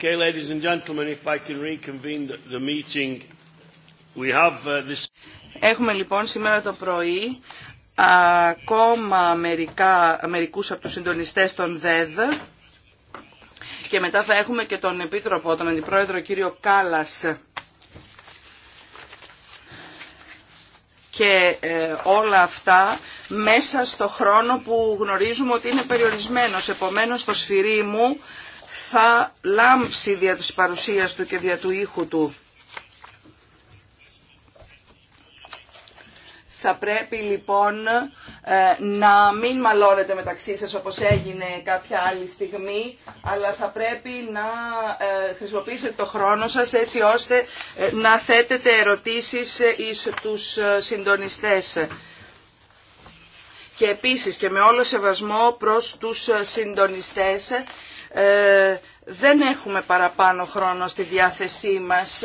Okay, ladies and gentlemen, if I can reconvene the meeting. We have uh, this... Έχουμε λοιπόν σήμερα το πρωί ακόμα μερικά, μερικούς από τους συντονιστές των ΔΕΔ και μετά θα έχουμε και τον Επίτροπο, τον Αντιπρόεδρο κύριο Κάλας και ε, όλα αυτά μέσα στο χρόνο που γνωρίζουμε ότι είναι περιορισμένος. Επομένως το σφυρί μου θα λάμψει δια της παρουσίας του και δια του ήχου του. Θα πρέπει λοιπόν ε, να μην μαλώνετε μεταξύ σας όπως έγινε κάποια άλλη στιγμή, αλλά θα πρέπει να ε, χρησιμοποιήσετε το χρόνο σας έτσι ώστε ε, να θέτετε ερωτήσεις εις τους συντονιστές. Και επίσης και με όλο σεβασμό προς τους συντονιστές ε, δεν έχουμε παραπάνω χρόνο στη διάθεσή μας,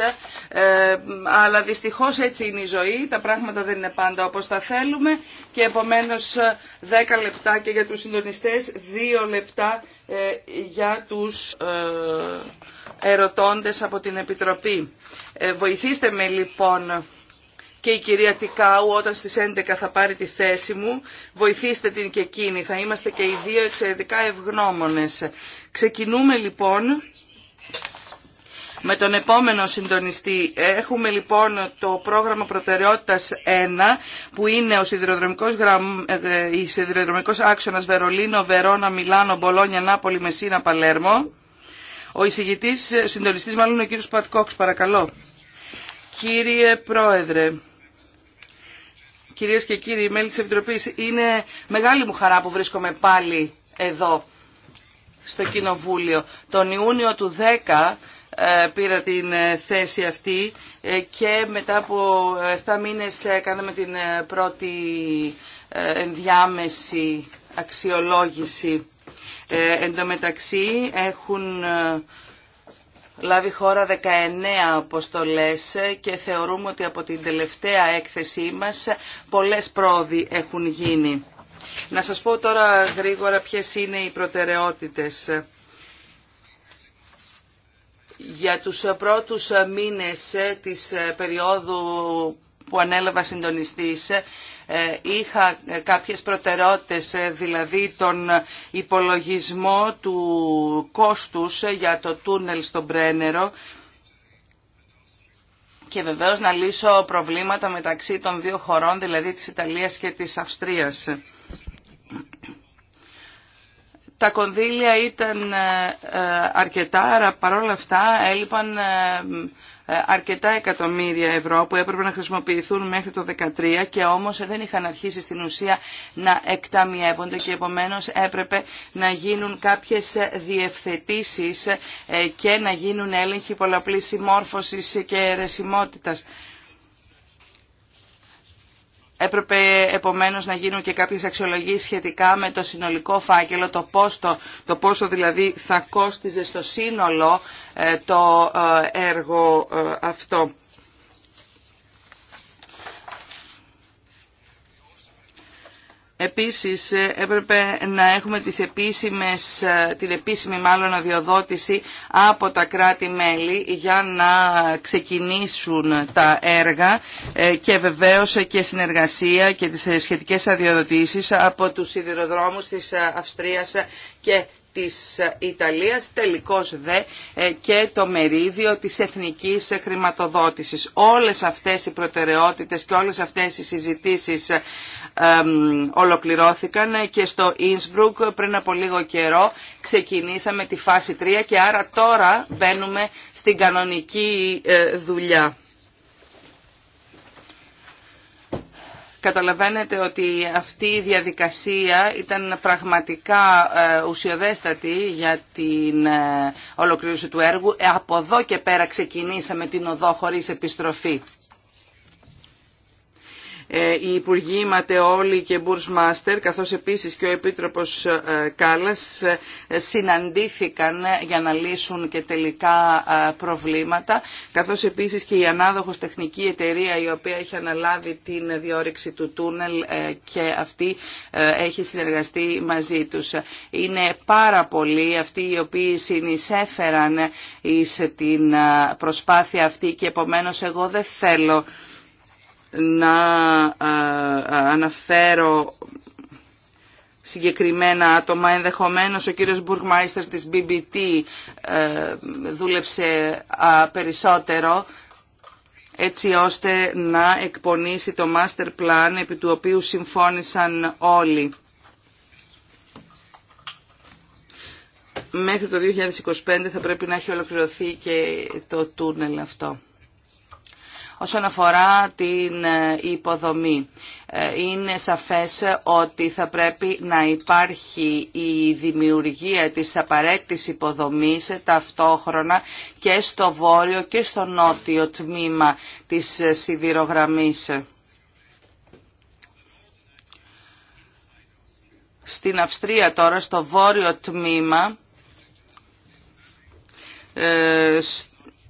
ε, αλλά δυστυχώς έτσι είναι η ζωή, τα πράγματα δεν είναι πάντα όπως τα θέλουμε και επομένως 10 ε, λεπτά και για τους συντονιστές, 2 λεπτά για τους ερωτώντες από την Επιτροπή. Βοηθήστε με λοιπόν και η κυρία Τικάου όταν στις 11 θα πάρει τη θέση μου, βοηθήστε την και εκείνη. Θα είμαστε και οι δύο εξαιρετικά ευγνώμονες. Ξεκινούμε λοιπόν με τον επόμενο συντονιστή. Έχουμε λοιπόν το πρόγραμμα προτεραιότητας 1 που είναι ο σιδηροδρομικός, γραμ... Ε, σιδηροδρομικός άξονας Βερολίνο, Βερόνα, Μιλάνο, Μπολόνια, Νάπολη, Μεσίνα, Παλέρμο. Ο εισηγητής, ε, συντονιστής μάλλον ο κύριος Πατκόξ, παρακαλώ. Κύριε Πρόεδρε, κυρίες και κύριοι μέλη της Επιτροπής, είναι μεγάλη μου χαρά που βρίσκομαι πάλι εδώ στο Κοινοβούλιο. Τον Ιούνιο του 10 ε, πήρα την ε, θέση αυτή ε, και μετά από 7 μήνες κάναμε την πρώτη ενδιάμεση αξιολόγηση. Εν τω μεταξύ έχουν λάβει χώρα 19 αποστολές και θεωρούμε ότι από την τελευταία έκθεσή μας πολλές πρόοδοι έχουν γίνει. Να σας πω τώρα γρήγορα ποιες είναι οι προτεραιότητες. Για τους πρώτους μήνες της περίοδου που ανέλαβα συντονιστής, ε, είχα κάποιες προτεραιότητες, ε, δηλαδή τον υπολογισμό του κόστους για το τούνελ στο Πρένερο και βεβαίως να λύσω προβλήματα μεταξύ των δύο χωρών, δηλαδή της Ιταλίας και της Αυστρίας τα κονδύλια ήταν ε, ε, αρκετά, αλλά παρόλα αυτά έλειπαν ε, αρκετά εκατομμύρια ευρώ που έπρεπε να χρησιμοποιηθούν μέχρι το 2013 και όμως δεν είχαν αρχίσει στην ουσία να εκταμιεύονται και επομένως έπρεπε να γίνουν κάποιες διευθετήσεις και να γίνουν έλεγχοι πολλαπλής συμμόρφωσης και ρεσιμότητας. Έπρεπε επομένω να γίνουν και κάποιε αξιολογίε σχετικά με το συνολικό φάκελο, το πόσο, το πόσο δηλαδή θα κόστιζε στο σύνολο ε, το ε, έργο ε, αυτό. Επίσης έπρεπε να έχουμε τις επίσημες, την επίσημη μάλλον αδειοδότηση από τα κράτη-μέλη για να ξεκινήσουν τα έργα ε, και βεβαίως και συνεργασία και τις σχετικές αδειοδοτήσεις από τους σιδηροδρόμους της Αυστρίας και της Ιταλίας, τελικώς δε ε, και το μερίδιο της εθνικής χρηματοδότησης. Όλες αυτές οι προτεραιότητες και όλες αυτές οι συζητήσεις ολοκληρώθηκαν και στο Innsbruck πριν από λίγο καιρό ξεκινήσαμε τη φάση 3 και άρα τώρα μπαίνουμε στην κανονική ε, δουλειά. Καταλαβαίνετε ότι αυτή η διαδικασία ήταν πραγματικά ε, ουσιοδέστατη για την ε, ολοκλήρωση του έργου. Από εδώ και πέρα ξεκινήσαμε την οδό χωρίς επιστροφή. Ε, οι Υπουργοί όλοι και Μάστερ, καθώς επίσης και ο Επίτροπος ε, Κάλλας, ε, συναντήθηκαν για να λύσουν και τελικά προβλήματα, καθώς επίσης και η ανάδοχος τεχνική εταιρεία η οποία έχει αναλάβει την διόρυξη του τούνελ και αυτή έχει συνεργαστεί μαζί τους. Είναι πάρα πολλοί αυτοί οι οποίοι συνεισέφεραν εις την προσπάθεια αυτή και επομένως εγώ δεν θέλω να αναφέρω συγκεκριμένα άτομα. Ενδεχομένως ο κύριος Μπουργμάιστερ της BBT ε, δούλεψε περισσότερο έτσι ώστε να εκπονήσει το master plan επί του οποίου συμφώνησαν όλοι. Μέχρι το 2025 θα πρέπει να έχει ολοκληρωθεί και το τούνελ αυτό. Όσον αφορά την ε, υποδομή, ε, είναι σαφές ότι θα πρέπει να υπάρχει η δημιουργία της απαραίτητης υποδομής ταυτόχρονα και στο βόρειο και στο νότιο τμήμα της σιδηρογραμμής. Στην Αυστρία τώρα, στο βόρειο τμήμα, ε,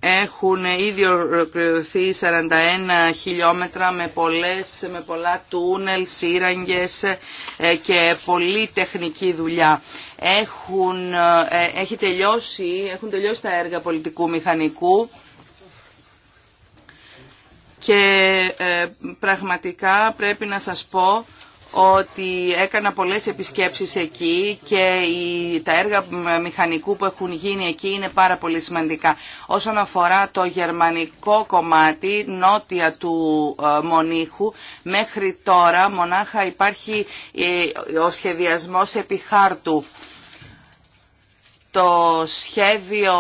έχουν ήδη ολοκληρωθεί 41 χιλιόμετρα με, πολλές, με πολλά τούνελ, σύραγγες ε, και πολλή τεχνική δουλειά. Έχουν, ε, έχει τελειώσει, έχουν τελειώσει τα έργα πολιτικού μηχανικού και ε, πραγματικά πρέπει να σας πω ότι έκανα πολλές επισκέψεις εκεί και τα έργα μηχανικού που έχουν γίνει εκεί είναι πάρα πολύ σημαντικά. Όσον αφορά το γερμανικό κομμάτι νότια του ε, Μονίχου, μέχρι τώρα μονάχα υπάρχει ε, ο σχεδιασμός επιχάρτου το σχέδιο,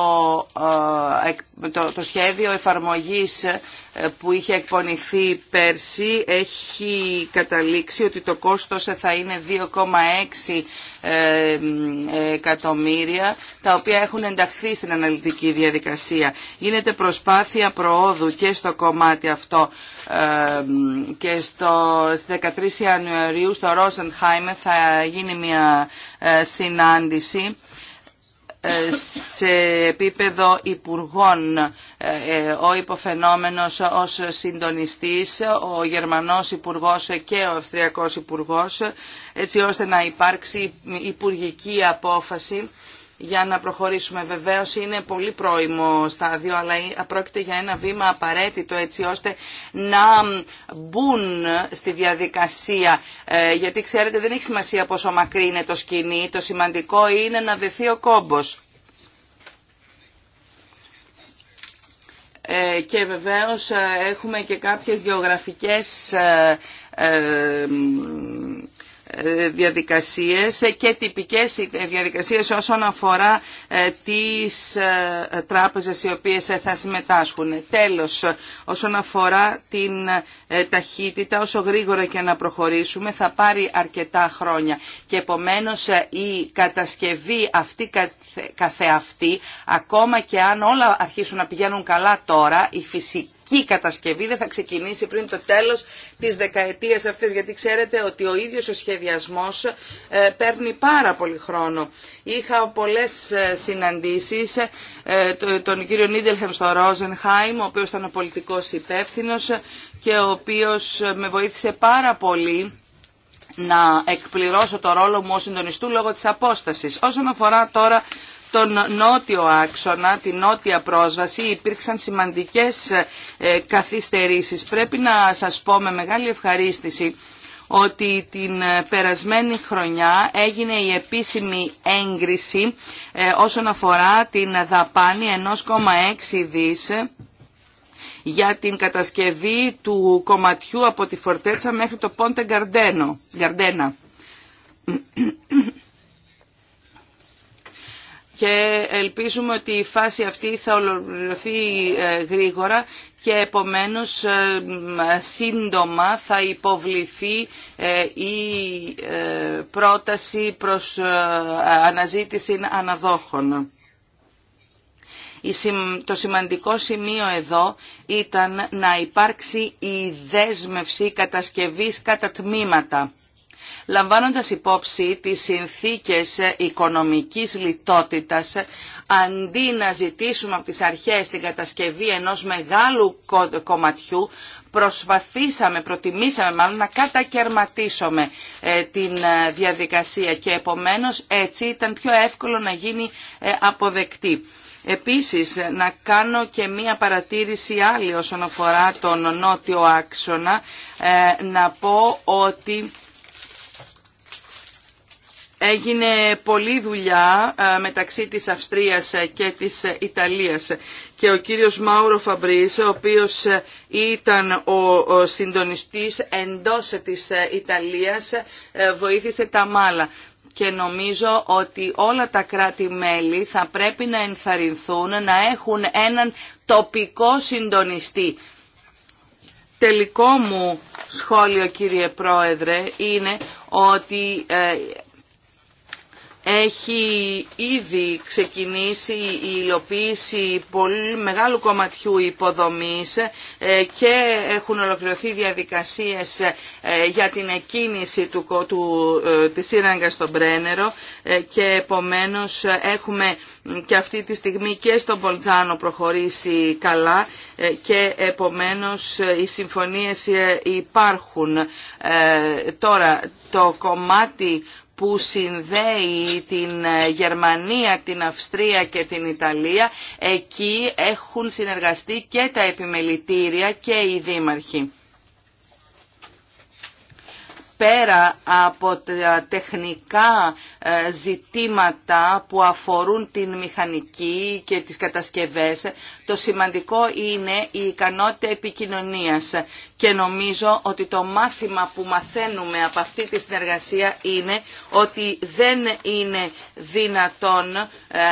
ε, το, σχέδιο εφαρμογής ε, που είχε εκπονηθεί πέρσι έχει καταλήξει ότι το κόστος θα είναι 2,6 ε, εκατομμύρια τα οποία έχουν ενταχθεί στην αναλυτική διαδικασία. Γίνεται προσπάθεια προόδου και στο κομμάτι αυτό και στο 13 Ιανουαρίου στο Ρόσενχάιμε θα γίνει μια συνάντηση ε, σε επίπεδο υπουργών ε, ε, ο υποφαινόμενος ως συντονιστής, ο Γερμανός υπουργός και ο Αυστριακός υπουργός, έτσι ώστε να υπάρξει υπουργική απόφαση για να προχωρήσουμε. Βεβαίως είναι πολύ πρώιμο στάδιο, αλλά ε, πρόκειται για ένα βήμα απαραίτητο έτσι ώστε να μπουν στη διαδικασία. Ε, γιατί ξέρετε δεν έχει σημασία πόσο μακρύ είναι το σκηνή, το σημαντικό είναι να δεθεί ο κόμπος. Ε, και βεβαίως έχουμε και κάποιες γεωγραφικές διαδικασίες και τυπικές διαδικασίες όσον αφορά ε, τις ε, τράπεζες οι οποίες ε, θα συμμετάσχουν. Τέλος, όσον αφορά την ταχύτητα, όσο γρήγορα και να προχωρήσουμε θα πάρει αρκετά χρόνια και επομένως η κατασκευή αυτή καθεαυτή, ακόμα και αν όλα αρχίσουν να πηγαίνουν καλά τώρα, η φυσική η κατασκευή δεν θα ξεκινήσει πριν το τέλος της δεκαετίας αυτής, γιατί ξέρετε ότι ο ίδιος ο σχεδιασμός ε, παίρνει πάρα πολύ χρόνο. Είχα πολλές ε, συναντήσεις ε, τον κύριο Νίντελχεμ στο Ρόζενχάιμ, ο οποίος ήταν ο πολιτικός υπεύθυνο και ο οποίος με βοήθησε πάρα πολύ να εκπληρώσω το ρόλο μου ως συντονιστού λόγω της απόστασης. Όσον αφορά τώρα τον νότιο άξονα, την νότια πρόσβαση υπήρξαν σημαντικές ε, καθυστερήσεις. Πρέπει να σας πω με μεγάλη ευχαρίστηση ότι την ε, περασμένη χρονιά έγινε η επίσημη έγκριση ε, όσον αφορά την δαπάνη 1,6 δις για την κατασκευή του κομματιού από τη Φορτέτσα μέχρι το Πόντε Γκαρντένα και ελπίζουμε ότι η φάση αυτή θα ολοκληρωθεί ε, γρήγορα και επομένως ε, σύντομα θα υποβληθεί ε, η πρόταση προς αναζήτηση αναδόχων. Το σημαντικό σημείο εδώ ήταν να υπάρξει η δέσμευση κατασκευής κατά τμήματα λαμβάνοντας υπόψη τις συνθήκες οικονομικής λιτότητας, αντί να ζητήσουμε από τις αρχές την κατασκευή ενός μεγάλου κομματιού, προσπαθήσαμε, προτιμήσαμε μάλλον να κατακαιρματίσουμε ε, την ε, διαδικασία και επομένως έτσι ήταν πιο εύκολο να γίνει ε, αποδεκτή. Επίσης, να κάνω και μία παρατήρηση άλλη όσον αφορά τον νότιο άξονα, να πω ότι Έγινε πολλή δουλειά ε, μεταξύ της Αυστρίας ε, και της ε, Ιταλίας και ο κύριος Μάουρο Φαμπρίς, ο οποίος ήταν ο συντονιστής εντός της Ιταλίας, βοήθησε τα μάλα. Και νομίζω ότι όλα τα κράτη-μέλη θα πρέπει να ενθαρρυνθούν να έχουν έναν τοπικό συντονιστή. Τελικό μου σχόλιο κύριε Πρόεδρε είναι ότι έχει ήδη ξεκινήσει η υλοποίηση πολύ μεγάλου κομματιού υποδομής ε, και έχουν ολοκληρωθεί διαδικασίες ε, για την εκκίνηση του, του, ε, της σύραγγας στον Πρένερο και επομένως έχουμε και αυτή τη στιγμή και στον Πολτζάνο προχωρήσει καλά και επομένως οι συμφωνίες υπάρχουν. Τώρα το κομμάτι που συνδέει την ε, Γερμανία, την Αυστρία και την Ιταλία. Εκεί έχουν συνεργαστεί και τα επιμελητήρια και οι δήμαρχοι. Πέρα από τα τεχνικά ε, ζητήματα που αφορούν την μηχανική και τις κατασκευές. Το σημαντικό είναι η ικανότητα επικοινωνίας και νομίζω ότι το μάθημα που μαθαίνουμε από αυτή τη συνεργασία είναι ότι δεν είναι δυνατόν ε,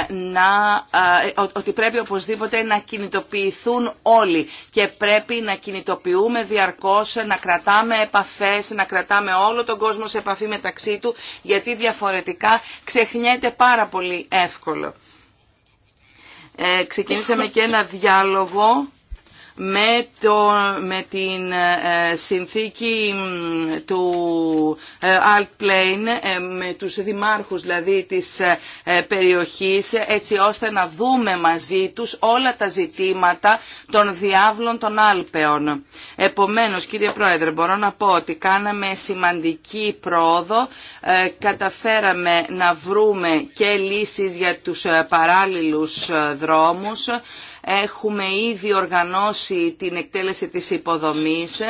να, ε, ότι πρέπει οπωσδήποτε να κινητοποιηθούν όλοι και πρέπει να κινητοποιούμε διαρκώς, να κρατάμε επαφές, να κρατάμε όλο τον κόσμο σε επαφή μεταξύ του γιατί διαφορετικά πραγματικά ξεχνιέται πάρα πολύ εύκολο. Ε, ξεκινήσαμε και ένα διάλογο με, το, με την ε, συνθήκη του ε, Alt Plain, ε, με τους δημάρχους δηλαδή της περιοχής, έτσι ώστε να δούμε μαζί τους όλα τα ζητήματα των διάβλων των Άλπαιων. Επομένως, κύριε Πρόεδρε, μπορώ να πω ότι κάναμε σημαντική πρόοδο, καταφέραμε να βρούμε και λύσεις για τους παράλληλους δρόμους, Έχουμε ήδη οργανώσει την εκτέλεση της υποδομής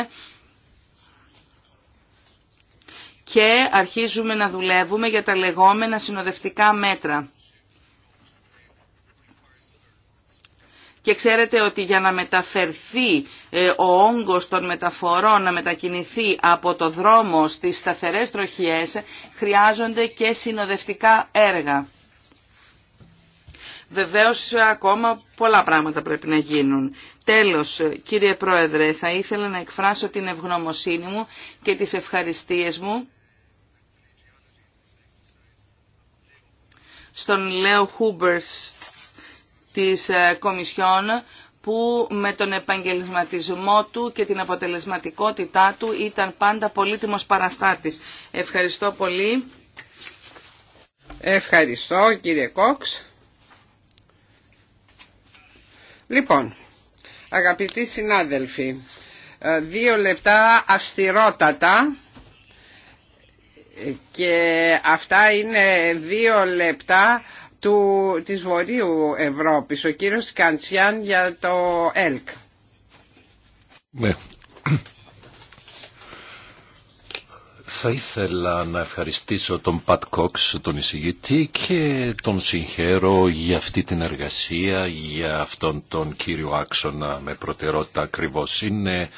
και αρχίζουμε να δουλεύουμε για τα λεγόμενα συνοδευτικά μέτρα. Και ξέρετε ότι για να μεταφερθεί ε, ο όγκος των μεταφορών, να μετακινηθεί από το δρόμο στις σταθερές τροχιές, χρειάζονται και συνοδευτικά έργα. Βεβαίως ακόμα πολλά πράγματα πρέπει να γίνουν. Τέλος, κύριε Πρόεδρε, θα ήθελα να εκφράσω την ευγνωμοσύνη μου και τι ευχαριστίες μου στον Λέο Χούμπερς της ε, Κομισιόν που με τον επαγγελματισμό του και την αποτελεσματικότητά του ήταν πάντα πολύτιμος παραστάτης. Ευχαριστώ πολύ. Ευχαριστώ κύριε Κόξ. Λοιπόν, αγαπητοί συνάδελφοι, ε, δύο λεπτά αυστηρότατα και αυτά είναι δύο λεπτά του, της Βορείου Ευρώπης, ο κύριος Καντσιάν για το ΕΛΚ. Ναι, Θα ήθελα να ευχαριστήσω τον Πατ Κόξ, τον εισηγητή και τον συγχαίρω για αυτή την εργασία, για αυτόν τον κύριο άξονα με προτεραιότητα ακριβώ είναι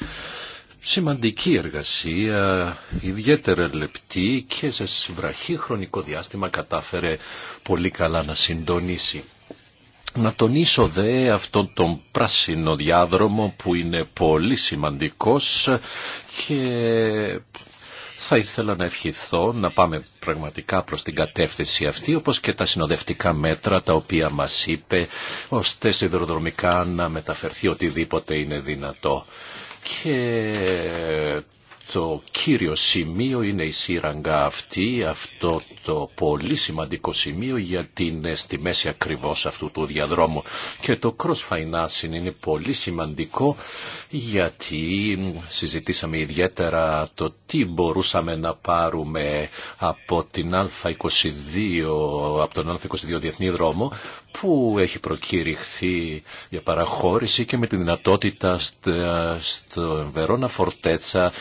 σημαντική εργασία, ιδιαίτερα λεπτή και σε βραχή χρονικό διάστημα κατάφερε πολύ καλά να συντονίσει. Να τονίσω δε αυτόν τον πράσινο διάδρομο που είναι πολύ σημαντικός και θα ήθελα να ευχηθώ να πάμε πραγματικά προς την κατεύθυνση αυτή, όπως και τα συνοδευτικά μέτρα τα οποία μας είπε, ώστε σιδηροδρομικά να μεταφερθεί οτιδήποτε είναι δυνατό το κύριο σημείο είναι η σύραγγα αυτή, αυτό το πολύ σημαντικό σημείο γιατί είναι στη μέση ακριβώς αυτού του διαδρόμου. Και το cross financing είναι πολύ σημαντικό γιατί συζητήσαμε ιδιαίτερα το τι μπορούσαμε να πάρουμε από την Α22, από τον Α22 Διεθνή Δρόμο που έχει προκήρυχθεί για παραχώρηση και με τη δυνατότητα στο Βερόνα Φορτέτσα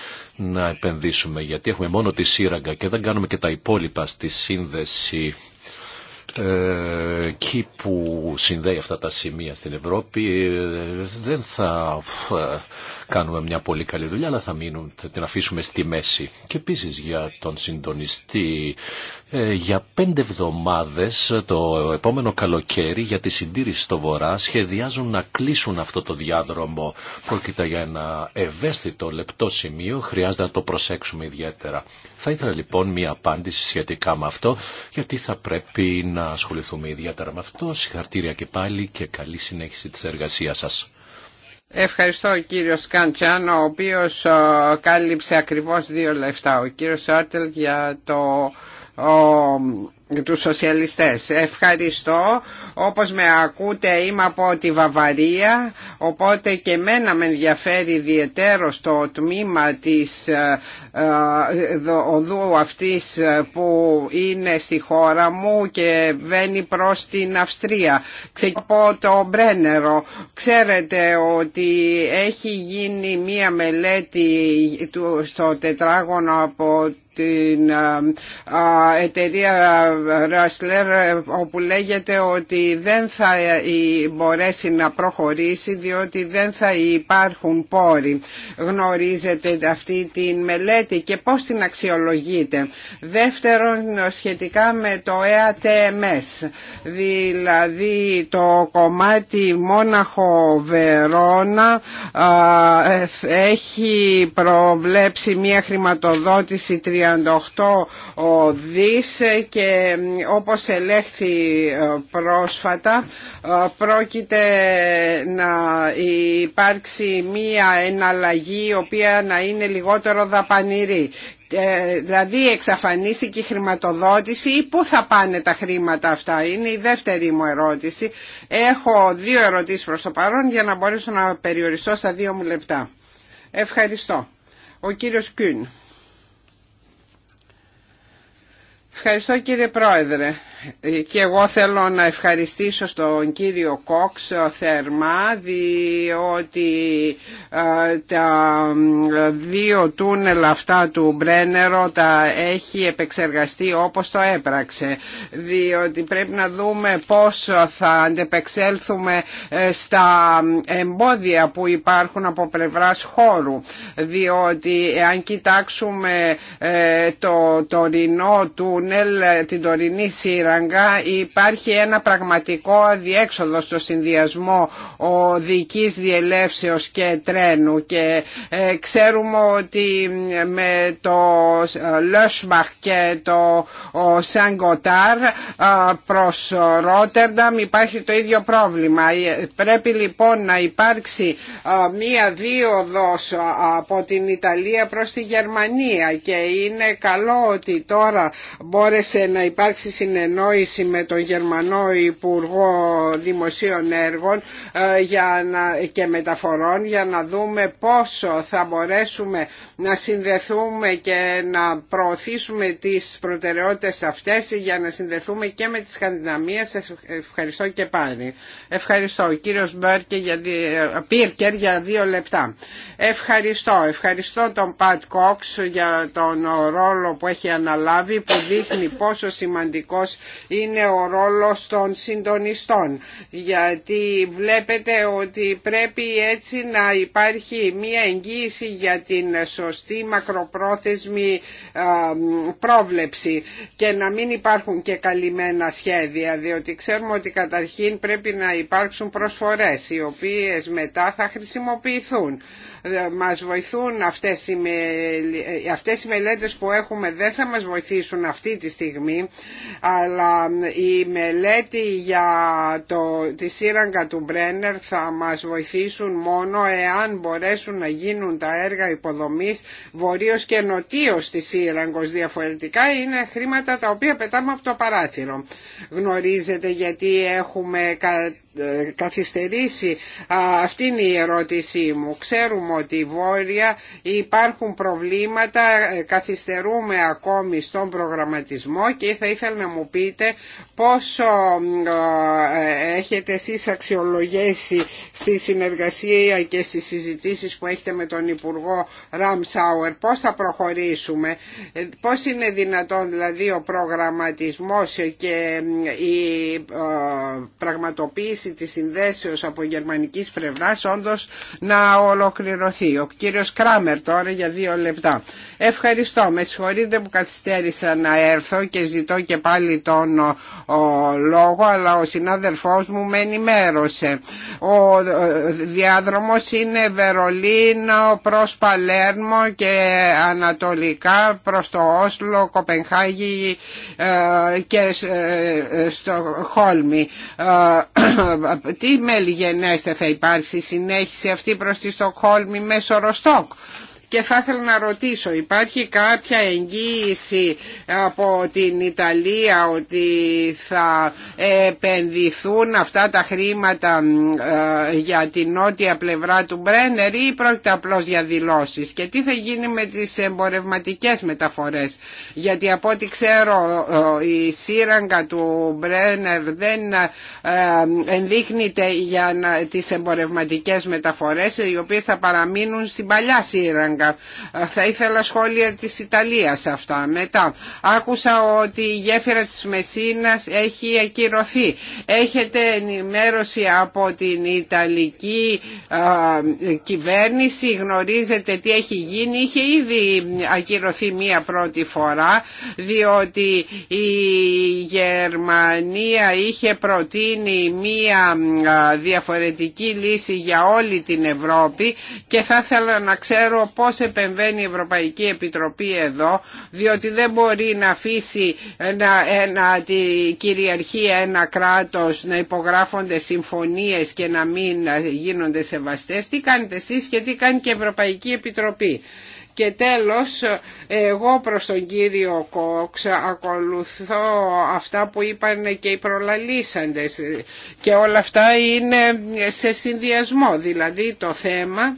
να επενδύσουμε γιατί έχουμε μόνο τη σύραγγα και δεν κάνουμε και τα υπόλοιπα στη σύνδεση ε, εκεί που συνδέει αυτά τα σημεία στην Ευρώπη ε, δεν θα ε, κάνουμε μια πολύ καλή δουλειά, αλλά θα, μείνουν, θα την αφήσουμε στη μέση. Και επίση για τον συντονιστή, ε, για πέντε εβδομάδε ε, το επόμενο καλοκαίρι για τη συντήρηση στο Βορρά σχεδιάζουν να κλείσουν αυτό το διάδρομο. Πρόκειται για ένα ευαίσθητο λεπτό σημείο, χρειάζεται να το προσέξουμε ιδιαίτερα. Θα ήθελα λοιπόν μια απάντηση σχετικά με αυτό, γιατί θα πρέπει να ασχοληθούμε ιδιαίτερα με αυτό. Συγχαρητήρια και πάλι και καλή συνέχιση τη εργασία σα. Ευχαριστώ ο κύριο Καντσάν, ο οποίος ε, κάλυψε ακριβώς δύο λεφτά. Ο κύριος Σάρτελ για το ο, τους σοσιαλιστές. Ευχαριστώ. Όπως με ακούτε είμαι από τη Βαβαρία, οπότε και μένα με ενδιαφέρει ιδιαίτερο το τμήμα της ε, ε, οδού αυτής ε, που είναι στη χώρα μου και βαίνει προς την Αυστρία. Ξεκινώ από το Μπρένερο. Ξέρετε ότι έχει γίνει μία μελέτη στο τετράγωνο από την εταιρεία Ράσλερ όπου λέγεται ότι δεν θα ε, μπορέσει να προχωρήσει διότι δεν θα υπάρχουν πόροι. Γνωρίζετε αυτή τη μελέτη και πώς την αξιολογείτε. Δεύτερον σχετικά με το ΕΑΤΜΕΣ e δηλαδή το κομμάτι Μόναχο Βερόνα ε, έχει προβλέψει μια χρηματοδότηση 38 δις και όπως ελέγχθη ε, πρόσφατα ε, πρόκειται να υπάρξει μία εναλλαγή η οποία να είναι λιγότερο δαπανηρή ε, δηλαδή εξαφανίστηκε η χρηματοδότηση ή πού θα πάνε τα χρήματα αυτά. Είναι η δεύτερη μου ερώτηση. Έχω δύο ερωτήσεις προς το παρόν για να μπορέσω να περιοριστώ στα δύο μου λεπτά. Ευχαριστώ. Ο κύριος Κιούν. Ευχαριστώ κύριε Πρόεδρε και εγώ θέλω να ευχαριστήσω στον κύριο Κόξ θερμά διότι ε, τα δύο τούνελ αυτά του Μπρένερο τα έχει επεξεργαστεί όπως το έπραξε διότι πρέπει να δούμε πώς θα αντεπεξέλθουμε ε, στα εμπόδια που υπάρχουν από πλευράς χώρου διότι αν κοιτάξουμε ε, το τωρινό τούνελ ε, την τωρινή σύραγγα υπάρχει ένα πραγματικό διέξοδο στο συνδυασμό οδικής διελεύσεως και τρένου και ε, ξέρουμε ότι με το Λέσμαχ ε, και το Σανγκοτάρ προς Ρότερνταμ υπάρχει το ίδιο πρόβλημα. Πρέπει λοιπόν να υπάρξει μία δίωδος από την Ιταλία προς τη Γερμανία και είναι καλό ότι τώρα μπορεί μπόρεσε να υπάρξει συνεννόηση με τον Γερμανό Υπουργό Δημοσίων Έργων ε, για να, και Μεταφορών για να δούμε πόσο θα μπορέσουμε να συνδεθούμε και να προωθήσουμε τις προτεραιότητες αυτές για να συνδεθούμε και με τις Σκανδιναμίες. Ευχαριστώ και πάλι. Ευχαριστώ. Ο κύριος Μπέρκερ ε, για δύο λεπτά. Ευχαριστώ. Ευχαριστώ τον Πατ Κόξ για τον ρόλο που έχει αναλάβει που δείχνει πόσο σημαντικός είναι ο ρόλος των συντονιστών. Γιατί βλέπετε ότι πρέπει έτσι να υπάρχει μία εγγύηση για την σωστή μακροπρόθεσμη πρόβλεψη και να μην υπάρχουν και καλυμμένα σχέδια διότι ξέρουμε ότι καταρχήν πρέπει να υπάρξουν προσφορές οι οποίες μετά θα χρησιμοποιηθούν μας βοηθούν αυτές οι, με... αυτές οι μελέτες που έχουμε δεν θα μας βοηθήσουν αυτή τη στιγμή αλλά η μελέτη για το... τη σύραγγα του Μπρένερ θα μας βοηθήσουν μόνο εάν μπορέσουν να γίνουν τα έργα υποδομής βορείως και νοτίως της σύραγγος διαφορετικά είναι χρήματα τα οποία πετάμε από το παράθυρο. Γνωρίζετε γιατί έχουμε ε, καθυστερήσει. Αυτή είναι η ερώτησή μου. Ξέρουμε ότι η Βόρεια υπάρχουν προβλήματα, ε, καθυστερούμε ακόμη στον προγραμματισμό και θα ήθελα να μου πείτε πόσο ε, έχετε εσείς αξιολογήσει στη συνεργασία και στις συζητήσεις που έχετε με τον Υπουργό Σάουερ πώς θα προχωρήσουμε, πώς είναι δυνατόν δηλαδή ο προγραμματισμός και η πραγματοποίηση Τη της συνδέσεως από γερμανικής πλευράς όντως να ολοκληρωθεί. Ο κύριος Κράμερ τώρα για δύο λεπτά. Ευχαριστώ. Με συγχωρείτε που καθυστέρησα να έρθω και ζητώ και πάλι τον λόγο αλλά ο συνάδελφός μου με ενημέρωσε. Ο, ο διάδρομος είναι Βερολίνο προς Παλέρμο και ανατολικά προς το Όσλο, Κοπενχάγη ε, και ε, ε, στο Χόλμη τι μέλη γενέστε θα υπάρξει συνέχιση αυτή προς τη Στοκχόλμη μέσω Ροστόκ και θα ήθελα να ρωτήσω υπάρχει κάποια εγγύηση από την Ιταλία ότι θα επενδυθούν αυτά τα χρήματα ε, για την νότια πλευρά του Μπρένερ ή πρόκειται απλώς για δηλώσεις και τι θα γίνει με τις εμπορευματικές μεταφορές γιατί από ό,τι ξέρω ε, η σύραγγα του Μπρένερ δεν ε, ενδείχνεται για τις εμπορευματικές μεταφορές οι οποίες θα παραμείνουν στην παλιά σύραγγα θα ήθελα σχόλια της Ιταλίας αυτά. Μετά άκουσα ότι η γέφυρα της Μεσίνας έχει ακυρωθεί. Έχετε ενημέρωση από την Ιταλική κυβέρνηση, γνωρίζετε τι έχει γίνει. Είχε ήδη ακυρωθεί μία πρώτη φορά διότι η Γερμανία είχε προτείνει μία διαφορετική λύση για όλη την Ευρώπη και θα ήθελα να ξέρω πώς πώς επεμβαίνει η Ευρωπαϊκή Επιτροπή εδώ, διότι δεν μπορεί να αφήσει ένα, ένα, τη κυριαρχία ένα κράτος να υπογράφονται συμφωνίες και να μην γίνονται σεβαστές. Τι κάνετε εσείς και τι κάνει και η Ευρωπαϊκή Επιτροπή. Και τέλος, εγώ προς τον κύριο Κόξ ακολουθώ αυτά που είπαν και οι προλαλήσαντες και όλα αυτά είναι σε συνδυασμό, δηλαδή το θέμα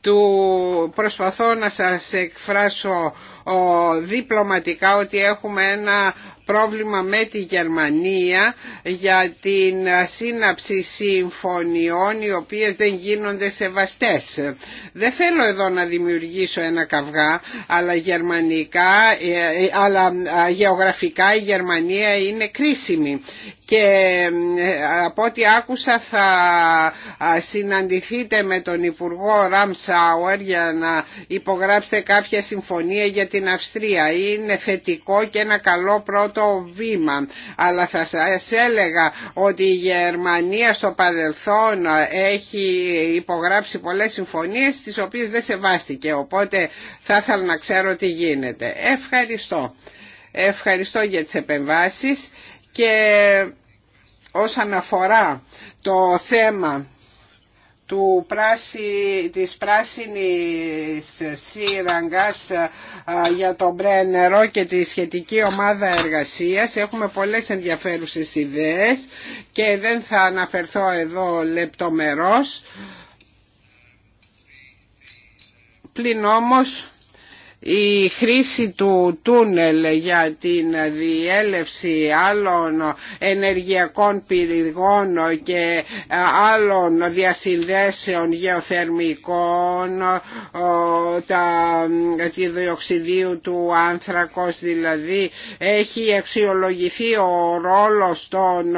του προσπαθώ να σας εκφράσω διπλωματικά ότι έχουμε ένα πρόβλημα με τη Γερμανία για την σύναψη συμφωνιών οι οποίες δεν γίνονται σεβαστές. Δεν θέλω εδώ να δημιουργήσω ένα καυγά, αλλά, γερμανικά, ε, ε, αλλά γεωγραφικά η Γερμανία είναι κρίσιμη και ε, από ό,τι άκουσα θα συναντηθείτε με τον Υπουργό Ραμσάουερ για να υπογράψετε κάποια συμφωνία για την Αυστρία. Είναι θετικό και ένα καλό πρώτο πρώτο βήμα. Αλλά θα σας έλεγα ότι η Γερμανία στο παρελθόν έχει υπογράψει πολλές συμφωνίες τις οποίες δεν σεβάστηκε. Οπότε θα ήθελα να ξέρω τι γίνεται. Ευχαριστώ. Ευχαριστώ για τις επεμβάσεις και όσον αφορά το θέμα του πράσι, της πράσινης σύραγγας για τον Μπρένερο και τη σχετική ομάδα εργασίας. Έχουμε πολλές ενδιαφέρουσες ιδέες και δεν θα αναφερθώ εδώ λεπτομερώς. Πλην όμως η χρήση του τούνελ για την διέλευση άλλων ενεργειακών πυρηγών και άλλων διασυνδέσεων γεωθερμικών τα, τη διοξιδίου του άνθρακος δηλαδή έχει αξιολογηθεί ο ρόλος των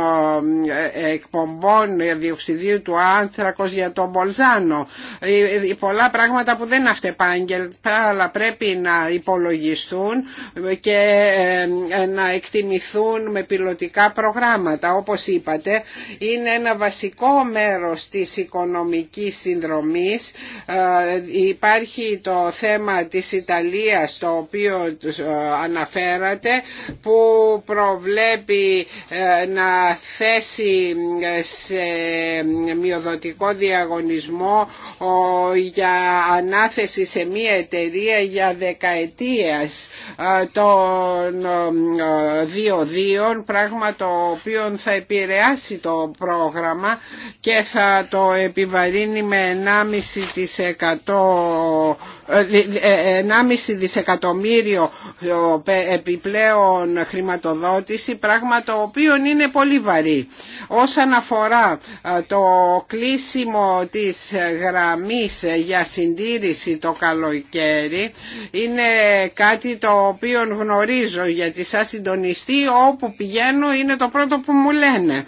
ε, εκπομπών διοξιδίου του άνθρακος για τον Μπολζάνο ε, ε, πολλά πράγματα που δεν αυτεπάγγελτα αλλά πρέπει να υπολογιστούν και ε, να εκτιμηθούν με πιλωτικά προγράμματα. Όπως είπατε, είναι ένα βασικό μέρος της οικονομικής συνδρομής. Ε, υπάρχει το θέμα της Ιταλίας, το οποίο ε, αναφέρατε, που προβλέπει να θέσει σε μειοδοτικό διαγωνισμό για ανάθεση σε μία εταιρεία για δεκαετίας των διοδίων πράγμα το οποίο θα επηρεάσει το πρόγραμμα και θα το επιβαρύνει με 1,5% 1,5 ε, ε, δισεκατομμύριο ε, επιπλέον χρηματοδότηση, πράγμα το οποίο είναι πολύ βαρύ. Όσον αφορά το κλείσιμο της γραμμής για συντήρηση το καλοκαίρι, είναι κάτι το οποίο γνωρίζω γιατί σαν συντονιστή όπου πηγαίνω είναι το πρώτο που μου λένε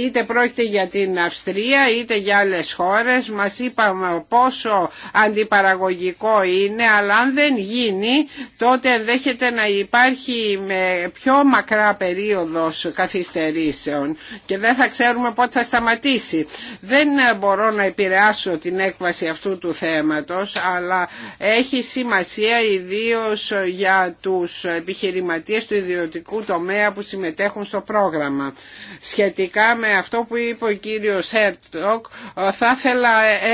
είτε πρόκειται για την Αυστρία είτε για άλλες χώρες μας είπαμε πόσο αντιπαραγωγικό είναι αλλά αν δεν γίνει τότε ενδέχεται να υπάρχει με πιο μακρά περίοδος καθυστερήσεων και δεν θα ξέρουμε πότε θα σταματήσει. Δεν μπορώ να επηρεάσω την έκβαση αυτού του θέματος αλλά έχει σημασία ιδίω για τους επιχειρηματίες του ιδιωτικού τομέα που συμμετέχουν στο πρόγραμμα. Σχετικά σχετικά με αυτό που είπε ο κύριος Χέρτοκ θα ήθελα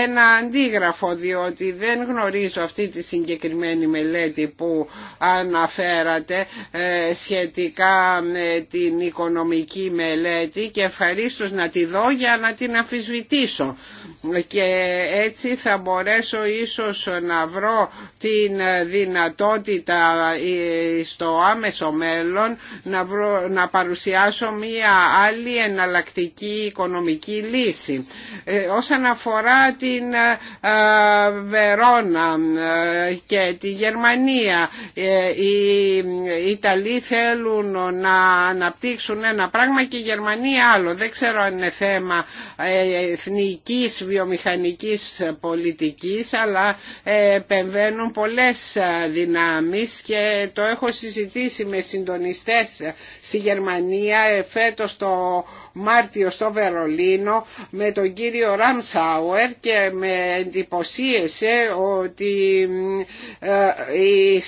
ένα αντίγραφο διότι δεν γνωρίζω αυτή τη συγκεκριμένη μελέτη που αναφέρατε ε, σχετικά με την οικονομική μελέτη και ευχαρίστως να τη δω για να την αφισβητήσω και έτσι θα μπορέσω ίσως να βρω την δυνατότητα στο άμεσο μέλλον να, να παρουσιάσω μία άλλη εναλλακτική οικονομική λύση. Ε, όσον αφορά την ε, Βερόνα ε, και τη Γερμανία, οι Ιταλοί θέλουν να αναπτύξουν ένα πράγμα και η Γερμανία άλλο. Δεν ξέρω αν είναι θέμα εθνικής βιομηχανικής πολιτικής αλλά ε, επεμβαίνουν πολλές ε, δυνάμεις και το έχω συζητήσει με συντονιστές ε, στη Γερμανία φέτος το Μάρτιο στο Βερολίνο με τον κύριο Ραμσάουερ και με εντυπωσίασε ότι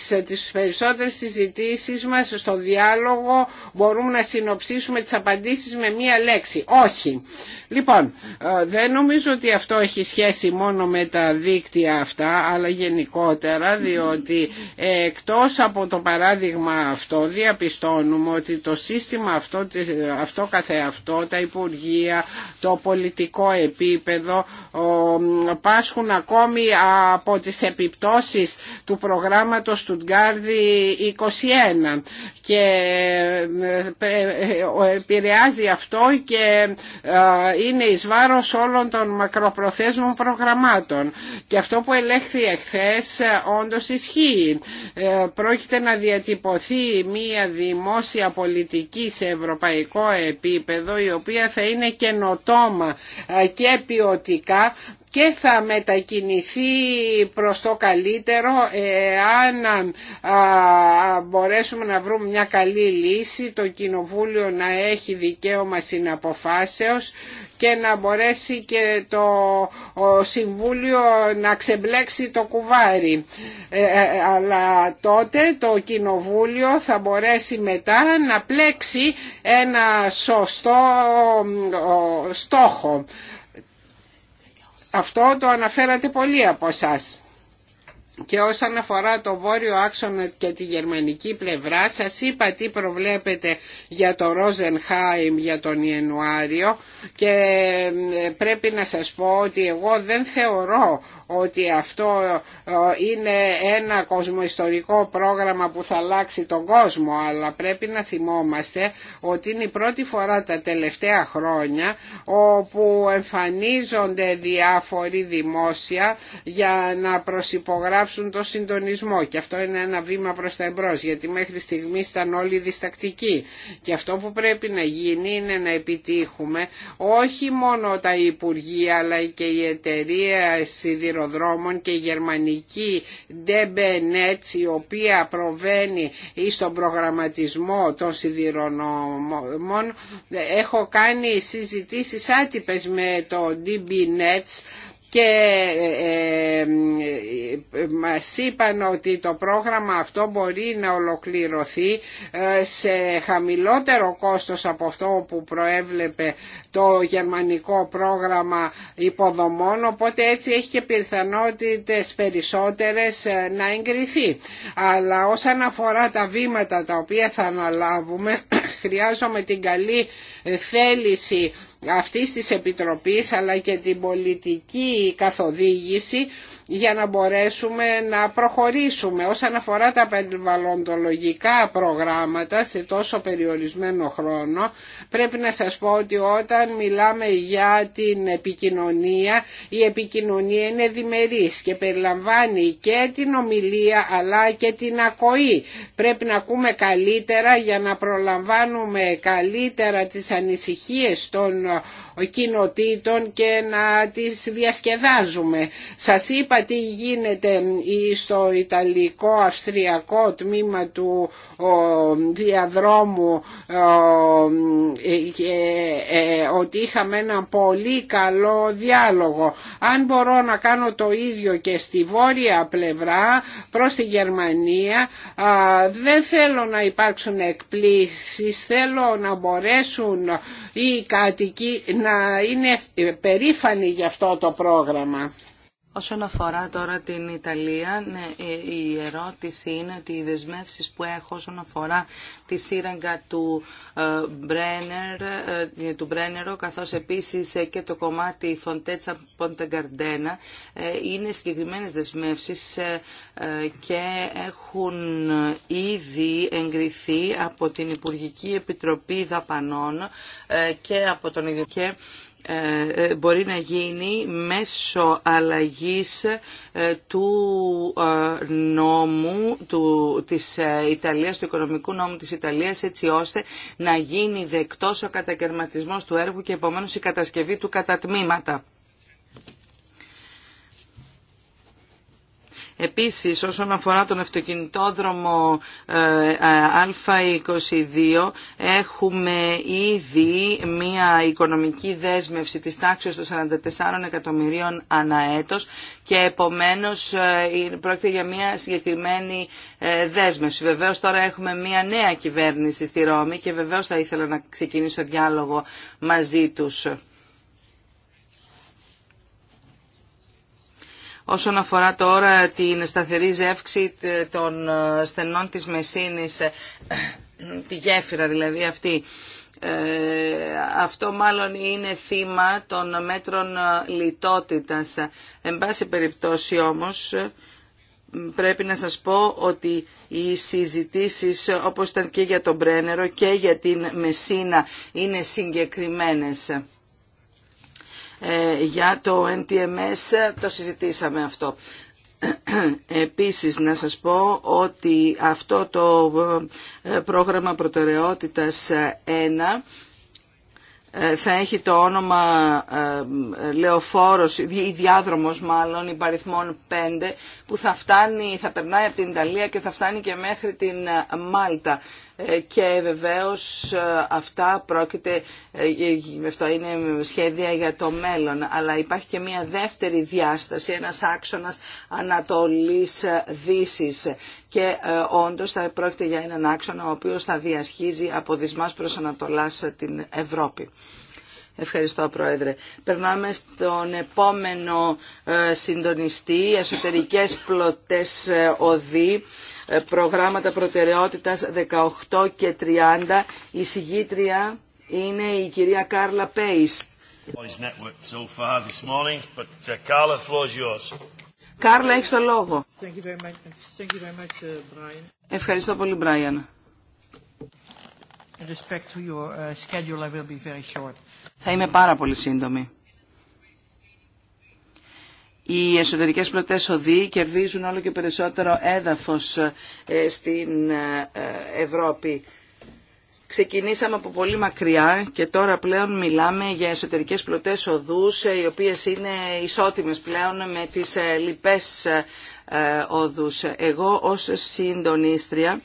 σε τις περισσότερες συζητήσεις μας στο διάλογο μπορούμε να συνοψίσουμε τις απαντήσεις με μία λέξη. Όχι. Λοιπόν, ε, δεν νομίζω ότι αυτό έχει σχέση μόνο με τα δίκτυα αυτά, αλλά γενικότερα, διότι εκτός από το παράδειγμα αυτό διαπιστώνουμε ότι το σύστημα αυτό, αυτό καθεαυτό τα Υπουργεία, το πολιτικό επίπεδο πάσχουν ακόμη από τις επιπτώσεις του προγράμματος του Τγκάρδη 21 και ε, ε, επηρεάζει αυτό και ε, είναι εις βάρος όλων των μακροπροθέσμων προγραμμάτων και αυτό που ελέγχθη εχθές όντως ισχύει. Πρόκειται να διατυπωθεί μία δημόσια πολιτική σε ευρωπαϊκό επίπεδο η οποία θα είναι καινοτόμα ε, και ποιοτικά και θα μετακινηθεί προς το καλύτερο αν μπορέσουμε να βρούμε μια καλή λύση το Κοινοβούλιο να έχει δικαίωμα συναποφάσεως και να μπορέσει και το Συμβούλιο να ξεμπλέξει το κουβάρι. Ε, ε, ε, αλλά τότε το Κοινοβούλιο θα μπορέσει μετά να πλέξει ένα σωστό στόχο. Αυτό το αναφέρατε πολύ από εσά. Και όσον αφορά το βόρειο άξονα και τη γερμανική πλευρά, σας είπα τι προβλέπετε για το Ρόζενχάιμ για τον Ιανουάριο και ε, πρέπει να σας πω ότι εγώ δεν θεωρώ ότι αυτό ε, είναι ένα κοσμοϊστορικό πρόγραμμα που θα αλλάξει τον κόσμο αλλά πρέπει να θυμόμαστε ότι είναι η πρώτη φορά τα τελευταία χρόνια όπου εμφανίζονται διάφοροι δημόσια για να προσυπογράψουν το συντονισμό και αυτό είναι ένα βήμα προς τα εμπρός γιατί μέχρι στιγμής ήταν όλοι διστακτικοί και αυτό που πρέπει να γίνει είναι να επιτύχουμε όχι μόνο τα Υπουργεία αλλά και οι εταιρεία αεροδρόμων και η γερμανική DB η οποία προβαίνει στον προγραμματισμό των σιδηρονόμων έχω κάνει συζητήσεις άτυπες με το DB και ε, ε, ε, μας είπαν ότι το πρόγραμμα αυτό μπορεί να ολοκληρωθεί σε χαμηλότερο κόστος από αυτό που προέβλεπε το γερμανικό πρόγραμμα υποδομών οπότε έτσι έχει και πιθανότητες περισσότερες να εγκριθεί. Αλλά όσον αφορά τα βήματα τα οποία θα αναλάβουμε χρειάζομαι την καλή θέληση αυτής της Επιτροπής αλλά και την πολιτική καθοδήγηση για να μπορέσουμε να προχωρήσουμε όσον αφορά τα περιβαλλοντολογικά προγράμματα σε τόσο περιορισμένο χρόνο. Πρέπει να σας πω ότι όταν μιλάμε για την επικοινωνία, η επικοινωνία είναι διμερής και περιλαμβάνει και την ομιλία αλλά και την ακοή. Πρέπει να ακούμε καλύτερα για να προλαμβάνουμε καλύτερα τις ανησυχίες των κοινοτήτων και να τις διασκεδάζουμε. Σας είπα τι γίνεται στο Ιταλικό-Αυστριακό τμήμα του διαδρόμου ε, ε, ότι είχαμε ένα πολύ καλό διάλογο. Αν μπορώ να κάνω το ίδιο και στη βόρεια πλευρά προς τη Γερμανία δεν θέλω να υπάρξουν εκπλήσεις, θέλω να μπορέσουν οι κάτοικοι να είναι περήφανοι για αυτό το πρόγραμμα. Όσον αφορά τώρα την Ιταλία, ναι, ε, η ερώτηση είναι ότι οι δεσμεύσεις που έχω όσον αφορά τη σύραγγα του, ε, Μπρένερ, ε, του Μπρένερο, καθώς επίσης και το κομμάτι Φοντέτσα Ποντεγκαρντένα, είναι συγκεκριμένες δεσμεύσεις και έχουν ήδη εγκριθεί από την Υπουργική Επιτροπή Δαπανών και από τον ίδιο. Ε, ε, μπορεί να γίνει μέσω αλλαγής ε, του νόμου του, της Ιταλίας, του οικονομικού νόμου της Ιταλίας έτσι ώστε να γίνει δεκτός ο κατακαιρματισμός του έργου και επομένως η κατασκευή του κατά τμήματα. Επίσης, όσον αφορά τον αυτοκινητόδρομο ε, ε, Α22, έχουμε ήδη μία οικονομική δέσμευση της τάξης των 44 εκατομμυρίων έτος και επομένως ε, πρόκειται για μία συγκεκριμένη δέσμευση. Βεβαίως τώρα έχουμε μία νέα κυβέρνηση στη Ρώμη και βεβαίως θα ήθελα να ξεκινήσω διάλογο μαζί τους. Όσον αφορά τώρα την σταθερή ζεύξη των ε, στενών της Μεσίνης, ε, τη γέφυρα δηλαδή αυτή, ε, αυτό μάλλον είναι θύμα των μέτρων λιτότητας. Εν πάση περιπτώσει όμως, πρέπει να σας πω ότι οι συζητήσεις όπως ήταν και για τον Μπρένερο και για την Μεσίνα είναι συγκεκριμένες. Ε, για το NTMS, το συζητήσαμε αυτό. Επίσης να σας πω ότι αυτό το ε, πρόγραμμα προτεραιότητας 1 ε, θα έχει το όνομα λεωφόρος, ή διάδρομος μάλλον, υπαριθμών 5, που θα φτάνει, θα περνάει από την Ιταλία και θα φτάνει και μέχρι την Μάλτα και βεβαίως ε, αυτά πρόκειται, ε, ε, αυτό είναι σχέδια για το μέλλον, αλλά υπάρχει και μια δεύτερη διάσταση, ένας άξονας Ανατολής Δύσης και όντως θα πρόκειται για έναν άξονα ο οποίος θα διασχίζει από Δυσμάς προς Ανατολάς την Ευρώπη. Ευχαριστώ Πρόεδρε. Περνάμε στον επόμενο συντονιστή, εσωτερικές πλωτές οδοί ε, προγράμματα προτεραιότητας 18 και 30. Η συγγήτρια είναι η κυρία Κάρλα Πέις. Uh, Κάρλα, έχεις το λόγο. Uh, Ευχαριστώ πολύ, Μπράιαν. Uh, Θα είμαι πάρα πολύ σύντομη. Οι εσωτερικές πλωτές οδοί κερδίζουν όλο και περισσότερο έδαφος ε, στην ε, Ευρώπη. Ξεκινήσαμε από πολύ μακριά και τώρα πλέον μιλάμε για εσωτερικές πλωτές οδούς ε, οι οποίες είναι ισότιμες πλέον με τις λοιπές οδούς. Εγώ ως συντονίστρια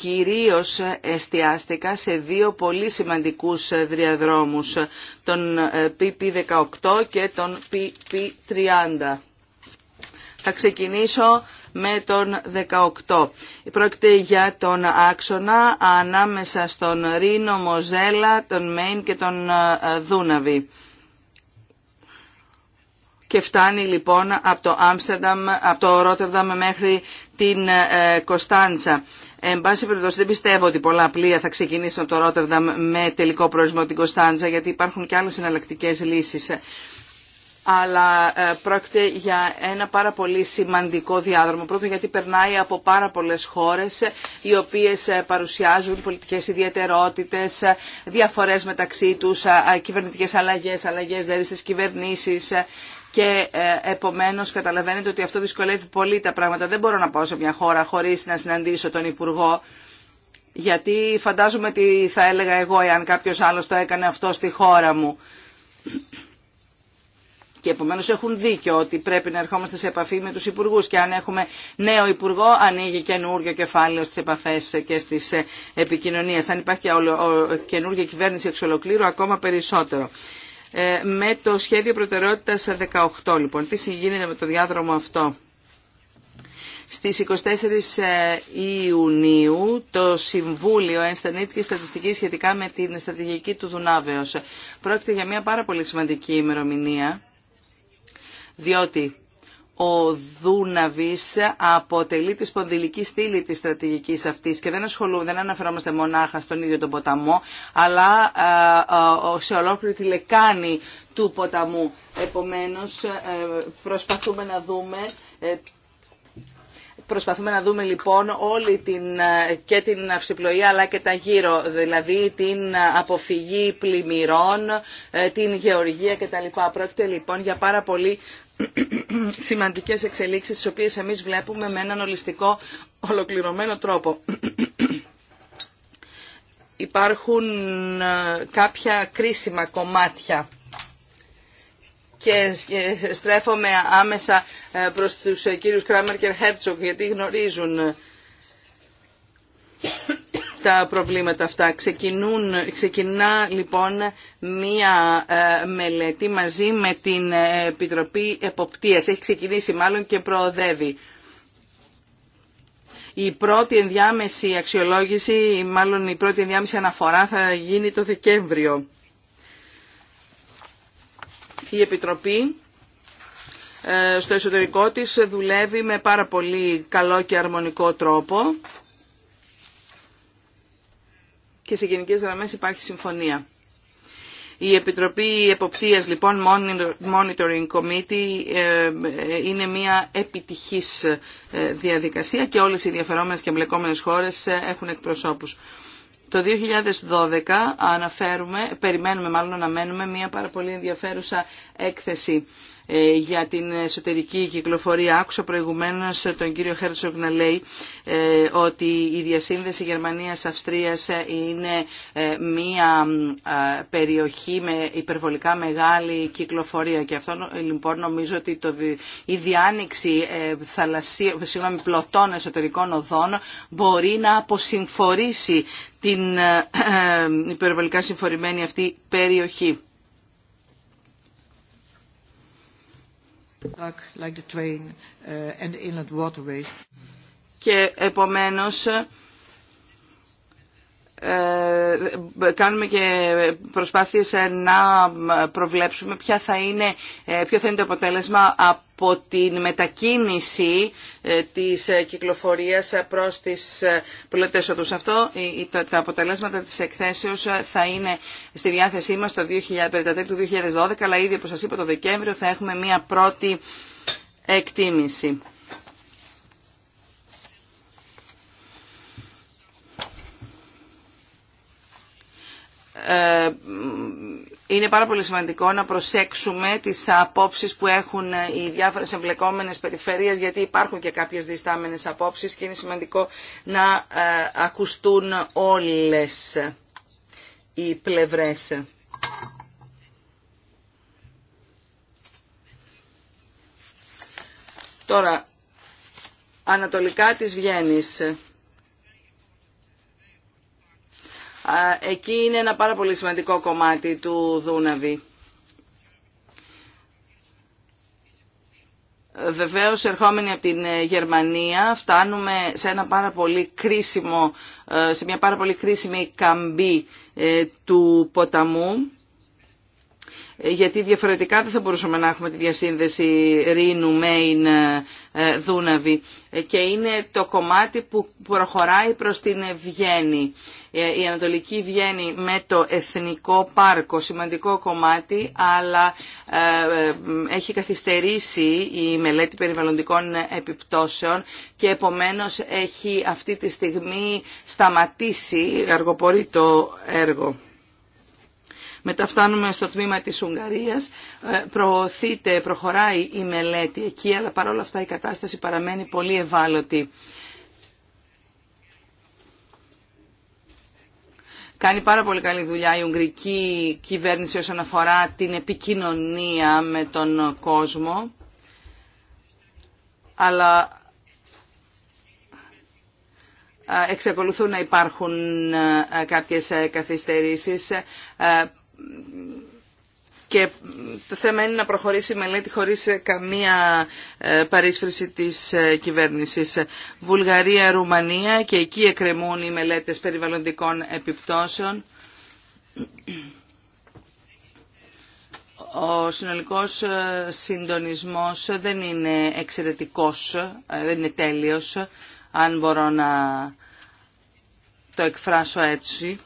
κυρίως εστιάστηκα σε δύο πολύ σημαντικούς διαδρόμους, τον ε, PP18 και τον PP30. Θα ξεκινήσω με τον 18. Πρόκειται για τον άξονα ανάμεσα στον Ρήνο, Μοζέλα, τον Μέιν και τον ε, Δούναβη. Και φτάνει λοιπόν από το, Άμστερνταμ, από το Ρότερνταμ μέχρι την ε, Κωνσταντσα. Εν πάση περιπτώσει, δεν πιστεύω ότι πολλά πλοία θα ξεκινήσουν από το Ρότερνταμ με τελικό προορισμό την Κωνσταντζα, γιατί υπάρχουν και άλλε εναλλακτικέ λύσει. Αλλά ε, πρόκειται για ένα πάρα πολύ σημαντικό διάδρομο. Πρώτον, γιατί περνάει από πάρα πολλέ χώρε, οι οποίε ε, παρουσιάζουν πολιτικέ ιδιαιτερότητε, ε, διαφορέ μεταξύ του, κυβερνητικέ αλλαγέ, αλλαγέ δηλαδή στι κυβερνήσει, και ε, επομένως καταλαβαίνετε ότι αυτό δυσκολεύει πολύ τα πράγματα. Δεν μπορώ να πάω σε μια χώρα χωρίς να συναντήσω τον Υπουργό γιατί φαντάζομαι τι θα έλεγα εγώ εάν κάποιος άλλος το έκανε αυτό στη χώρα μου. Και επομένω έχουν δίκιο ότι πρέπει να ερχόμαστε σε επαφή με του υπουργού. Και αν έχουμε νέο υπουργό, ανοίγει καινούριο κεφάλαιο στι επαφέ και στι ε, επικοινωνίε. Αν υπάρχει καινούργια κυβέρνηση εξ ολοκλήρου, ακόμα περισσότερο. Ε, με το σχέδιο προτεραιότητας 18. Λοιπόν, τι συγγίνεται με το διάδρομο αυτό. Στις 24 ε, Ιουνίου το Συμβούλιο ενστανήθηκε στατιστική σχετικά με την στρατηγική του Δουνάβεως. Πρόκειται για μια πάρα πολύ σημαντική ημερομηνία, διότι ο Δούναβή αποτελεί τη σπονδυλική στήλη τη στρατηγικής αυτής και δεν δεν αναφερόμαστε μονάχα στον ίδιο τον ποταμό, αλλά σε ολόκληρη τη λεκάνη του ποταμού. Επομένως, ε, προσπαθούμε να δούμε ε, προσπαθούμε να δούμε λοιπόν όλη την, ε, και την αυσιπλοεία αλλά και τα γύρω, δηλαδή την αποφυγή πλημμυρών, την γεωργία κτλ. Πρόκειται λοιπόν για πάρα πολύ σημαντικές εξελίξεις τις οποίες εμείς βλέπουμε με έναν ολιστικό ολοκληρωμένο τρόπο. Υπάρχουν ε, κάποια κρίσιμα κομμάτια και ε, στρέφομαι άμεσα ε, προς τους κύριους Κράμερ και Χέρτσοκ γιατί γνωρίζουν τα προβλήματα αυτά. Ξεκινούν, ξεκινά λοιπόν μία ε, μελέτη μαζί με την ε, Επιτροπή Εποπτείας. Έχει ξεκινήσει μάλλον και προοδεύει. Η πρώτη ενδιάμεση αξιολόγηση, μάλλον η πρώτη ενδιάμεση αναφορά θα γίνει το Δεκέμβριο. Η Επιτροπή ε, στο εσωτερικό της δουλεύει με πάρα πολύ καλό και αρμονικό τρόπο και σε γενικές γραμμές υπάρχει συμφωνία. Η Επιτροπή Εποπτείας, λοιπόν, Monitoring Committee, ε, ε, είναι μια επιτυχής ε, διαδικασία και όλες οι ενδιαφερόμενες και εμπλεκόμενες χώρες έχουν εκπροσώπους. Το 2012 αναφέρουμε, περιμένουμε μάλλον να μένουμε μια πάρα πολύ ενδιαφέρουσα έκθεση ε, για την εσωτερική κυκλοφορία. Άκουσα προηγουμένω τον κύριο Χέρτσογκ να λέει ε, ότι η διασύνδεση Γερμανίας-Αυστρίας είναι ε, μία περιοχή με υπερβολικά μεγάλη κυκλοφορία και αυτό λοιπόν νομίζω ότι η διάνοιξη θαλασσία, συγγνώμη, πλωτών εσωτερικών οδών μπορεί να αποσυμφορήσει την υπερβολικά συμφορημένη αυτή περιοχή. Uh, και επομένως ε, ε, κάνουμε και προσπάθειες ε, να προβλέψουμε ποια θα είναι, ποιο θα είναι το αποτέλεσμα από από την μετακίνηση ε, της ε, κυκλοφορίας προς τις ε, πλωτές οδούς. Αυτό, τα αποτελέσματα της εκθέσεως θα είναι στη διάθεσή μας το 2013 του 2012, αλλά ήδη όπως σας είπα το Δεκέμβριο θα έχουμε μία πρώτη εκτίμηση είναι πάρα πολύ σημαντικό να προσέξουμε τις απόψεις που έχουν οι διάφορες εμπλεκόμενες περιφέρειες γιατί υπάρχουν και κάποιες διστάμενες απόψεις και είναι σημαντικό να ε, ακουστούν όλες οι πλευρές. Τώρα, ανατολικά της Βιέννης εκεί είναι ένα πάρα πολύ σημαντικό κομμάτι του Δούναβη. Βεβαίως, ερχόμενοι από την ε, Γερμανία, φτάνουμε σε, ένα πάρα πολύ κρίσιμο, ε, σε μια πάρα πολύ κρίσιμη καμπή ε, του ποταμού γιατί διαφορετικά δεν θα μπορούσαμε να έχουμε τη διασύνδεση Ρήνου, Μέιν, ε, Δούναβη ε, και είναι το κομμάτι που προχωράει προς την Βιέννη. Ε, η Ανατολική Βιέννη με το Εθνικό Πάρκο, σημαντικό κομμάτι, αλλά έχει καθυστερήσει η μελέτη περιβαλλοντικών επιπτώσεων και επομένως έχει αυτή τη στιγμή σταματήσει, αργοπορεί το έργο. Μετά φτάνουμε στο τμήμα της Ουγγαρίας, ε, προωθείται, προχωράει η μελέτη εκεί, αλλά παρόλα αυτά η κατάσταση παραμένει πολύ ευάλωτη. Κάνει πάρα πολύ καλή δουλειά η Ουγγρική κυβέρνηση όσον αφορά την επικοινωνία με τον κόσμο. Αλλά ε, εξακολουθούν να υπάρχουν ε, κάποιες καθυστερήσεις και το θέμα είναι να προχωρήσει η μελέτη χωρίς ε, καμία ε, παρίσφρηση της ε, κυβέρνησης. Βουλγαρία, Ρουμανία και εκεί εκκρεμούν οι μελέτες περιβαλλοντικών επιπτώσεων. Ο συνολικός συντονισμός δεν είναι εξαιρετικός, δεν είναι τέλειος, αν μπορώ να το εκφράσω έτσι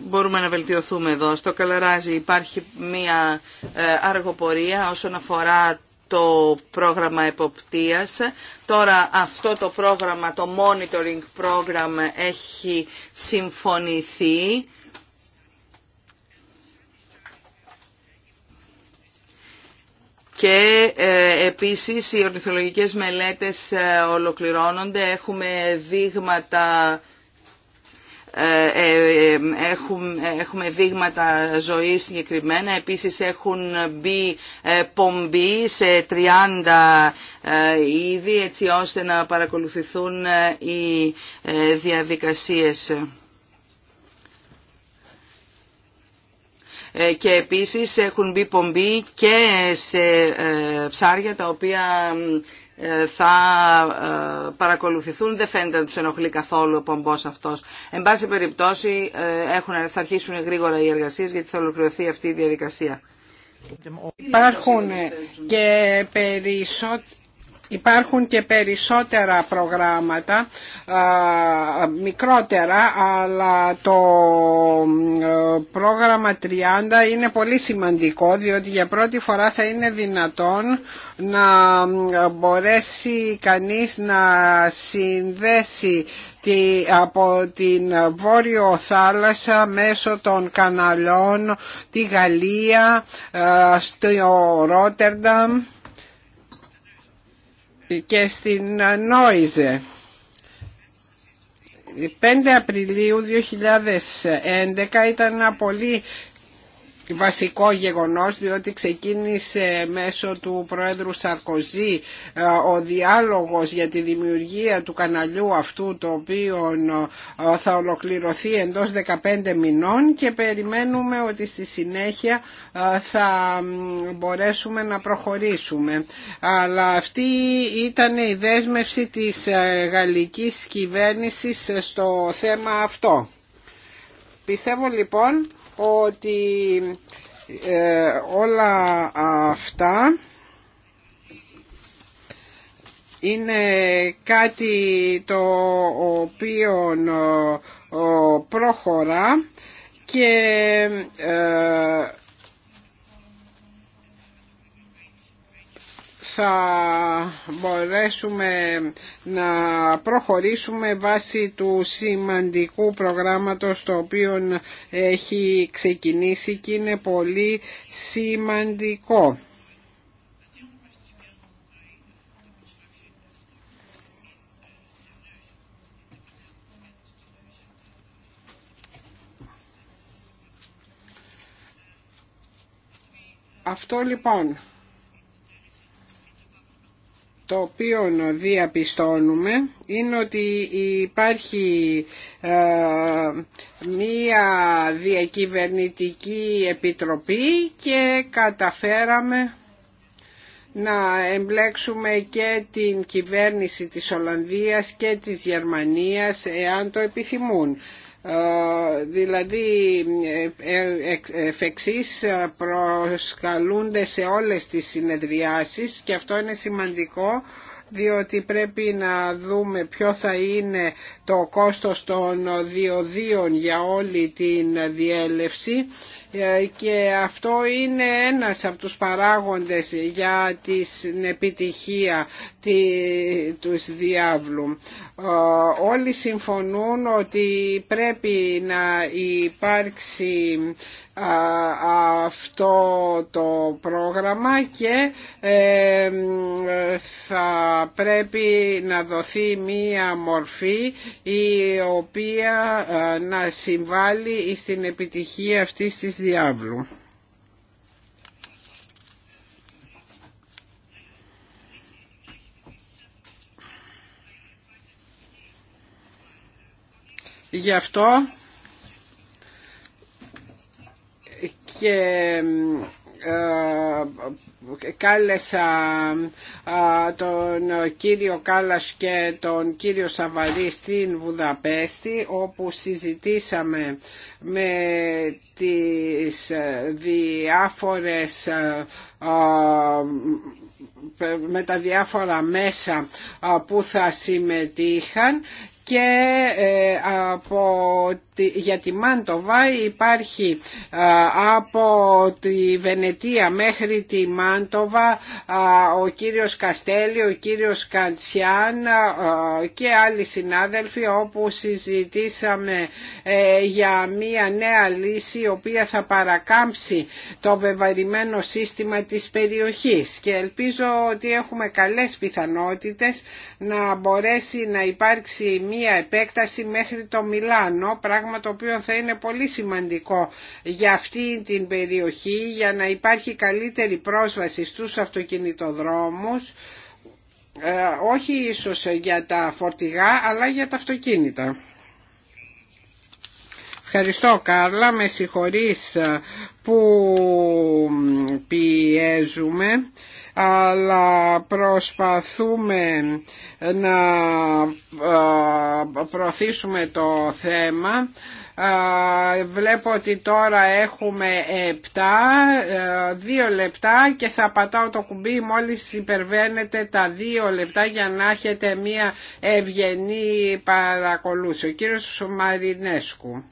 μπορούμε να βελτιωθούμε εδώ. Στο Καλαράζι υπάρχει μία ε, αργοπορία όσον αφορά το πρόγραμμα εποπτείας. Τώρα αυτό το πρόγραμμα, το monitoring program έχει συμφωνηθεί. Και ε, επίσης οι ορνηθολογικές μελέτες ε, ολοκληρώνονται. Έχουμε δείγματα ε, ε, έχουμε δείγματα ζωής συγκεκριμένα. Επίσης έχουν μπει ε, πομπή σε 30 είδη έτσι ώστε να παρακολουθηθούν οι διαδικασίες. και επίσης έχουν μπει πομπή και σε ψάρια τα οποία ε, θα ε, παρακολουθηθούν. Δεν φαίνεται να του ενοχλεί καθόλου ο πομπό αυτό. Εν πάση περιπτώσει ε, έχουν, θα αρχίσουν γρήγορα οι εργασίες γιατί θα ολοκληρωθεί αυτή η διαδικασία. Υπάρχουν και περισσότερο Υπάρχουν και περισσότερα προγράμματα, μικρότερα, αλλά το ε, πρόγραμμα 30 είναι πολύ σημαντικό, διότι για πρώτη φορά θα είναι δυνατόν να ε, μπορέσει κανείς να συνδέσει τη, από την Βόρειο Θάλασσα μέσω των καναλιών τη Γαλλία ε, στο Ρότερνταμ και στην Νόιζε. 5 Απριλίου 2011 ήταν ένα πολύ βασικό γεγονός διότι ξεκίνησε μέσω του Προέδρου Σαρκοζή ε, ο διάλογος για τη δημιουργία του καναλιού αυτού το οποίο ε, θα ολοκληρωθεί εντός 15 μηνών και περιμένουμε ότι στη συνέχεια ε, θα μπορέσουμε να προχωρήσουμε. Αλλά αυτή ήταν η δέσμευση της γαλλικής κυβέρνησης στο θέμα αυτό. Πιστεύω λοιπόν ότι ε, όλα αυτά είναι κάτι το οποίο προχωρά και ε, θα μπορέσουμε να προχωρήσουμε βάσει του σημαντικού προγράμματος το οποίο έχει ξεκινήσει και είναι πολύ σημαντικό. Αυτό λοιπόν το οποίο διαπιστώνουμε είναι ότι υπάρχει ε, μία διακυβερνητική επιτροπή και καταφέραμε να εμπλέξουμε και την κυβέρνηση της Ολλανδίας και της Γερμανίας εάν το επιθυμούν. Ε, δηλαδή ε, ε, εφ' προσκαλούνται σε όλες τις συνεδριάσεις και αυτό είναι σημαντικό διότι πρέπει να δούμε ποιο θα είναι το κόστος των διοδίων για όλη την διέλευση ε, και αυτό είναι ένας από τους παράγοντες για την επιτυχία του διάβλου. Ε, όλοι συμφωνούν ότι πρέπει να υπάρξει αυτό το πρόγραμμα και ε, θα πρέπει να δοθεί μία μορφή η οποία ε, να συμβάλλει στην επιτυχία αυτής της διάβλου. Γι' αυτό και ε, κάλεσα ε, τον κύριο Κάλλας και τον κύριο Σαβαρή στην Βουδαπέστη όπου συζητήσαμε με τις διάφορες ε, με τα διάφορα μέσα που θα συμμετείχαν και ε, από για τη Μάντοβα υπάρχει ε, από τη Βενετία μέχρι τη Μάντοβα ε, ο κύριος Καστέλη, ο κύριος Καντσιάν και άλλοι συνάδελφοι όπου συζητήσαμε για μια νέα λύση η οποία θα παρακάμψει το βεβαρημένο σύστημα της περιοχής και ελπίζω ότι έχουμε καλές πιθανότητες να μπορέσει να υπάρξει μία επέκταση μέχρι το Μιλάνο, πράγμα το οποίο θα είναι πολύ σημαντικό για αυτή την περιοχή, για να υπάρχει καλύτερη πρόσβαση στους αυτοκινητοδρόμους, ε, όχι ίσως για τα φορτηγά, αλλά για τα αυτοκίνητα. Ευχαριστώ Κάρλα, με συγχωρείς ε, που πιέζουμε αλλά προσπαθούμε να προωθήσουμε το θέμα. Βλέπω ότι τώρα έχουμε 7, 2 ε, λεπτά και θα πατάω το κουμπί μόλις υπερβαίνετε τα 2 λεπτά για να έχετε μια ευγενή παρακολούθηση. Ο κύριος Μαρινέσκου.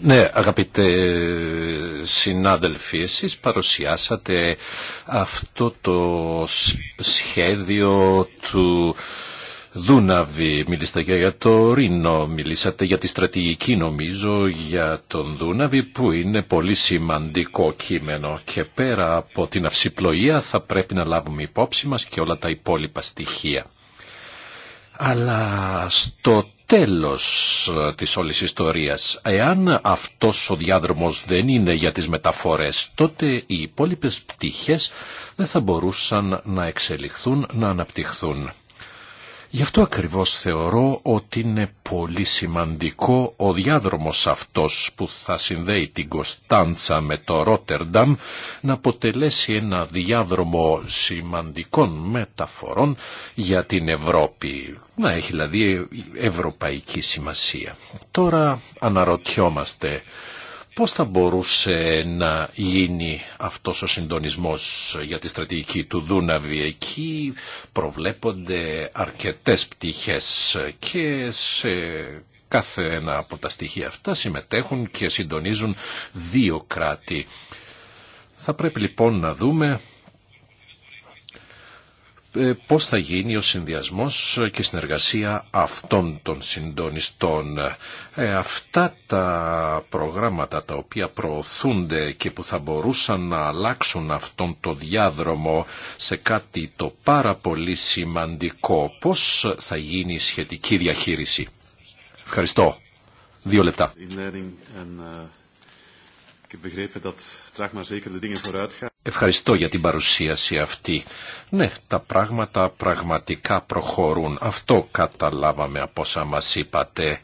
Ναι, αγαπητέ συνάδελφοι, εσείς παρουσιάσατε αυτό το σχέδιο του Δούναβη, μιλήσατε για το Ρήνο, μιλήσατε για τη στρατηγική νομίζω για τον Δούναβη που είναι πολύ σημαντικό κείμενο και πέρα από την αυσιπλοεία θα πρέπει να λάβουμε υπόψη μας και όλα τα υπόλοιπα στοιχεία. Αλλά στο τέλος ε, της όλης ιστορίας. Εάν αυτός ο διάδρομος δεν είναι για τις μεταφορές, τότε οι υπόλοιπες πτυχές δεν θα μπορούσαν να εξελιχθούν, να αναπτυχθούν. Γι' αυτό ακριβώς θεωρώ ότι είναι πολύ σημαντικό ο διάδρομος αυτός που θα συνδέει την Κωνσταντσα με το Ρότερνταμ να αποτελέσει ένα διάδρομο σημαντικών μεταφορών για την Ευρώπη. Να έχει δηλαδή ευρωπαϊκή σημασία. Τώρα αναρωτιόμαστε πώς θα μπορούσε να γίνει αυτός ο συντονισμός για τη στρατηγική του Δούναβη. Εκεί προβλέπονται αρκετές πτυχές και σε κάθε ένα από τα στοιχεία αυτά συμμετέχουν και συντονίζουν δύο κράτη. Θα πρέπει λοιπόν να δούμε ε, πώς θα γίνει ο συνδυασμός ε, και συνεργασία αυτών των συντονιστών. Ε, αυτά τα προγράμματα τα οποία προωθούνται και που θα μπορούσαν να αλλάξουν αυτόν το διάδρομο σε κάτι το πάρα πολύ σημαντικό. Πώς θα γίνει η σχετική διαχείριση. Ευχαριστώ. Δύο λεπτά. Ευχαριστώ για την παρουσίαση αυτή. Ναι, τα πράγματα πραγματικά προχωρούν. Αυτό καταλάβαμε από όσα μας είπατε.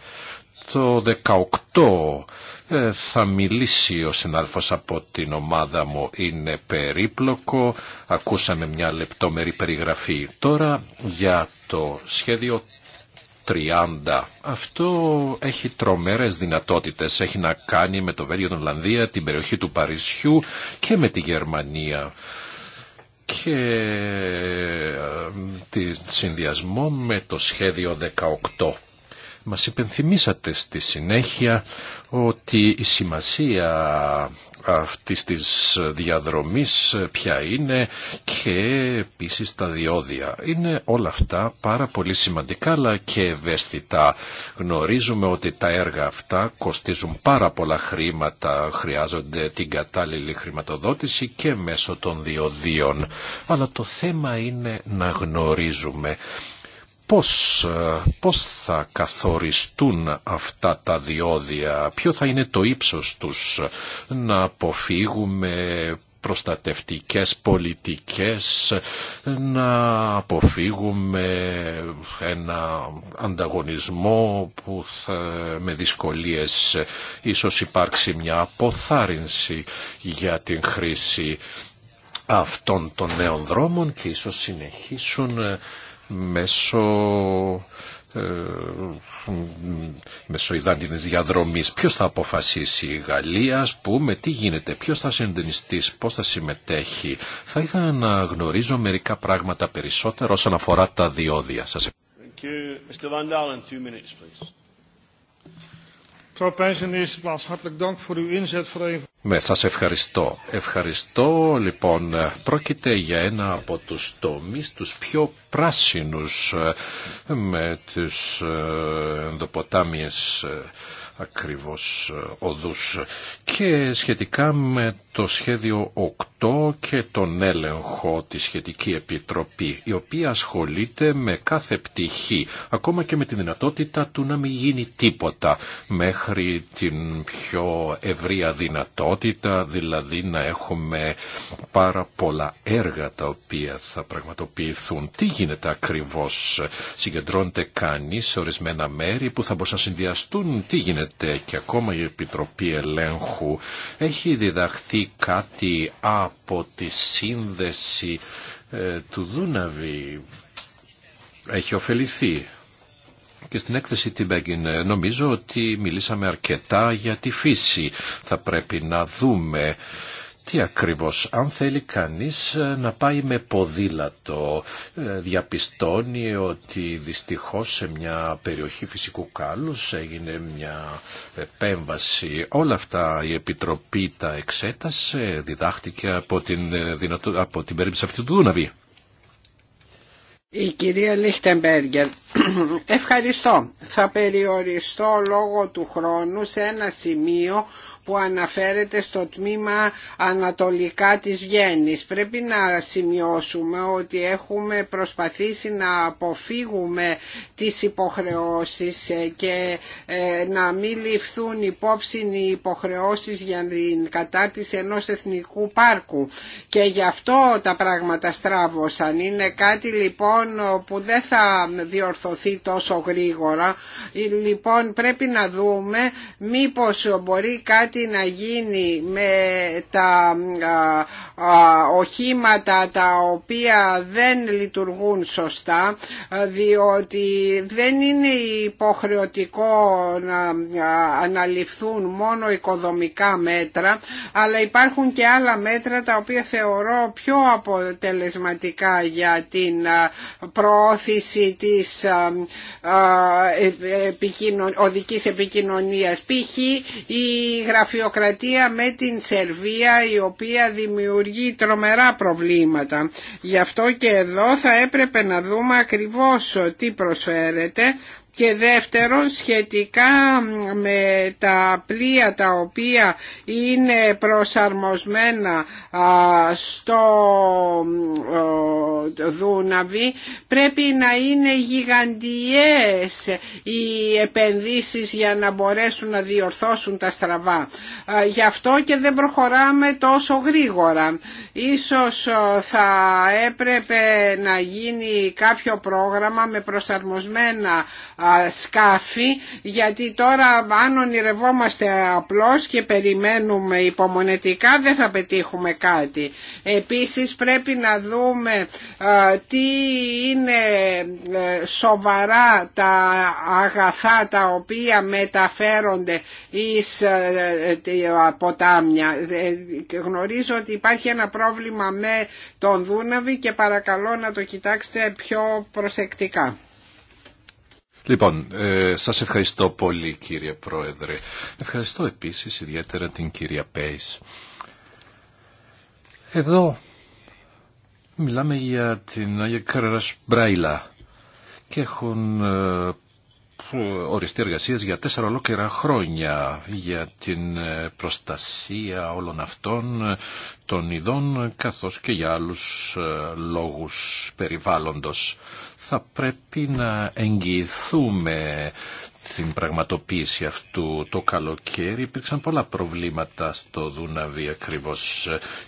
Το 18 ε, θα μιλήσει ο συνάδελφος από την ομάδα μου. Είναι περίπλοκο. Ακούσαμε μια λεπτόμερη περιγραφή τώρα για το σχέδιο αυτό έχει τρομερές δυνατότητες. Έχει να κάνει με το Βέλγιο, των Ολλανδία, την περιοχή του Παρισιού και με τη Γερμανία και ε, τη συνδυασμό με το σχέδιο 18. Μας υπενθυμίσατε στη συνέχεια ότι η σημασία αυτής της διαδρομής ποια είναι και επίση τα διόδια. Είναι όλα αυτά πάρα πολύ σημαντικά αλλά και ευαίσθητα. Γνωρίζουμε ότι τα έργα αυτά κοστίζουν πάρα πολλά χρήματα, χρειάζονται την κατάλληλη χρηματοδότηση και μέσω των διοδίων. Αλλά το θέμα είναι να γνωρίζουμε πώς, ε, πώς θα καθοριστούν αυτά τα διόδια, ποιο θα είναι το ύψος τους, να αποφύγουμε προστατευτικές πολιτικές, να αποφύγουμε ένα ανταγωνισμό που με δυσκολίες ίσως υπάρξει μια αποθάρρυνση για την χρήση αυτών των νέων δρόμων και ίσως συνεχίσουν ε, μέσω ε, μεσοϊδάντινης διαδρομής. Ποιος θα αποφασίσει η Γαλλία, ας πούμε, τι γίνεται, ποιος θα συντονιστεί, πώς θα συμμετέχει. Θα ήθελα να γνωρίζω μερικά πράγματα περισσότερο όσον αφορά τα διόδια. Σας ευχαριστώ. Ναι, σας ευχαριστώ. Ευχαριστώ, λοιπόν, ε, πρόκειται για ένα από τους τομείς τους πιο πράσινους ε, με τις ε, ενδοποτάμιες ακριβώς οδούς και σχετικά με το σχέδιο 8 και τον έλεγχο τη σχετική επιτροπή, η οποία ασχολείται με κάθε πτυχή, ακόμα και με τη δυνατότητα του να μην γίνει τίποτα, μέχρι την πιο ευρία δυνατότητα, δηλαδή να έχουμε πάρα πολλά έργα τα οποία θα πραγματοποιηθούν. Τι γίνεται ακριβώς, συγκεντρώνεται κανείς σε ορισμένα μέρη που θα μπορούσαν να συνδυαστούν, τι γίνεται και ακόμα η Επιτροπή Ελέγχου έχει διδαχθεί κάτι από τη σύνδεση ε, του Δούναβη έχει ωφεληθεί. Και στην έκθεση την Μπέγκιν ε, νομίζω ότι μιλήσαμε αρκετά για τη φύση. Θα πρέπει να δούμε τι ακριβώς, αν θέλει κανείς ε, να πάει με ποδήλατο, ε, διαπιστώνει ότι δυστυχώς σε μια περιοχή φυσικού κάλους έγινε μια επέμβαση. Όλα αυτά η Επιτροπή τα εξέτασε, διδάχτηκε από την, ε, από την περίπτωση αυτή του Δούναβη. Η κυρία Λίχτεμπέργκερ, ευχαριστώ. Θα περιοριστώ λόγω του χρόνου σε ένα σημείο που αναφέρεται στο τμήμα ανατολικά της Βιέννης. Πρέπει να σημειώσουμε ότι έχουμε προσπαθήσει να αποφύγουμε τις υποχρεώσεις και ε, να μην ληφθούν υπόψη οι υποχρεώσεις για την κατάρτιση ενός εθνικού πάρκου και γι' αυτό τα πράγματα στράβωσαν. Είναι κάτι λοιπόν που δεν θα διορθωθεί τόσο γρήγορα. Λοιπόν πρέπει να δούμε μήπως μπορεί κάτι κάτι να γίνει με τα οχήματα τα οποία δεν λειτουργούν σωστά διότι δεν είναι υποχρεωτικό να αναλυφθούν μόνο οικοδομικά μέτρα αλλά υπάρχουν και άλλα μέτρα τα οποία θεωρώ πιο αποτελεσματικά για την προώθηση της οδικής επικοινωνίας π.χ. η γραφειοκρατία με την Σερβία η οποία δημιουργεί τρομερά προβλήματα. Γι' αυτό και εδώ θα έπρεπε να δούμε ακριβώς τι προσφέρεται και δεύτερον σχετικά με τα πλοία τα οποία είναι προσαρμοσμένα στο Δούναβι πρέπει να είναι γιγαντιές οι επενδύσεις για να μπορέσουν να διορθώσουν τα στραβά. Γι' αυτό και δεν προχωράμε τόσο γρήγορα Ίσως ε, θα έπρεπε να γίνει κάποιο πρόγραμμα με προσαρμοσμένα σκάφη γιατί τώρα αν ονειρευόμαστε απλώς και περιμένουμε υπομονετικά δεν θα πετύχουμε κάτι. Επίσης πρέπει να δούμε τι είναι ε, σοβαρά τα αγαθά τα οποία μεταφέρονται εις ε, ποτάμια. Γνωρίζω ότι υπάρχει ένα πρόβλημα με τον Δούναβη και παρακαλώ να το κοιτάξετε πιο προσεκτικά. Λοιπόν, ε, σας ευχαριστώ πολύ κύριε Πρόεδρε. Ευχαριστώ επίσης ιδιαίτερα την κυρία Πέις. Εδώ μιλάμε για την Άγια Μπράιλα και έχουν ε, οριστεί εργασία για τέσσερα ολόκληρα χρόνια για την ε, προστασία όλων αυτών ε, των ειδών καθώς και για άλλους ε, λόγους περιβάλλοντος. Θα πρέπει να εγγυηθούμε την πραγματοποίηση αυτού το καλοκαίρι υπήρξαν πολλά προβλήματα στο Δούναβι ακριβώ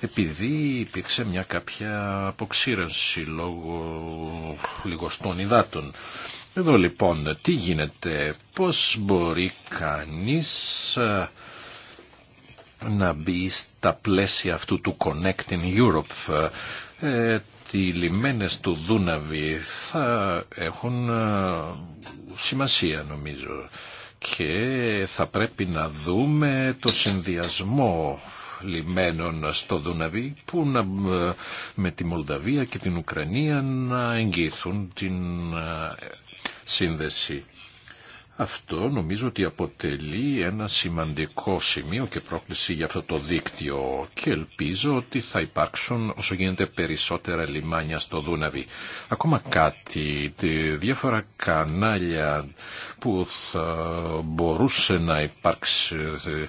επειδή υπήρξε μια κάποια αποξήρωση λόγω λιγοστών υδάτων. Εδώ λοιπόν τι γίνεται, πώς μπορεί κανείς ε, να μπει στα πλαίσια αυτού του Connecting Europe. Ε, οι ε, λιμένες του Δούναβη θα έχουν ε, σημασία νομίζω και θα πρέπει να δούμε το συνδυασμό λιμένων στο Δούναβι που με τη Μολδαβία και την Ουκρανία να εγγύθουν την σύνδεση. Αυτό νομίζω ότι αποτελεί ένα σημαντικό σημείο και πρόκληση για αυτό το δίκτυο και ελπίζω ότι θα υπάρξουν όσο γίνεται περισσότερα λιμάνια στο Δούναβι. Ακόμα κάτι, διάφορα κανάλια που θα μπορούσε να υπάρξει ε,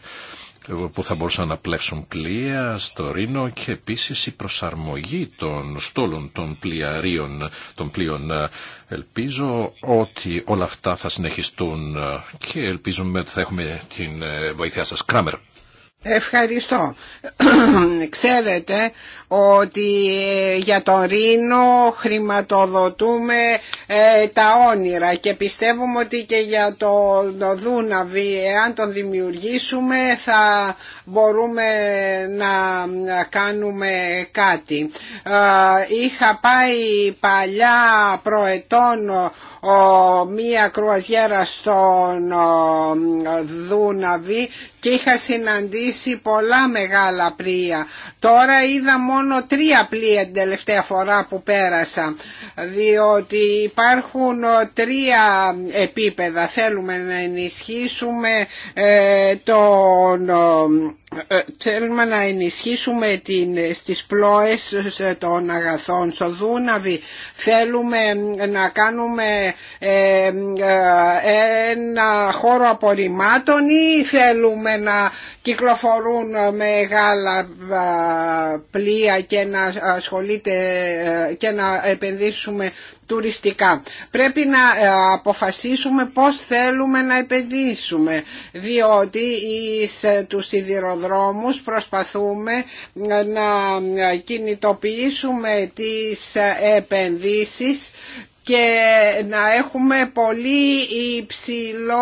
που θα μπορούσαν να πλεύσουν πλοία στο Ρήνο και επίσης η προσαρμογή των στόλων των πλοιαρίων των πλοίων. Ελπίζω ότι όλα αυτά θα συνεχιστούν και ελπίζουμε ότι θα έχουμε την ε, βοήθειά σας. Κράμερ. Ευχαριστώ. Ξέρετε ότι ε, για τον Ρήνο χρηματοδοτούμε ε, τα όνειρα και πιστεύουμε ότι και για το, το Δούναβι, εάν τον δημιουργήσουμε θα μπορούμε να κάνουμε κάτι. είχα πάει παλιά προετών μία κρουαζιέρα στον Δούναβη και είχα συναντήσει πολλά μεγάλα πλοία. Τώρα είδα μόνο τρία πλοία την τελευταία φορά που πέρασα, διότι υπάρχουν τρία επίπεδα. Θέλουμε να ενισχύσουμε ε, τον ε, θέλουμε να ενισχύσουμε την, στις πλώες ε, των αγαθών στο Δούναβι θέλουμε ε, να κάνουμε ένα χώρο απορριμμάτων ή θέλουμε να κυκλοφορούν μεγάλα πλοία και να ασχολείται και να επενδύσουμε τουριστικά. Πρέπει να ε, αποφασίσουμε πώς θέλουμε να επενδύσουμε διότι σε τους σιδηροδρόμους προσπαθούμε ε, να ε, κινητοποιήσουμε τις επενδύσεις και να έχουμε πολύ υψηλό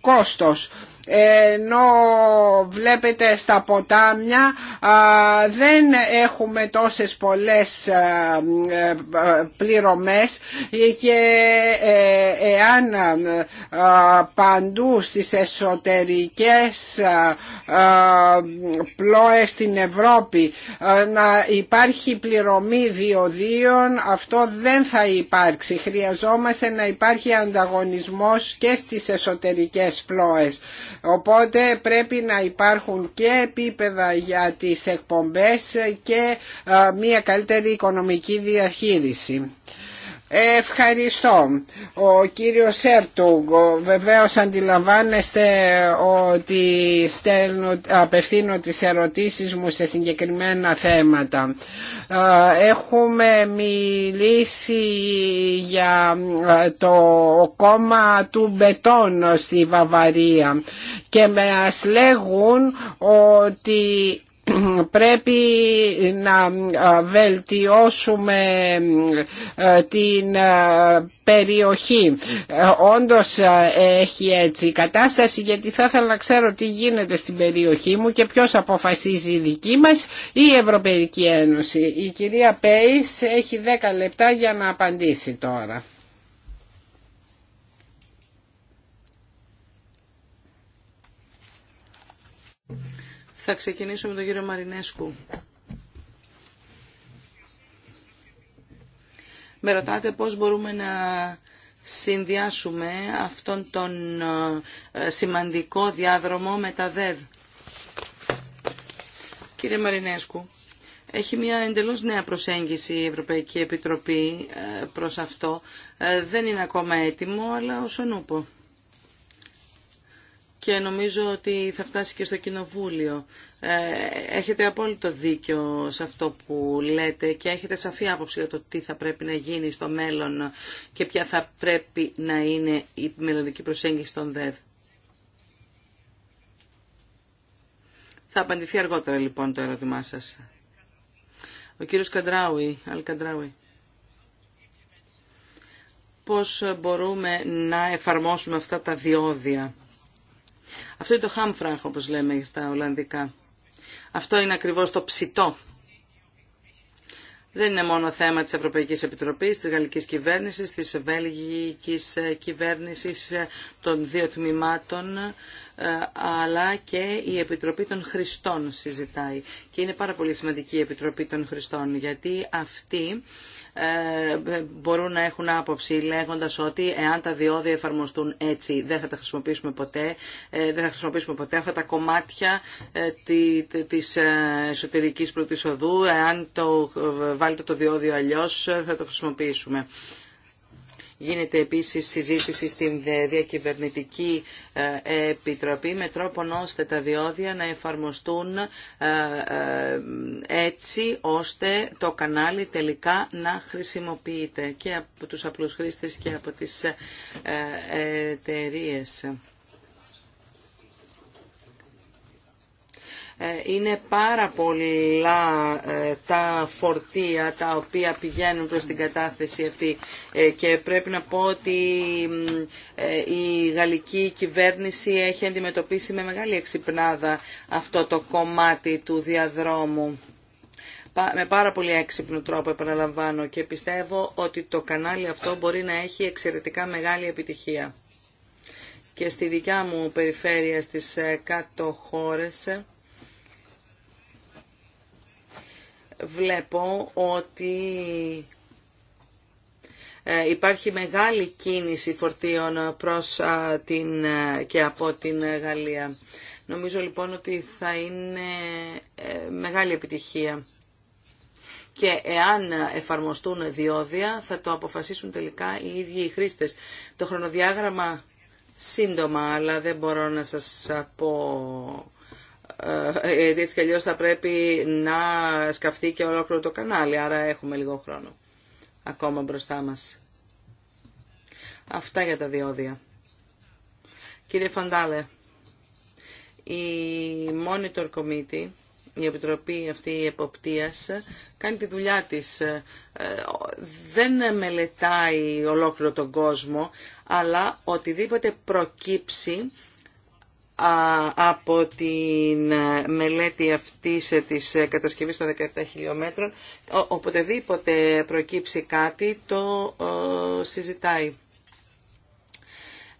κόστος ενώ βλέπετε στα ποτάμια δεν έχουμε τόσες πολλές πληρωμές και ε, εάν παντού στις εσωτερικές πλώες στην Ευρώπη να υπάρχει πληρωμή διοδίων αυτό δεν θα υπάρξει χρειαζόμαστε να υπάρχει ανταγωνισμός και στις εσωτερικές πλώες Οπότε πρέπει να υπάρχουν και επίπεδα για τις εκπομπές και μια καλύτερη οικονομική διαχείριση. Ευχαριστώ. Ο κύριος Σέρτουγκ, βεβαίω αντιλαμβάνεστε ότι στέλνω, απευθύνω τι ερωτήσει μου σε συγκεκριμένα θέματα. Ε, έχουμε μιλήσει για ε, το κόμμα του Μπετόν στη Βαβαρία και με ασλέγουν λέγουν ότι πρέπει να βελτιώσουμε την περιοχή. Ε, όντως έχει έτσι κατάσταση γιατί θα ήθελα να ξέρω τι γίνεται στην περιοχή μου και ποιος αποφασίζει η δική μας ή η Ευρωπαϊκή Ένωση. Η κυρία Πέις έχει 10 λεπτά για να απαντήσει τώρα. Θα ξεκινήσω με τον κύριο Μαρινέσκου. Με ρωτάτε πώς μπορούμε να συνδυάσουμε αυτόν τον ε, σημαντικό διάδρομο με τα ΔΕΔ. Κύριε Μαρινέσκου, έχει μια εντελώς νέα προσέγγιση η Ευρωπαϊκή Επιτροπή ε, προς αυτό. Ε, δεν είναι ακόμα έτοιμο, αλλά όσον ούπο και νομίζω ότι θα φτάσει και στο Κοινοβούλιο. Ε, έχετε απόλυτο δίκιο σε αυτό που λέτε και έχετε σαφή άποψη για το τι θα πρέπει να γίνει στο μέλλον και ποια θα πρέπει να είναι η μελλοντική προσέγγιση των ΔΕΔ. Θα απαντηθεί αργότερα λοιπόν το ερώτημά σας. Ο κύριος Καντράουι, καντράουι. πώς μπορούμε να εφαρμόσουμε αυτά τα διόδια. Αυτό είναι το χάμφραχ, όπως λέμε στα Ολλανδικά. Αυτό είναι ακριβώς το ψητό. Δεν είναι μόνο θέμα της Ευρωπαϊκής Επιτροπής, της Γαλλικής Κυβέρνησης, της Βέλγικης Κυβέρνησης, των δύο τμήματων ε, αλλά και η Επιτροπή των Χριστών συζητάει. Και είναι πάρα πολύ σημαντική η Επιτροπή των Χριστών, γιατί αυτοί ε, μπορούν να έχουν άποψη λέγοντας ότι εάν τα διόδια εφαρμοστούν έτσι δεν θα τα χρησιμοποιήσουμε ποτέ, ε, δεν θα χρησιμοποιήσουμε ποτέ αυτά τα κομμάτια της εσωτερικής πρώτης εάν το βάλετε το διόδιο αλλιώς θα το χρησιμοποιήσουμε. Γίνεται επίσης συζήτηση στην Διακυβερνητική ε, Επιτροπή με τρόπο ώστε τα διόδια να εφαρμοστούν ε, ε, έτσι ώστε το κανάλι τελικά να χρησιμοποιείται και από τους απλούς χρήστες και από τις εταιρείε. Ε, είναι πάρα πολλά ε, τα φορτία τα οποία πηγαίνουν προς την κατάθεση αυτή ε, και πρέπει να πω ότι η γαλλική κυβέρνηση έχει αντιμετωπίσει με μεγάλη εξυπνάδα αυτό το κομμάτι του διαδρόμου με πάρα πολύ έξυπνο τρόπο επαναλαμβάνω και πιστεύω ότι το κανάλι αυτό μπορεί να έχει εξαιρετικά μεγάλη επιτυχία. Και στη δικιά μου περιφέρεια στις κάτω χώρες βλέπω ότι ε, υπάρχει μεγάλη κίνηση φορτίων προς την, ε, και από την Γαλλία. Νομίζω λοιπόν ότι θα είναι ε, μεγάλη επιτυχία. Και εάν εφαρμοστούν διόδια θα το αποφασίσουν τελικά οι ίδιοι οι χρήστες. Το χρονοδιάγραμμα σύντομα, αλλά δεν μπορώ να σας πω ε, ε, έτσι κι αλλιώς θα πρέπει να σκαφτεί και ολόκληρο το κανάλι, άρα έχουμε λίγο χρόνο ακόμα μπροστά μας. Αυτά για τα διόδια. Κύριε Φαντάλε, η Monitor Committee, η Επιτροπή αυτή η Εποπτείας, κάνει τη δουλειά της. Ε, δεν μελετάει ολόκληρο τον κόσμο, αλλά οτιδήποτε προκύψει από τη μελέτη σε της ε, κατασκευής των 17 χιλιόμετρων. Οποτεδήποτε προκύψει κάτι το ε, συζητάει.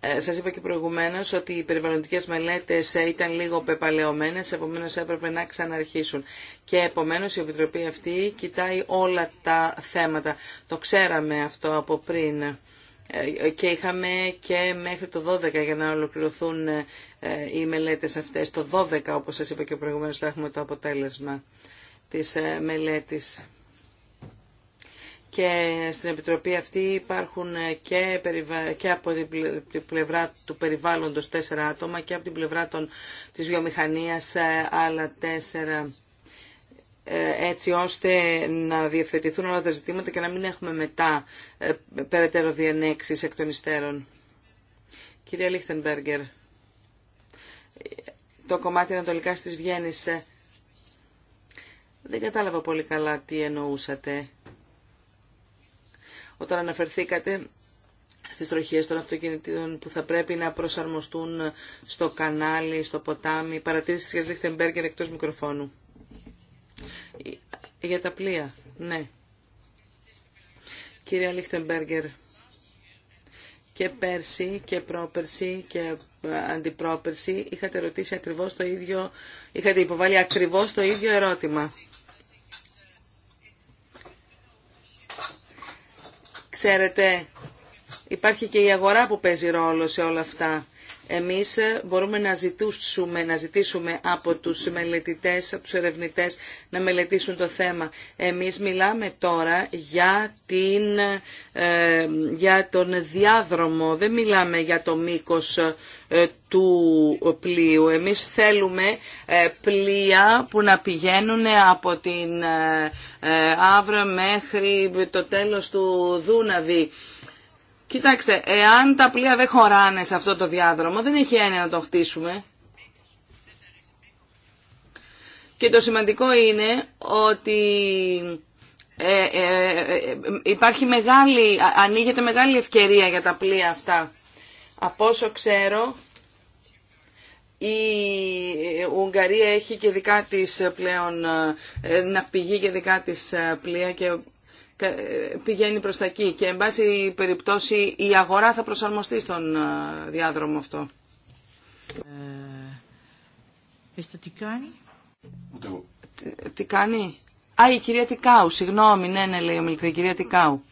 Ε, σας είπα και προηγουμένως ότι οι περιβαλλοντικές μελέτες ήταν λίγο πεπαλαιωμένε, επομένως έπρεπε να ξαναρχίσουν. Και επομένως η Επιτροπή αυτή κοιτάει όλα τα θέματα. Το ξέραμε αυτό από πριν. Ε, και είχαμε και μέχρι το 12 για να ολοκληρωθούν ε, οι μελέτες αυτές. Το 12, όπως σας είπα και προηγουμένως, θα έχουμε το αποτέλεσμα της ε, μελέτης. Και στην Επιτροπή αυτή υπάρχουν και, και από την πλευρά του περιβάλλοντος τέσσερα άτομα και από την πλευρά των, της βιομηχανίας άλλα τέσσερα ε, έτσι ώστε να διευθετηθούν όλα τα ζητήματα και να μην έχουμε μετά ε, περαιτέρω διενέξεις εκ των υστέρων. Κυρία Λίχτενμπέργκερ, το κομμάτι ανατολικά της Βιέννης ε, δεν κατάλαβα πολύ καλά τι εννοούσατε. Όταν αναφερθήκατε στις τροχίες των αυτοκινητών που θα πρέπει να προσαρμοστούν στο κανάλι, στο ποτάμι, παρατήρηση της Λίχτενμπέργκερ εκτός μικροφώνου. Για τα πλοία, ναι. Κυρία Λίχτεμπέργκερ, και πέρσι και πρόπερσι και ε, αντιπρόπερσι είχατε ρωτήσει ακριβώς το ίδιο, είχατε υποβάλει ακριβώς το ίδιο ερώτημα. Ξέρετε, υπάρχει και η αγορά που παίζει ρόλο σε όλα αυτά. Εμείς ε, μπορούμε να, ζητήσουμε να ζητήσουμε από τους μελετητές, από τους ερευνητές να μελετήσουν το θέμα. Εμείς μιλάμε τώρα για, την, ε, για τον διάδρομο, δεν μιλάμε για το μήκος ε, του πλοίου. Εμείς θέλουμε ε, πλοία που να πηγαίνουν από την Αύρα μέχρι το τέλος του Δούναβη Κοιτάξτε, εάν τα πλοία δεν χωράνε σε αυτό το διάδρομο, δεν έχει έννοια να το χτίσουμε. Και το σημαντικό είναι ότι ε, ε, ε υπάρχει μεγάλη, ανοίγεται μεγάλη ευκαιρία για τα πλοία αυτά. Από όσο ξέρω, η Ουγγαρία έχει και δικά της πλέον ε, ναυπηγή και δικά της πλοία και πηγαίνει προς τα εκεί και εν πάση περιπτώσει η αγορά θα προσαρμοστεί στον ε, διάδρομο αυτό. Ε, τι κάνει. Τι, τι Α, η κυρία Τικάου, συγγνώμη, ναι, ναι, λέει ο η κυρία Τικάου.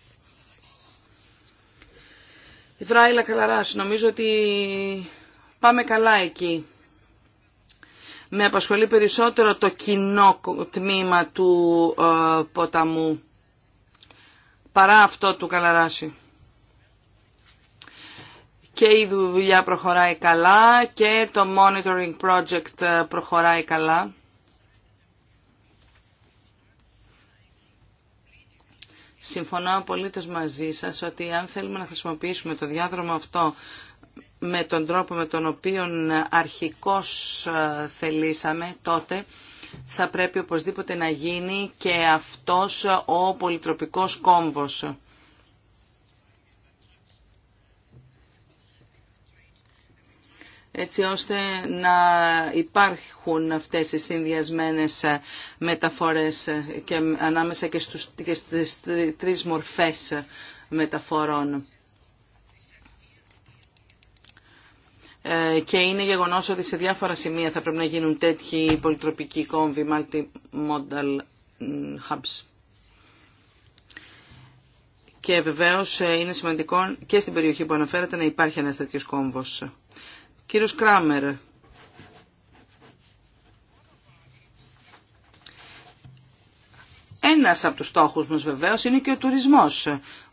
Η Βράιλα Καλαράς, νομίζω ότι πάμε καλά εκεί. Με απασχολεί περισσότερο το κοινό τμήμα του ε, ποταμού παρά αυτό του Καλαράση. Και η δουλειά προχωράει καλά και το monitoring project ε, προχωράει καλά. Συμφωνώ απολύτως μαζί σας ότι αν θέλουμε να χρησιμοποιήσουμε το διάδρομο αυτό με τον τρόπο με τον οποίο αρχικώς ε, θελήσαμε τότε, θα πρέπει οπωσδήποτε να γίνει και αυτός ο πολυτροπικός κόμβος. έτσι ώστε να υπάρχουν αυτές οι συνδυασμένες μεταφορές και ανάμεσα και, στους, και στις τρεις μορφές μεταφορών. Ε, και είναι γεγονός ότι σε διάφορα σημεία θα πρέπει να γίνουν τέτοιοι πολυτροπικοί κόμβοι, multi-modal hubs. Και βεβαίως ε, είναι σημαντικό και στην περιοχή που αναφέρατε να υπάρχει ένας τέτοιος κόμβος. Κύριο Κράμερ, Ένας από τους στόχους μας βεβαίως είναι και ο τουρισμός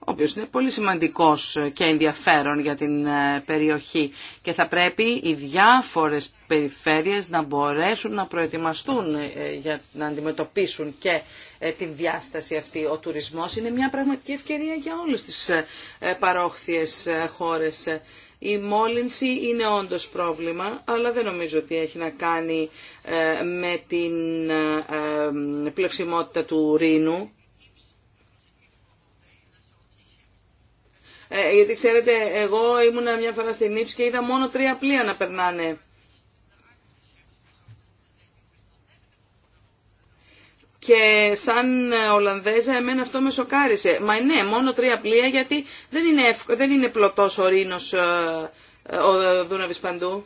ο οποίος είναι πολύ σημαντικός ε, και ενδιαφέρον για την ε, περιοχή και θα πρέπει οι διάφορες περιφέρειες να μπορέσουν να προετοιμαστούν ε, για να αντιμετωπίσουν και την διάσταση αυτή. Ο τουρισμός είναι μια πραγματική ευκαιρία για όλες τις παρόχθιες χώρες. Η μόλυνση είναι όντως πρόβλημα, αλλά δεν νομίζω ότι έχει να κάνει με την πλευσιμότητα του ρήνου Ε, γιατί ξέρετε εγώ ήμουν μια φορά στην Ήψη και είδα μόνο τρία πλοία να περνάνε. Και σαν Ολλανδέζα εμένα αυτό με σοκάρισε. Μα ναι, μόνο τρία πλοία γιατί δεν είναι, ευκ... δεν είναι πλωτός ο Ρήνος ε, ε, ο Δούναβης παντού.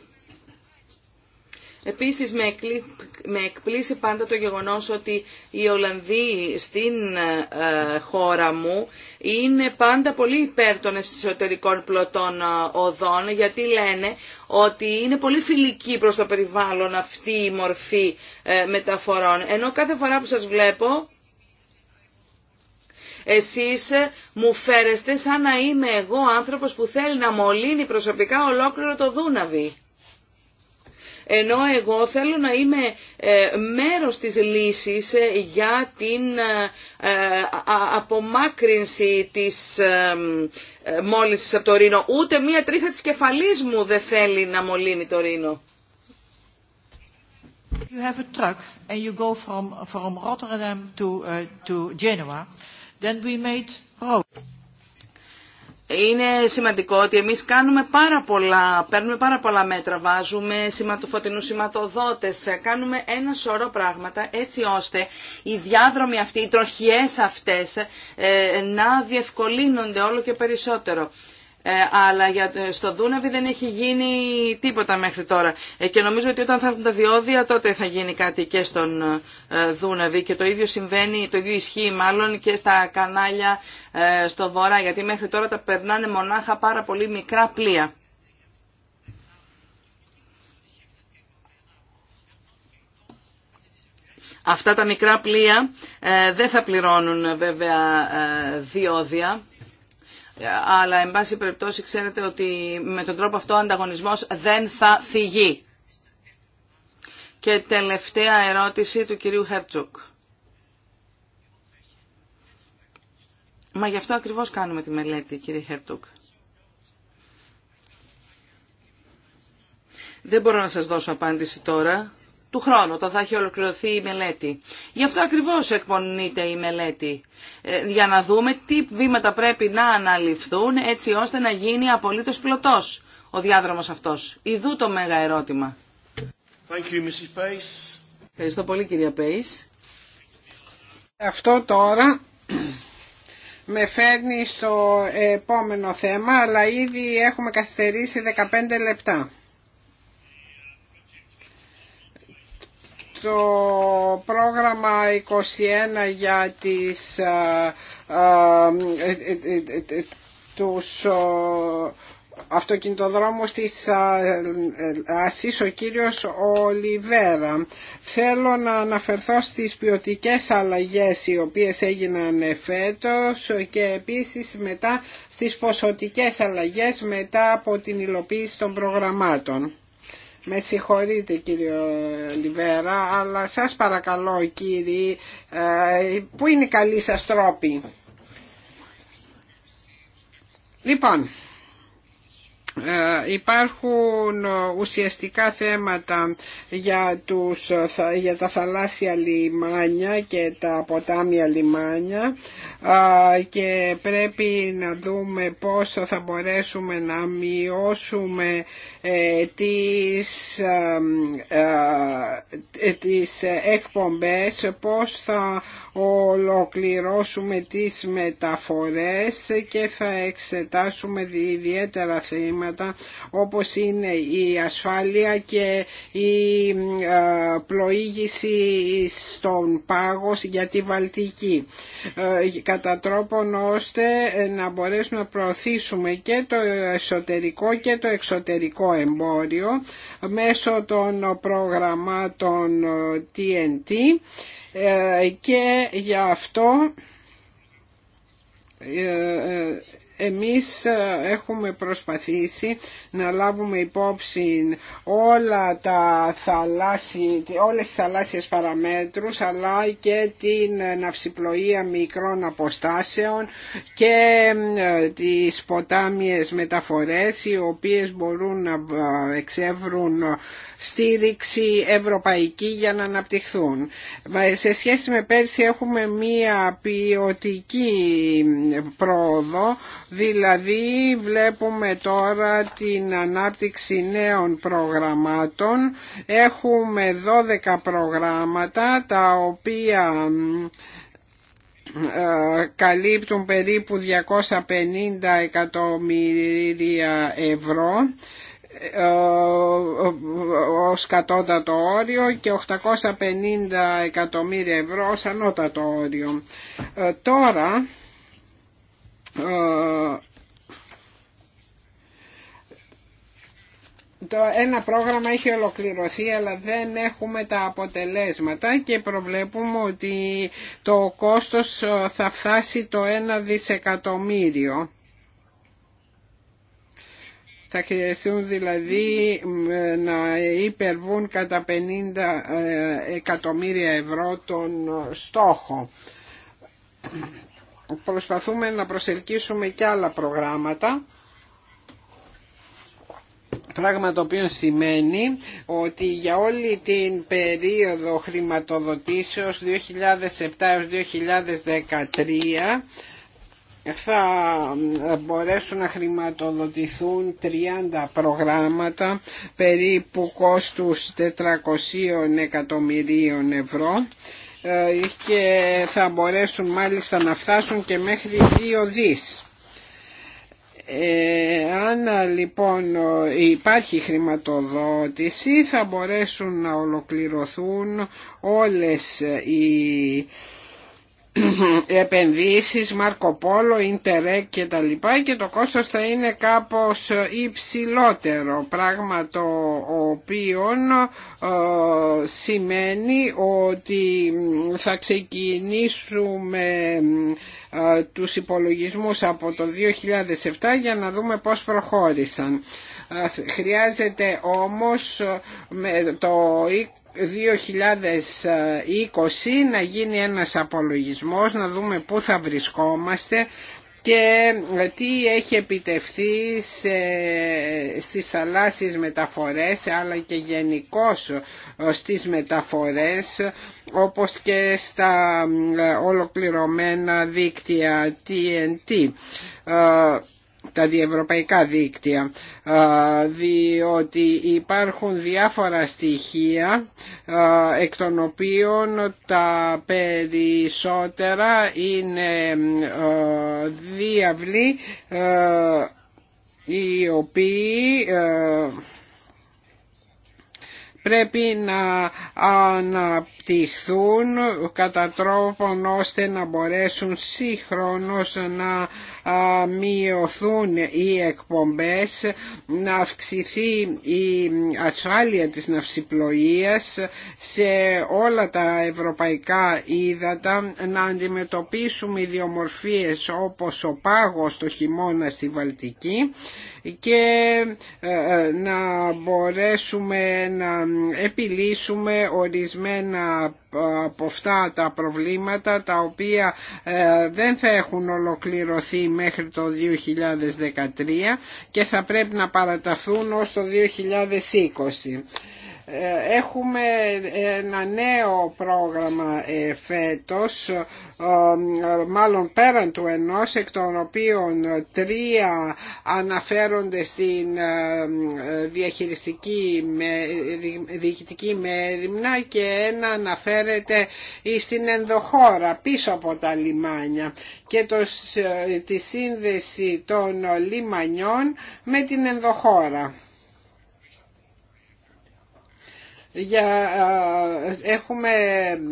Επίσης με εκπλήσει πάντα το γεγονός ότι οι Ολλανδοί στην ε, χώρα μου είναι πάντα πολύ υπέρ των εσωτερικών πλωτών ε, οδών γιατί λένε ότι είναι πολύ φιλική προς το περιβάλλον αυτή η μορφή ε, μεταφορών. Ενώ κάθε φορά που σας βλέπω εσείς μου φέρεστε σαν να είμαι εγώ άνθρωπος που θέλει να μολύνει προσωπικά ολόκληρο το Δούναβι ενώ εγώ θέλω να είμαι ε, μέρος της λύσης ε, για την ε, απομάκρυνση της μόλυνσης από το ρήνο. Ούτε μία τρίχα της κεφαλής μου δεν θέλει να μολύνει το ρήνο. You have a truck and you go from, from Rotterdam to, uh, to Genoa, then we made road είναι σημαντικό ότι εμείς κάνουμε πάρα πολλά, παίρνουμε πάρα πολλά μέτρα, βάζουμε σηματοφωτεινούς σηματοδότες, κάνουμε ένα σωρό πράγματα έτσι ώστε οι διάδρομοι αυτοί, οι τροχιές αυτές ε, να διευκολύνονται όλο και περισσότερο. Ε, αλλά για, στο Δούναβι δεν έχει γίνει τίποτα μέχρι τώρα. Ε, και νομίζω ότι όταν θα έχουν τα διόδια τότε θα γίνει κάτι και στον ε, Δούναβι και το ίδιο συμβαίνει, το ίδιο ισχύει μάλλον και στα κανάλια στο Βορρά γιατί μέχρι τώρα τα περνάνε μονάχα πάρα πολύ μικρά πλοία. Αυτά τα μικρά πλοία δεν θα πληρώνουν βέβαια διόδια αλλά εν πάση περιπτώσει ξέρετε ότι με τον τρόπο αυτό ο ανταγωνισμός δεν θα φυγεί. Και τελευταία ερώτηση του κυρίου Χέρτσουκ. Μα γι' αυτό ακριβώς κάνουμε τη μελέτη, κύριε Χέρτσουκ. Δεν μπορώ να σας δώσω απάντηση τώρα του χρόνου, όταν θα έχει ολοκληρωθεί η μελέτη. Γι' αυτό ακριβώς εκπονείται η μελέτη, ε, για να δούμε τι βήματα πρέπει να αναλυφθούν έτσι ώστε να γίνει απολύτως πλωτός ο διάδρομος αυτός. Ιδού το μέγα ερώτημα. you, Ευχαριστώ πολύ κυρία Πέις. Αυτό τώρα με φέρνει στο επόμενο θέμα, αλλά ήδη έχουμε καθυστερήσει 15 λεπτά. το πρόγραμμα 21 για τις, ε, ε, ε, τους αυτοκινητοδρόμους της Ασής ο κύριος Ολιβέρα. Θέλω να αναφερθώ στις ποιοτικέ αλλαγές οι οποίες έγιναν φέτος και επίσης μετά στις ποσοτικές αλλαγές μετά από την υλοποίηση των προγραμμάτων. Με συγχωρείτε κύριο Λιβέρα, αλλά σας παρακαλώ κύριοι, ε, πού είναι οι καλοί σας τρόποι. Λοιπόν, ε, υπάρχουν ουσιαστικά θέματα για, τους, ε, για τα θαλάσσια λιμάνια και τα ποτάμια λιμάνια και πρέπει να δούμε πόσο θα μπορέσουμε να μειώσουμε ε, τις, ε, τις εκπομπές, πώς θα ολοκληρώσουμε τις μεταφορές και θα εξετάσουμε ιδιαίτερα θέματα όπως είναι η ασφάλεια και η πλοήγηση στον πάγος για τη Βαλτική ε, κατά τρόπον ώστε ε, να μπορέσουμε να προωθήσουμε και το εσωτερικό και το εξωτερικό εμπόριο μέσω των προγραμμάτων TNT ε, ε, και γι' αυτό εμείς ε, έχουμε προσπαθήσει να λάβουμε υπόψη όλα τα θαλάσσι, όλες τις θαλάσσιες παραμέτρους αλλά και την ναυσιπλοεία μικρών αποστάσεων και ε, τις ποτάμιες μεταφορές οι οποίες μπορούν να ε, εξεύρουν στήριξη ευρωπαϊκή για να αναπτυχθούν. Σε σχέση με πέρσι έχουμε μία ποιοτική πρόοδο, δηλαδή βλέπουμε τώρα την ανάπτυξη νέων προγραμμάτων. Έχουμε 12 προγράμματα τα οποία ε, καλύπτουν περίπου 250 εκατομμύρια ευρώ ε, ως κατώτατο όριο και 850 εκατομμύρια ευρώ ως ανώτατο όριο. Ε, τώρα ε, το ένα πρόγραμμα έχει ολοκληρωθεί αλλά δεν έχουμε τα αποτελέσματα και προβλέπουμε ότι το κόστος θα φτάσει το 1 δισεκατομμύριο θα χρειαστούν δηλαδή να υπερβούν κατά 50 ε, εκατομμύρια ευρώ τον στόχο. Προσπαθούμε να προσελκύσουμε και άλλα προγράμματα πράγμα το οποίο σημαίνει ότι για όλη την περίοδο χρηματοδοτήσεως 2007 2013 θα ε, μπορέσουν να χρηματοδοτηθούν 30 προγράμματα περίπου κόστους 400 εκατομμυρίων ευρώ ε, και θα μπορέσουν μάλιστα να φτάσουν και μέχρι 2 δις. Ε, αν λοιπόν υπάρχει χρηματοδότηση θα μπορέσουν να ολοκληρωθούν όλες οι επενδύσεις, Μάρκο Πόλο, Ιντερεκ και τα λοιπά και το κόστος θα είναι κάπως υψηλότερο πράγμα το οποίο ε, σημαίνει ότι θα ξεκινήσουμε ε, τους υπολογισμούς από το 2007 για να δούμε πώς προχώρησαν. Ε, χρειάζεται όμως το 2020 να γίνει ένας απολογισμός, να δούμε πού θα βρισκόμαστε και τι έχει επιτευχθεί σε, στις θαλάσσιες μεταφορές αλλά και γενικώ ε, στις μεταφορές όπως και στα ε, ολοκληρωμένα δίκτυα TNT τα διευρωπαϊκά δίκτυα διότι υπάρχουν διάφορα στοιχεία εκ των οποίων τα περισσότερα είναι διαβλή οι οποίοι πρέπει να αναπτυχθούν κατά τρόπον ώστε να μπορέσουν σύγχρονος να μειωθούν οι εκπομπές, να αυξηθεί η ασφάλεια της ναυσιπλοείας σε όλα τα ευρωπαϊκά ύδατα, να αντιμετωπίσουμε ιδιομορφίες όπως ο πάγος το χειμώνα στη Βαλτική και ε, ε, να μπορέσουμε να επιλύσουμε ορισμένα από αυτά τα προβλήματα τα οποία ε, δεν θα έχουν ολοκληρωθεί μέχρι το 2013 και θα πρέπει να παραταθούν ως το 2020. Ε, έχουμε ένα νέο πρόγραμμα ε, φέτος, ε, μάλλον πέραν του ενός, εκ των οποίων τρία αναφέρονται στην διαχειριστική διοικητική μέρημνα και ένα αναφέρεται στην ενδοχώρα πίσω από τα λιμάνια και το, τη σύνδεση των λιμανιών με την ενδοχώρα για, ε, έχουμε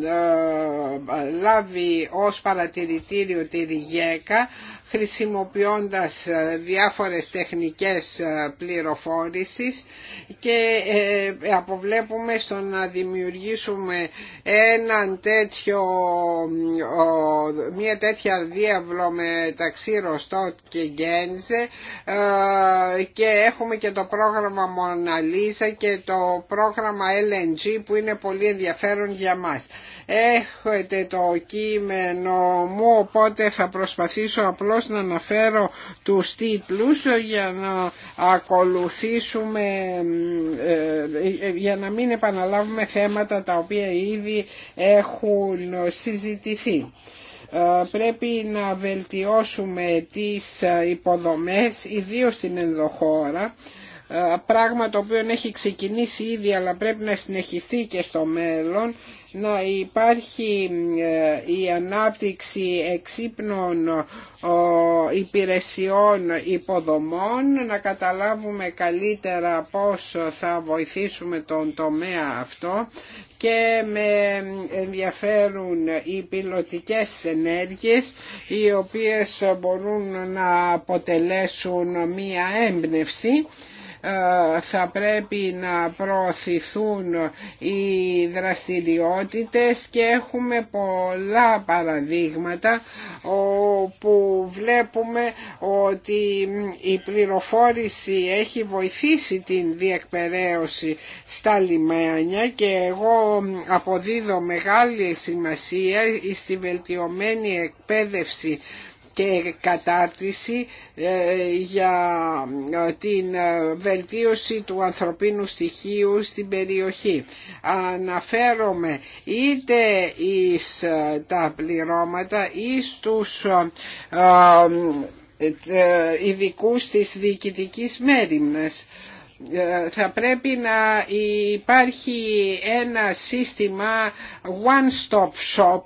ε, λάβει ως παρατηρητήριο τη Ριγέκα χρησιμοποιώντας ε, διάφορες τεχνικές ε, πληροφόρησης και ε, αποβλέπουμε στο να δημιουργήσουμε έναν τέτοιο, μια τέτοια διάβλο μεταξύ Ροστότ και Γκένζε και έχουμε και το πρόγραμμα Μοναλίζα και το πρόγραμμα LNG που είναι πολύ ενδιαφέρον για μας έχετε το κείμενο μου οπότε θα προσπαθήσω απλώς να αναφέρω τους τίτλους για να ακολουθήσουμε ε, για να μην επαναλάβουμε θέματα τα οποία ήδη έχουν συζητηθεί ε, πρέπει να βελτιώσουμε τις ε, υποδομές ιδίως στην ενδοχώρα ε, πράγμα το οποίο έχει ξεκινήσει ήδη αλλά πρέπει να συνεχιστεί και στο μέλλον να υπάρχει ε, η ανάπτυξη εξύπνων ε, υπηρεσιών υποδομών, να καταλάβουμε καλύτερα πώς θα βοηθήσουμε τον τομέα αυτό και με ενδιαφέρουν οι πιλωτικές ενέργειες οι οποίες μπορούν να αποτελέσουν μία έμπνευση ε, θα πρέπει να προωθηθούν οι δραστηριότητες και έχουμε πολλά παραδείγματα όπου βλέπουμε ότι η πληροφόρηση έχει βοηθήσει την διεκπαιρέωση στα λιμάνια και εγώ αποδίδω μεγάλη σημασία στη βελτιωμένη εκπαίδευση και κατάρτιση ε, για ε, την ε, βελτίωση του ανθρωπίνου στοιχείου στην περιοχή. Αναφέρομαι είτε εις τα πληρώματα ή στους ειδικού της διοικητικής μέρημνας θα πρέπει να υπάρχει ένα σύστημα one-stop shop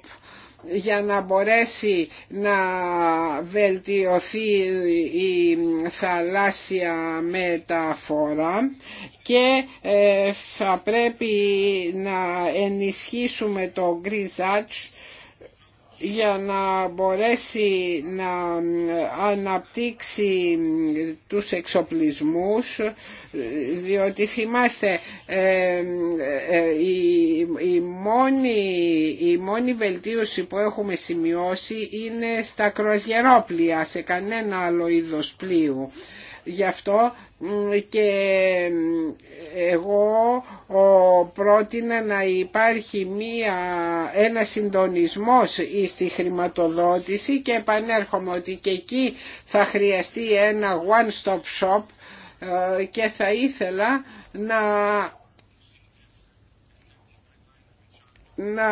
για να μπορέσει να βελτιωθεί η θαλάσσια μεταφορά και ε, θα πρέπει να ενισχύσουμε το Arch» για να μπορέσει να αναπτύξει τους εξοπλισμούς διότι θυμάστε ε, ε, η, μόνη, η μόνη βελτίωση που έχουμε σημειώσει είναι στα κροαζιερόπλια, σε κανένα άλλο είδος πλοίου Γι' αυτό και εγώ πρότεινα να υπάρχει μία, ένα συντονισμός στη χρηματοδότηση και επανέρχομαι ότι και εκεί θα χρειαστεί ένα one-stop shop ε, και θα ήθελα να να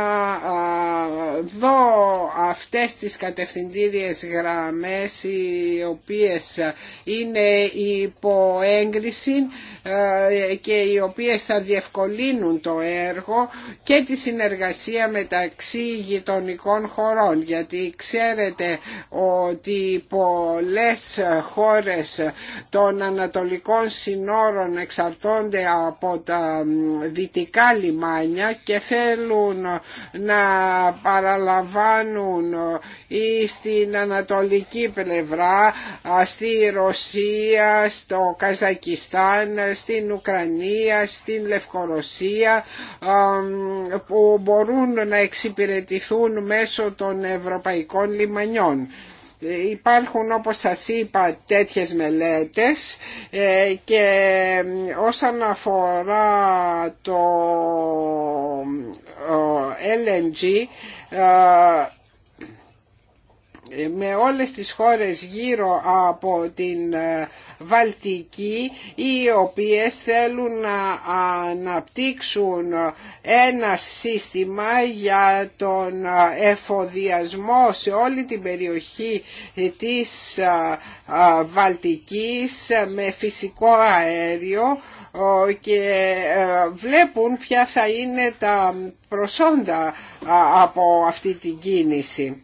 δω αυτές τις κατευθυντήριες γραμμές οι οποίες είναι υπό έγκριση ε, και οι οποίες θα διευκολύνουν το έργο και τη συνεργασία μεταξύ γειτονικών χωρών γιατί ξέρετε ότι πολλές χώρες των ανατολικών συνόρων εξαρτώνται από τα δυτικά λιμάνια και θέλουν να παραλαμβάνουν ή στην ανατολική πλευρά, στη Ρωσία, στο Καζακιστάν, στην Ουκρανία, στην Λευκορωσία που μπορούν να εξυπηρετηθούν μέσω των ευρωπαϊκών λιμανιών. Υπάρχουν όπως σας είπα τέτοιες μελέτες ε, και όσον αφορά το LNG ε, με όλες τις χώρες γύρω από την ε, Βαλτική οι οποίες θέλουν να αναπτύξουν ένα σύστημα για τον ε, εφοδιασμό σε όλη την περιοχή της ε, Βαλτικής με φυσικό αέριο και βλέπουν ποια θα είναι τα προσόντα από αυτή την κίνηση.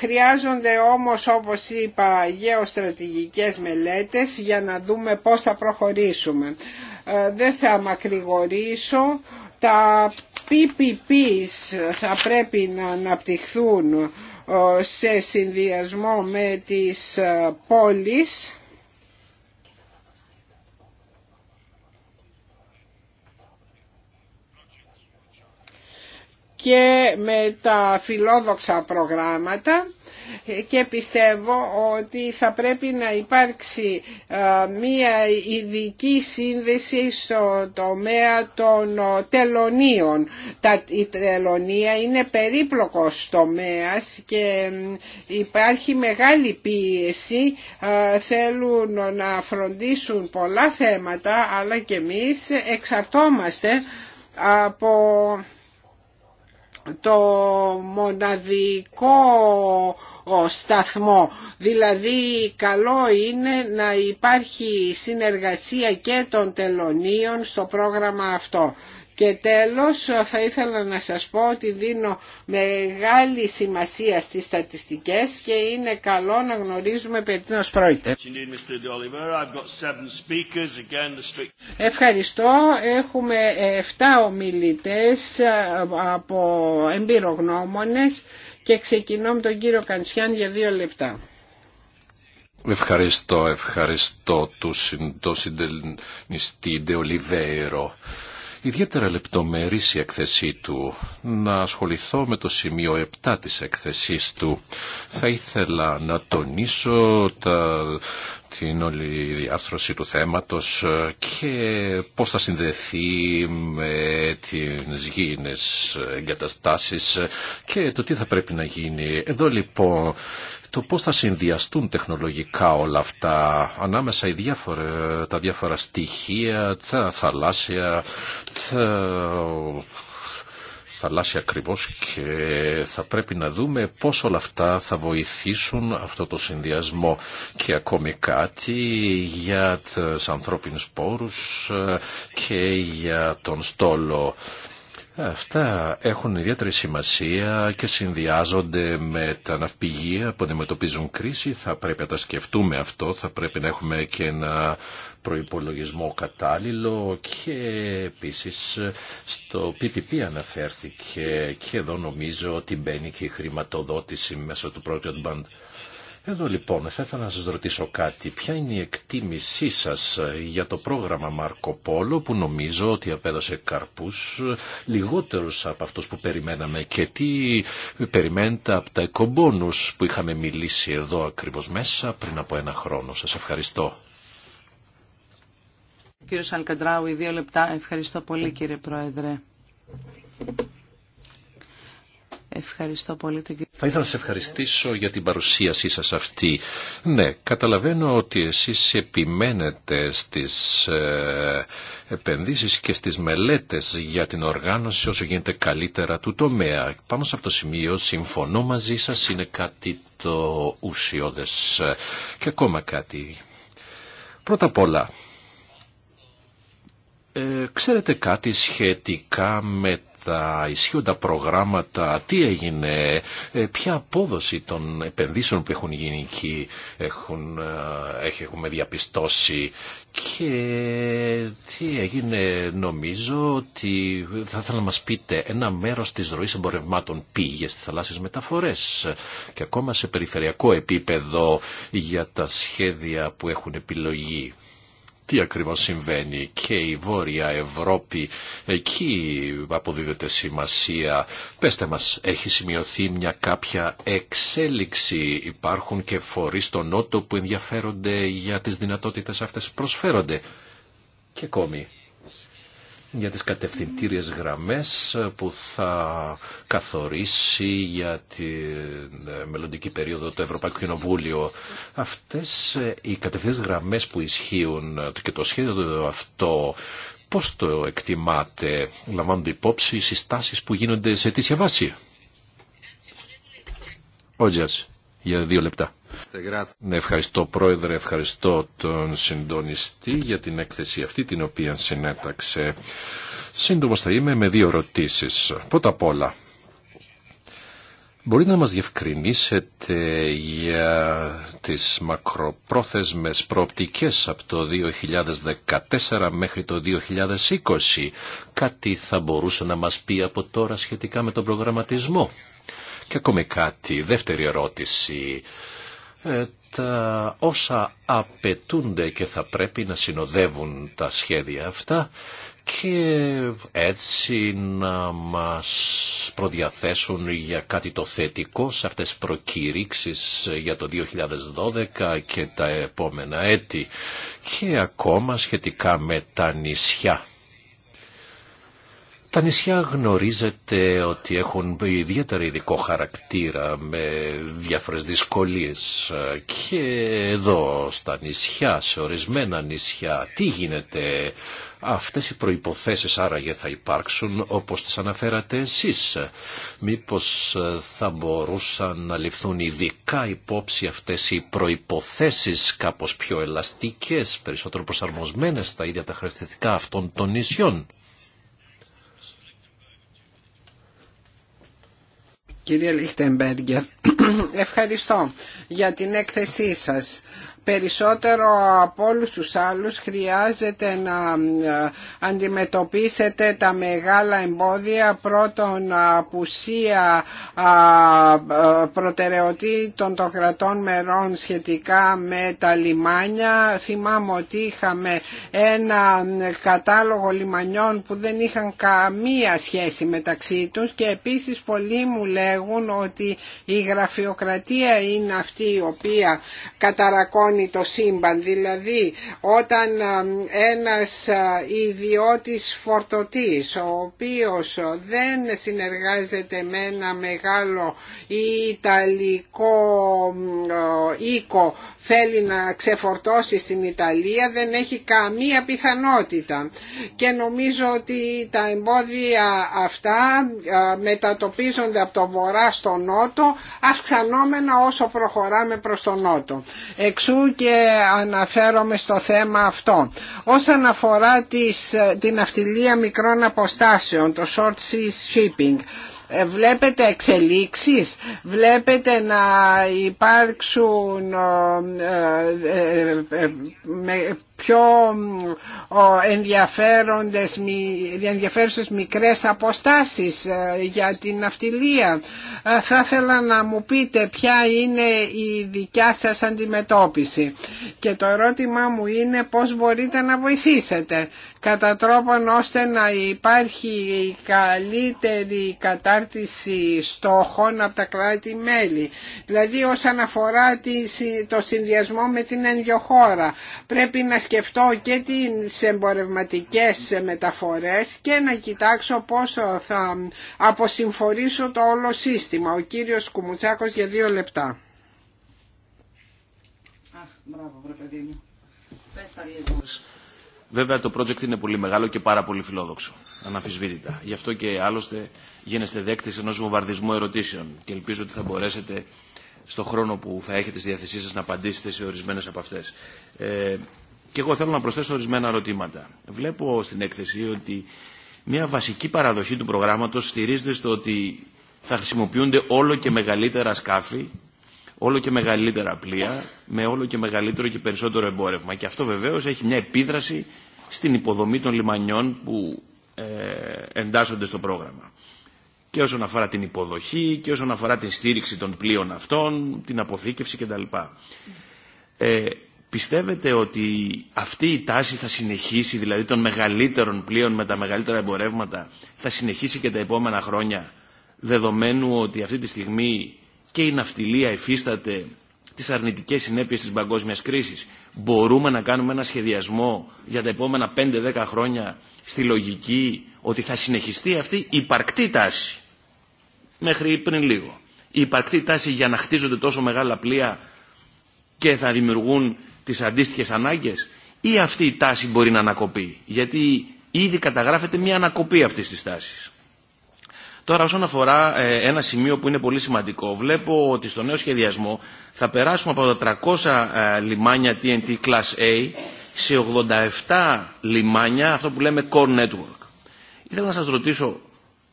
Χρειάζονται όμως όπως είπα γεωστρατηγικές μελέτες για να δούμε πώς θα προχωρήσουμε. Ε, δεν θα μακρηγορήσω. Τα PPPs θα πρέπει να αναπτυχθούν ε, σε συνδυασμό με τις ε, πόλεις και με τα φιλόδοξα προγράμματα και πιστεύω ότι θα πρέπει να υπάρξει ε, μία ειδική σύνδεση στο τομέα των ε, τελωνίων. Τα, η τελωνία είναι περίπλοκος τομέας και υπάρχει μεγάλη πίεση. Ε, θέλουν να φροντίσουν πολλά θέματα αλλά και εμείς εξαρτόμαστε από το μοναδικό σταθμό. Δηλαδή καλό είναι να υπάρχει συνεργασία και των τελωνίων στο πρόγραμμα αυτό. Και τέλος θα ήθελα να σας πω ότι δίνω μεγάλη σημασία στις στατιστικές και είναι καλό να γνωρίζουμε περί τίνος πρόκειται. Ευχαριστώ. Έχουμε 7 ομιλητές ε, από εμπειρογνώμονες και ξεκινώ με τον κύριο Κανσιάν για δύο λεπτά. Ευχαριστώ, ευχαριστώ το συντελνιστή Ντεολιβέρο ιδιαίτερα λεπτομερής η έκθεσή του. Να ασχοληθώ με το σημείο 7 της έκθεσής του. Θα ήθελα να τονίσω τα, την όλη διάρθρωση του θέματος ε, και πώς θα συνδεθεί με τις γήινες εγκαταστάσεις ε, και το τι θα πρέπει να γίνει. Εδώ λοιπόν το πώς θα συνδυαστούν τεχνολογικά όλα αυτά ανάμεσα οι τα διάφορα στοιχεία, τα θαλάσσια, θαλάσσια ακριβώ και θα πρέπει να δούμε πώς όλα αυτά θα βοηθήσουν αυτό το συνδυασμό και ακόμη κάτι για τους ανθρώπινους πόρους ε, και για τον στόλο. Αυτά έχουν ιδιαίτερη σημασία και συνδυάζονται με τα ναυπηγεία που αντιμετωπίζουν κρίση. Θα πρέπει να τα σκεφτούμε αυτό, θα πρέπει να έχουμε και ένα προϋπολογισμό κατάλληλο και επίσης στο PPP αναφέρθηκε και εδώ νομίζω ότι μπαίνει και η χρηματοδότηση μέσω του Project Band. Εδώ λοιπόν θα ήθελα να σας ρωτήσω κάτι. Ποια είναι η εκτίμησή σας για το πρόγραμμα Μάρκο Πόλο που νομίζω ότι απέδωσε καρπούς λιγότερους από αυτούς που περιμέναμε και τι περιμένετε από τα εκομπόνους που είχαμε μιλήσει εδώ ακριβώς μέσα πριν από ένα χρόνο. Σας ευχαριστώ. Κύριο αλκαντράου δύο λεπτά. Ευχαριστώ πολύ κύριε Πρόεδρε. Ευχαριστώ πολύ τον κύριο. Θα ήθελα να σε ευχαριστήσω για την παρουσίασή σας αυτή. Ναι, καταλαβαίνω ότι εσείς επιμένετε στις ε, επενδύσεις και στις μελέτες για την οργάνωση όσο γίνεται καλύτερα του τομέα. Πάνω σε αυτό το σημείο συμφωνώ μαζί σας, είναι κάτι το ουσιώδες. Και ακόμα κάτι. Πρώτα απ' όλα, ε, ξέρετε κάτι σχετικά με τα ισχύοντα προγράμματα, τι έγινε, ε, ποια απόδοση των επενδύσεων που έχουν γίνει εκεί έχουν, ε, έχουμε διαπιστώσει και τι έγινε νομίζω ότι θα ήθελα να μας πείτε ένα μέρος της ροής εμπορευμάτων πήγε στις θαλάσσιες μεταφορές και ακόμα σε περιφερειακό επίπεδο για τα σχέδια που έχουν επιλογή τι ακριβώς συμβαίνει και η Βόρεια Ευρώπη εκεί αποδίδεται σημασία. Πεστε μας, έχει σημειωθεί μια κάποια εξέλιξη. Υπάρχουν και φορείς στο Νότο που ενδιαφέρονται για τις δυνατότητες αυτές προσφέρονται. Και ακόμη, για τις κατευθυντήριες γραμμές που θα καθορίσει για τη μελλοντική περίοδο το Ευρωπαϊκό Κοινοβούλιο. Αυτές οι κατευθυντήριες γραμμές που ισχύουν και το σχέδιο αυτό πώς το εκτιμάτε, λαμβάνονται υπόψη οι συστάσεις που γίνονται σε αιτήσια βάση. Τζας, για δύο λεπτά. Ναι, ευχαριστώ Πρόεδρε, ευχαριστώ τον συντονιστή για την έκθεση αυτή την οποία συνέταξε. σύντομα θα είμαι με δύο ερωτήσει. Πρώτα απ' όλα, Μπορείτε να μας διευκρινίσετε για τις μακροπρόθεσμες προοπτικές από το 2014 μέχρι το 2020. Κάτι θα μπορούσε να μας πει από τώρα σχετικά με τον προγραμματισμό. Και ακόμη κάτι, δεύτερη ερώτηση όσα απαιτούνται και θα πρέπει να συνοδεύουν τα σχέδια αυτά και έτσι να μας προδιαθέσουν για κάτι το θετικό σε αυτές τις προκήρυξεις για το 2012 και τα επόμενα έτη και ακόμα σχετικά με τα νησιά. Τα νησιά γνωρίζετε ότι έχουν ιδιαίτερα ειδικό χαρακτήρα με διάφορες δυσκολίες και εδώ στα νησιά, σε ορισμένα νησιά, τι γίνεται, αυτές οι προϋποθέσεις άραγε θα υπάρξουν όπως τις αναφέρατε εσείς. Μήπως ε, θα μπορούσαν να ληφθούν ειδικά υπόψη αυτές οι προϋποθέσεις κάπως πιο ελαστικές, περισσότερο προσαρμοσμένες στα ίδια τα χαρακτηριστικά αυτών των νησιών. Κυρία Λίχτεμπεργκερ, ευχαριστώ για την έκθεσή σας περισσότερο από όλους τους άλλους χρειάζεται να ε, αντιμετωπίσετε τα μεγάλα εμπόδια πρώτον απουσία ε, προτεραιοτήτων των κρατών μερών σχετικά με τα λιμάνια. Θυμάμαι ότι είχαμε ένα κατάλογο λιμανιών που δεν είχαν καμία σχέση μεταξύ τους και επίσης πολλοί μου λέγουν ότι η γραφειοκρατία είναι αυτή η οποία καταρακώνει το σύμπαν. Δηλαδή όταν ένας ιδιώτης φορτωτής ο οποίος δεν συνεργάζεται με ένα μεγάλο Ιταλικό οίκο θέλει να ξεφορτώσει στην Ιταλία δεν έχει καμία πιθανότητα και νομίζω ότι τα εμπόδια αυτά μετατοπίζονται από το βορρά στο νότο αυξανόμενα όσο προχωράμε προς το νότο. Εξού και αναφέρομαι στο θέμα αυτό. Όσον αφορά τις, την αυτιλία μικρών αποστάσεων, το short sea shipping, ε, βλέπετε εξελίξεις, βλέπετε να υπάρξουν ε, ε, πιο ενδιαφέροντες, ενδιαφέρουσες μικρές αποστάσεις ε, για την ναυτιλία. Ε, θα ήθελα να μου πείτε ποια είναι η δικιά σας αντιμετώπιση. Και το ερώτημά μου είναι πώς μπορείτε να βοηθήσετε κατά τρόπον ώστε να υπάρχει καλύτερη κατάρτιση στόχων από τα κράτη-μέλη. Δηλαδή όσον αφορά το συνδυασμό με την ενδιοχώρα πρέπει να σκεφτώ και τις εμπορευματικές μεταφορές και να κοιτάξω πόσο θα αποσυμφορήσω το όλο σύστημα. Ο κύριος Κουμουτσάκος για δύο λεπτά. μπράβο, βρε παιδί μου. Πες τα Βέβαια το project είναι πολύ μεγάλο και πάρα πολύ φιλόδοξο, αναφυσβήτητα. Γι' αυτό και άλλωστε γίνεστε δέκτης ενός βομβαρδισμού ερωτήσεων και ελπίζω ότι θα μπορέσετε στο χρόνο που θα έχετε στη διάθεσή σας να απαντήσετε σε ορισμένες από αυτές. Ε, και εγώ θέλω να προσθέσω ορισμένα ερωτήματα. Βλέπω στην έκθεση ότι μια βασική παραδοχή του προγράμματος στηρίζεται στο ότι θα χρησιμοποιούνται όλο και μεγαλύτερα σκάφη, όλο και μεγαλύτερα πλοία, με όλο και μεγαλύτερο και περισσότερο εμπόρευμα. Και αυτό βεβαίως έχει μια επίδραση στην υποδομή των λιμανιών που ε, εντάσσονται στο πρόγραμμα. Και όσον αφορά την υποδοχή και όσον αφορά την στήριξη των πλοίων αυτών, την αποθήκευση κτλ. Ε, Πιστεύετε ότι αυτή η τάση θα συνεχίσει, δηλαδή των μεγαλύτερων πλοίων με τα μεγαλύτερα εμπορεύματα, θα συνεχίσει και τα επόμενα χρόνια, δεδομένου ότι αυτή τη στιγμή και η ναυτιλία υφίσταται τις αρνητικές συνέπειες της παγκόσμιας κρίσης. Μπορούμε να κάνουμε ένα σχεδιασμό για τα επόμενα 5-10 χρόνια στη λογική ότι θα συνεχιστεί αυτή η υπαρκτή τάση μέχρι πριν λίγο. Η υπαρκτή τάση για να χτίζονται τόσο μεγάλα πλοία και θα δημιουργούν τις αντίστοιχες ανάγκες ή αυτή η τάση μπορεί να ανακοπεί. Γιατί ήδη καταγράφεται μια ανακοπή αυτής της τάσης. Τώρα όσον αφορά ε, ένα σημείο που είναι πολύ σημαντικό, βλέπω ότι στο νέο σχεδιασμό θα περάσουμε από τα 300 ε, λιμάνια TNT Class A σε 87 λιμάνια, αυτό που λέμε Core Network. Ήθελα να σας ρωτήσω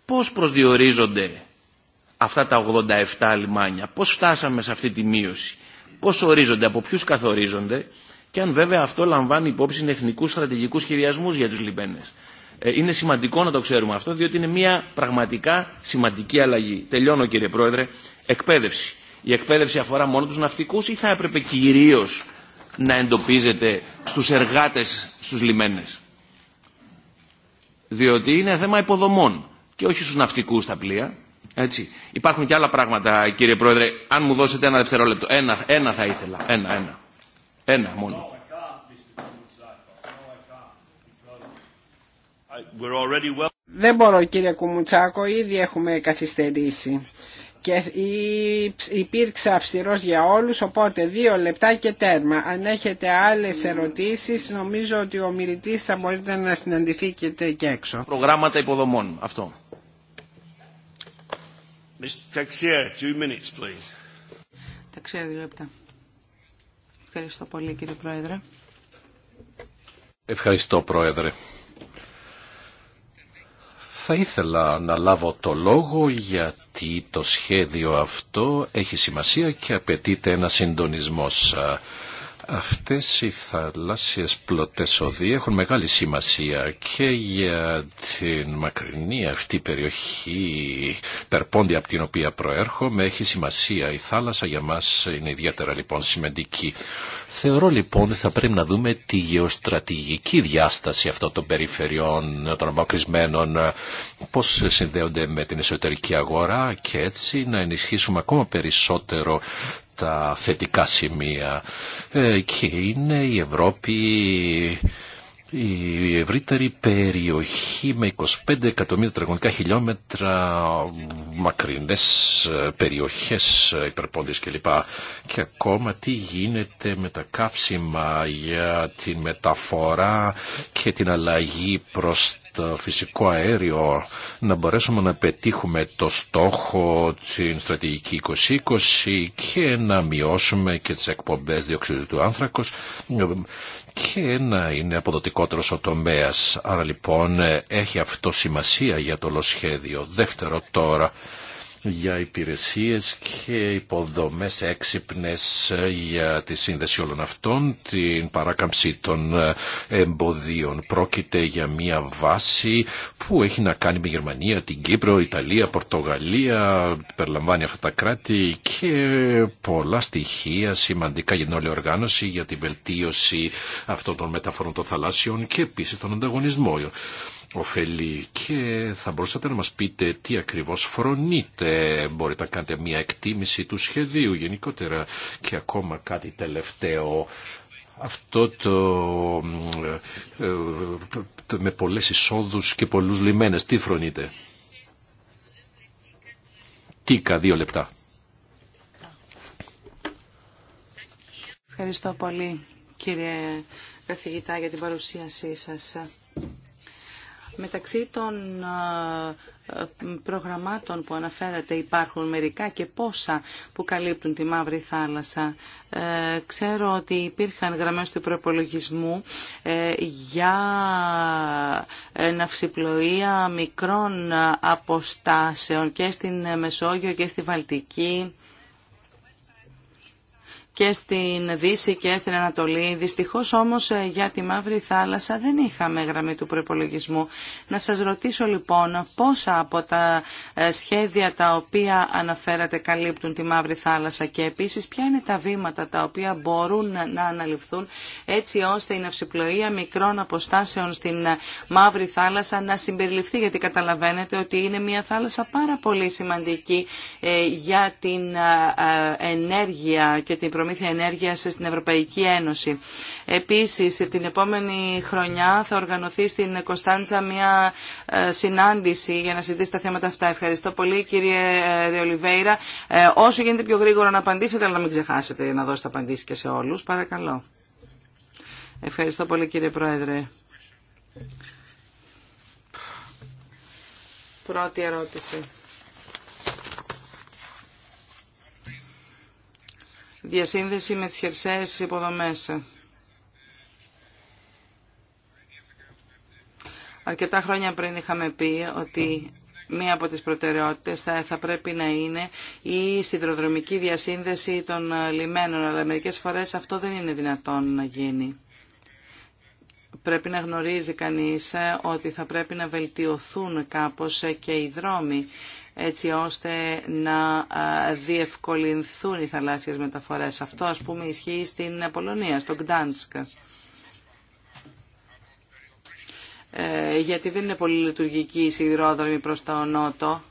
πώς προσδιορίζονται αυτά τα 87 λιμάνια, πώς φτάσαμε σε αυτή τη μείωση πώς ορίζονται, από ποιους καθορίζονται και αν βέβαια αυτό λαμβάνει υπόψη εθνικούς στρατηγικούς σχεδιασμούς για τους λιμένες. Ε, είναι σημαντικό να το ξέρουμε αυτό, διότι είναι μια πραγματικά σημαντική αλλαγή. Τελειώνω κύριε Πρόεδρε, εκπαίδευση. Η εκπαίδευση αφορά μόνο τους ναυτικούς ή θα έπρεπε κυρίω να εντοπίζεται στους εργάτες στους λιμένες. Διότι είναι θέμα υποδομών και όχι στους ναυτικούς στα πλοία. Έτσι. Υπάρχουν και άλλα πράγματα, κύριε Πρόεδρε. Αν μου δώσετε ένα δευτερόλεπτο. Ένα, ένα θα ήθελα. Ένα, ένα. Ένα μόνο. Δεν μπορώ κύριε Κουμουτσάκο, ήδη έχουμε καθυστερήσει και υπήρξε αυστηρός για όλους, οπότε δύο λεπτά και τέρμα. Αν έχετε άλλες ερωτήσεις, νομίζω ότι ο μιλητής θα μπορείτε να συναντηθεί και έξω. Προγράμματα υποδομών, αυτό. Ευχαριστώ πολύ, κύριε Πρόεδρε. Ευχαριστώ, Πρόεδρε. Θα ήθελα να λάβω το λόγο γιατί το σχέδιο αυτό έχει σημασία και απαιτείται ένα συντονισμός. Αυτές οι θαλάσσιες πλωτές οδοί έχουν μεγάλη σημασία και για την μακρινή αυτή περιοχή περπόντια από την οποία προέρχομαι έχει σημασία. Η θάλασσα για μας είναι ιδιαίτερα λοιπόν σημαντική. Θεωρώ λοιπόν ότι θα πρέπει να δούμε τη γεωστρατηγική διάσταση αυτών των περιφερειών των αποκρισμένων πώς συνδέονται με την εσωτερική αγορά και έτσι να ενισχύσουμε ακόμα περισσότερο τα θετικά σημεία. Ε, και είναι η Ευρώπη η ευρύτερη περιοχή με 25 εκατομμύρια τετραγωνικά χιλιόμετρα, μακρινές ε, περιοχές ε, υπερπόντιες κλπ. Και ακόμα τι γίνεται με τα καύσιμα για την μεταφορά και την αλλαγή προς το φυσικό αέριο να μπορέσουμε να πετύχουμε το στόχο την στρατηγική 2020 και να μειώσουμε και τις εκπομπές διοξιδίου του άνθρακος και να είναι αποδοτικότερος ο τομέα, Άρα λοιπόν ε, έχει αυτό σημασία για το ολοσχέδιο. Δεύτερο τώρα, για υπηρεσίες και υποδομές έξυπνες ε, για τη σύνδεση όλων αυτών, την παράκαμψη των ε, εμποδίων. Πρόκειται για μια βάση που έχει να κάνει με Γερμανία, την Κύπρο, Ιταλία, Πορτογαλία, περιλαμβάνει αυτά τα κράτη και πολλά στοιχεία σημαντικά για την όλη οργάνωση, για τη βελτίωση αυτών των μεταφορών των θαλάσσιων και επίσης τον ανταγωνισμό και θα μπορούσατε να μας πείτε τι ακριβώς φρονείτε. Μπορείτε να κάνετε μια εκτίμηση του σχεδίου γενικότερα και ακόμα κάτι τελευταίο. Αυτό το ε, ε, με πολλές εισόδους και πολλούς λιμένες. Τι φρονείτε. Τίκα, δύο λεπτά. Ευχαριστώ πολύ κύριε καθηγητά για την παρουσίασή σας. Μεταξύ των ε, προγραμμάτων που αναφέρατε υπάρχουν μερικά και πόσα που καλύπτουν τη Μαύρη Θάλασσα. Ε, ξέρω ότι υπήρχαν γραμμές του προπολογισμού ε, για ναυσιπλοεία μικρών αποστάσεων και στην Μεσόγειο και στη Βαλτική και στην Δύση και στην Ανατολή. Δυστυχώς όμως ε, για τη Μαύρη Θάλασσα δεν είχαμε γραμμή του προπολογισμού. Να σας ρωτήσω λοιπόν πόσα από τα ε, σχέδια τα οποία αναφέρατε καλύπτουν τη Μαύρη Θάλασσα και επίσης ποια είναι τα βήματα τα οποία μπορούν να αναλυφθούν έτσι ώστε η ναυσιπλοεία μικρών αποστάσεων στην ε, Μαύρη Θάλασσα να συμπεριληφθεί γιατί καταλαβαίνετε ότι είναι μια θάλασσα πάρα πολύ σημαντική για την ενέργεια και την προμήθεια ενέργειας στην Ευρωπαϊκή Ένωση. Επίσης, την επόμενη χρονιά θα οργανωθεί στην Κωνσταντζα μια ε, συνάντηση για να συζητήσει τα θέματα αυτά. Ευχαριστώ πολύ κύριε ε, ε, Όσο γίνεται πιο γρήγορα να απαντήσετε, αλλά να μην ξεχάσετε να δώσετε απαντήσεις και σε όλους. Παρακαλώ. Ευχαριστώ πολύ κύριε Πρόεδρε. Πρώτη ερώτηση. διασύνδεση με τις χερσαίες υποδομές. Αρκετά χρόνια πριν είχαμε πει ότι μία από τις προτεραιότητες θα, πρέπει να είναι η σιδηροδρομική διασύνδεση των λιμένων, αλλά μερικές φορές αυτό δεν είναι δυνατόν να γίνει. Πρέπει να γνωρίζει κανείς ότι θα πρέπει να βελτιωθούν κάπως και οι δρόμοι έτσι ώστε να διευκολυνθούν οι θαλάσσιες μεταφορές. Αυτό ας πούμε ισχύει στην Πολωνία, στο Γκτάντσκ ε, γιατί δεν είναι πολύ λειτουργική η σιδηρόδρομη προς το νότο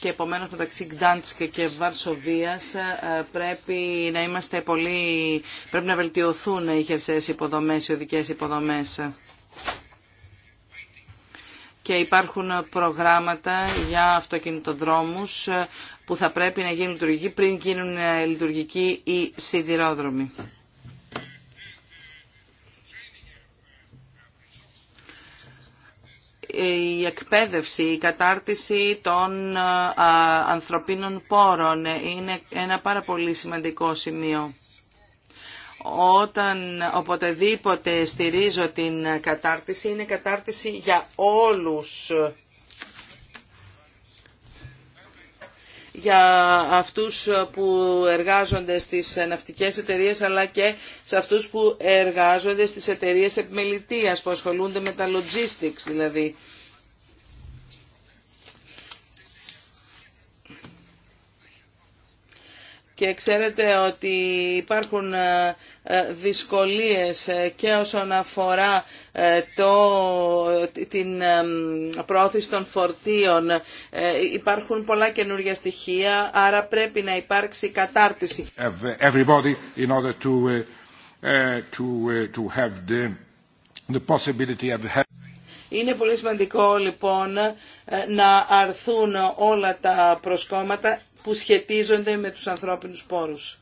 και επομένως μεταξύ Γκτάντσκ και Βαρσοβίας ε, πρέπει να είμαστε πολύ, πρέπει να βελτιωθούν οι χερσαίες υποδομές, οι οδικές υποδομές και υπάρχουν προγράμματα για αυτοκινητοδρόμους ε, που θα πρέπει να γίνουν λειτουργικοί πριν γίνουν ε, λειτουργικοί οι σιδηρόδρομοι. η εκπαίδευση, η κατάρτιση των ε, ανθρωπίνων πόρων είναι ένα πάρα πολύ σημαντικό σημείο. Όταν οποτεδήποτε στηρίζω την κατάρτιση, είναι κατάρτιση για όλους για αυτούς που εργάζονται στις ναυτικές εταιρείες αλλά και σε αυτούς που εργάζονται στις εταιρείες επιμελητίας που ασχολούνται με τα logistics δηλαδή. και ξέρετε ότι υπάρχουν ε, ε, δυσκολίες ε, και όσον αφορά το, την πρόθεση των φορτίων. Υπάρχουν πολλά καινούργια στοιχεία, άρα πρέπει να υπάρξει κατάρτιση. Everybody in order to, to, to have the, the possibility of είναι πολύ σημαντικό λοιπόν να αρθούν όλα τα προσκόμματα που σχετίζονται με τους ανθρώπινους πόρους.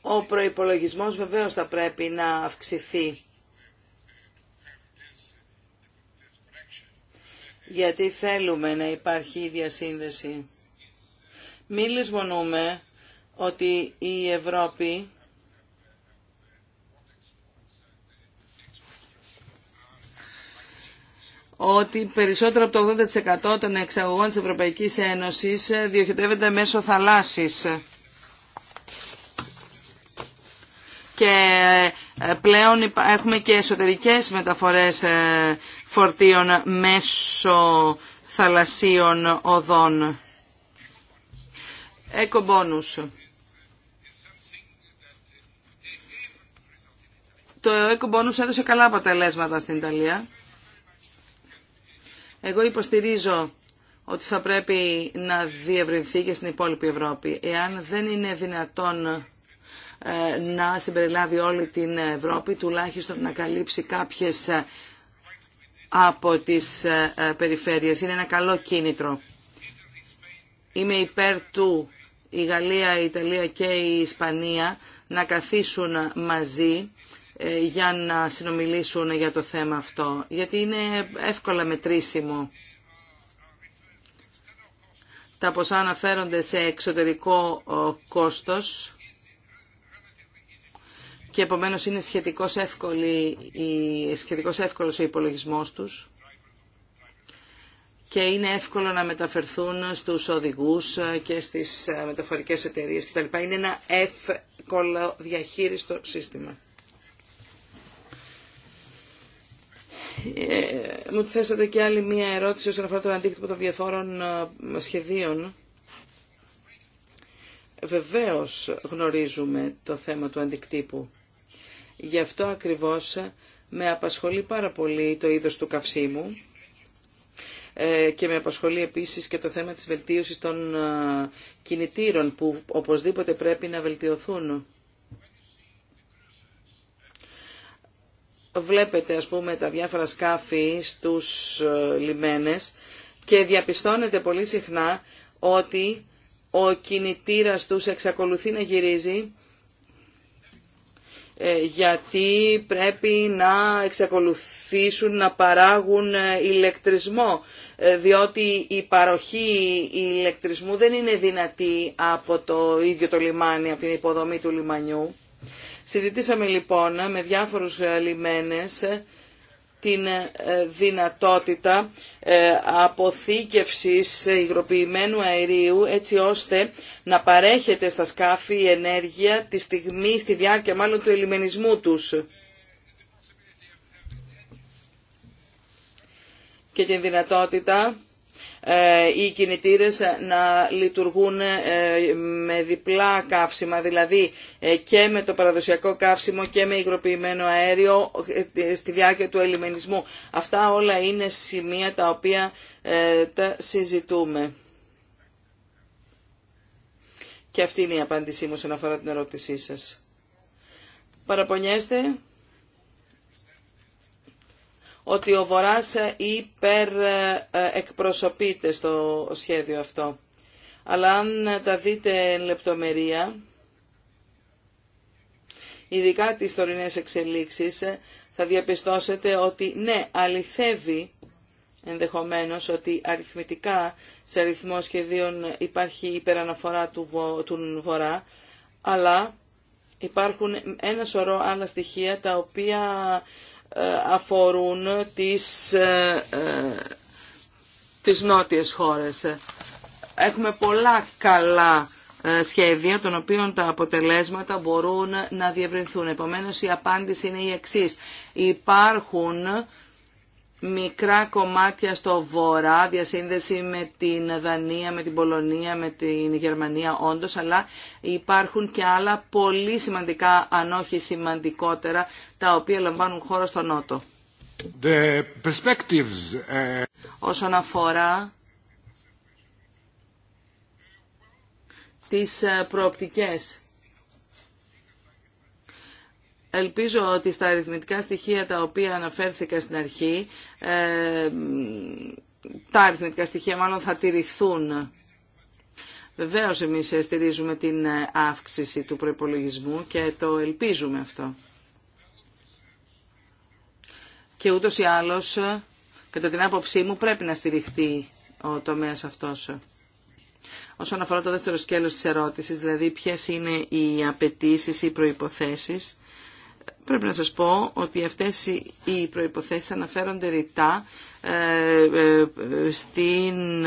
Ο προϋπολογισμός βεβαίως θα πρέπει να αυξηθεί. Γιατί θέλουμε να υπάρχει η διασύνδεση. Μην λησμονούμε ότι η Ευρώπη ότι περισσότερο από το 80% των εξαγωγών της Ευρωπαϊκής Ένωσης ε, διοχετεύεται μέσω θαλάσσης. Και ε, πλέον έχουμε και εσωτερικές μεταφορές ε, φορτίων μέσω θαλασσίων οδών. Εκομπόνους. Το εκομπόνους έδωσε καλά αποτελέσματα στην Ιταλία. Εγώ υποστηρίζω ότι θα πρέπει να διευρυνθεί και στην υπόλοιπη Ευρώπη. Εάν δεν είναι δυνατόν ε, να συμπεριλάβει όλη την Ευρώπη, τουλάχιστον να καλύψει κάποιες ε, από τις ε, περιφέρειες. Είναι ένα καλό κίνητρο. Είμαι υπέρ του η Γαλλία, η Ιταλία και η Ισπανία να καθίσουν μαζί ε, για να συνομιλήσουν για το θέμα αυτό, γιατί είναι εύκολα μετρήσιμο. Τα ποσά αναφέρονται σε εξωτερικό κόστος και επομένως είναι σχετικώς, εύκολη, σχετικώς εύκολος ο υπολογισμός τους και είναι εύκολο να μεταφερθούν στους οδηγούς και στις μεταφορικές εταιρείες κτλ. Είναι ένα εύκολο διαχείριστο σύστημα. Ε, μου θέσατε και άλλη μία ερώτηση όσον αφορά τον αντίκτυπο των διαφόρων ε, σχεδίων. Βεβαίως γνωρίζουμε το θέμα του αντικτύπου. Γι' αυτό ακριβώς ε, με απασχολεί πάρα πολύ το είδος του καυσίμου και με απασχολεί επίσης και το θέμα της βελτίωσης των κινητήρων που οπωσδήποτε πρέπει να βελτιωθούν. βλέπετε ας πούμε τα διάφορα σκάφη στους ε, λιμένες και διαπιστώνεται πολύ συχνά ότι ο κινητήρας τους εξακολουθεί να γυρίζει ε, γιατί πρέπει να εξακολουθήσουν να παράγουν ε, ηλεκτρισμό διότι η παροχή ηλεκτρισμού δεν είναι δυνατή από το ίδιο το λιμάνι, από την υποδομή του λιμανιού Συζητήσαμε λοιπόν με διάφορους ε, λιμένες ε, την ε, δυνατότητα αποθήκευσης υγροποιημένου αερίου έτσι ώστε να παρέχεται στα σκάφη η ενέργεια τη στιγμή, στη διάρκεια μάλλον του ελιμενισμού τους. Και την δυνατότητα ε, οι κινητήρες να λειτουργούν ε, με διπλά καύσιμα, δηλαδή ε, και με το παραδοσιακό καύσιμο και με υγροποιημένο αέριο στη διάρκεια του ελιμενισμού. Αυτά όλα είναι σημεία τα οποία τα συζητούμε. Και αυτή είναι η απάντησή μου σε αφορά την ερώτησή σας. Παραπονιέστε ότι ο υπερ υπερ-εκπροσωπείται στο σχέδιο αυτό. Αλλά αν τα δείτε λεπτομερία, ειδικά τις τωρινές εξελίξεις, θα διαπιστώσετε ότι ναι, αληθεύει ενδεχομένως ότι αριθμητικά σε αριθμό σχεδίων υπάρχει υπεραναφορά του, του Βορρά, αλλά υπάρχουν ένα σωρό άλλα στοιχεία τα οποία ε, αφορούν τις, ε, ε, τις νότιες χώρες. Έχουμε πολλά καλά σχέδια των οποίων τα αποτελέσματα μπορούν να διευρυνθούν. Επομένως η απάντηση είναι η εξής. Υπάρχουν μικρά κομμάτια στο βορρά, διασύνδεση με την Δανία, με την Πολωνία, με την Γερμανία όντως, αλλά υπάρχουν και άλλα πολύ σημαντικά, αν όχι σημαντικότερα, τα οποία λαμβάνουν χώρο στο Νότο. The perspectives, ε, Όσον αφορά τις ε, προοπτικές Ελπίζω ότι στα αριθμητικά στοιχεία τα οποία αναφέρθηκα στην αρχή, ε, τα αριθμητικά στοιχεία μάλλον θα τηρηθούν. Βεβαίως εμείς στηρίζουμε την αύξηση του προϋπολογισμού και το ελπίζουμε αυτό. Και ούτως ή άλλως, κατά την άποψή μου, πρέπει να στηριχτεί ο τομέας αυτός. Όσον αφορά το δεύτερο σκέλος της ερώτησης, δηλαδή ποιες είναι οι απαιτήσει ή προϋποθέσεις, Πρέπει να σας πω ότι αυτές οι προϋποθέσεις αναφέρονται ρητά ε, ε, στην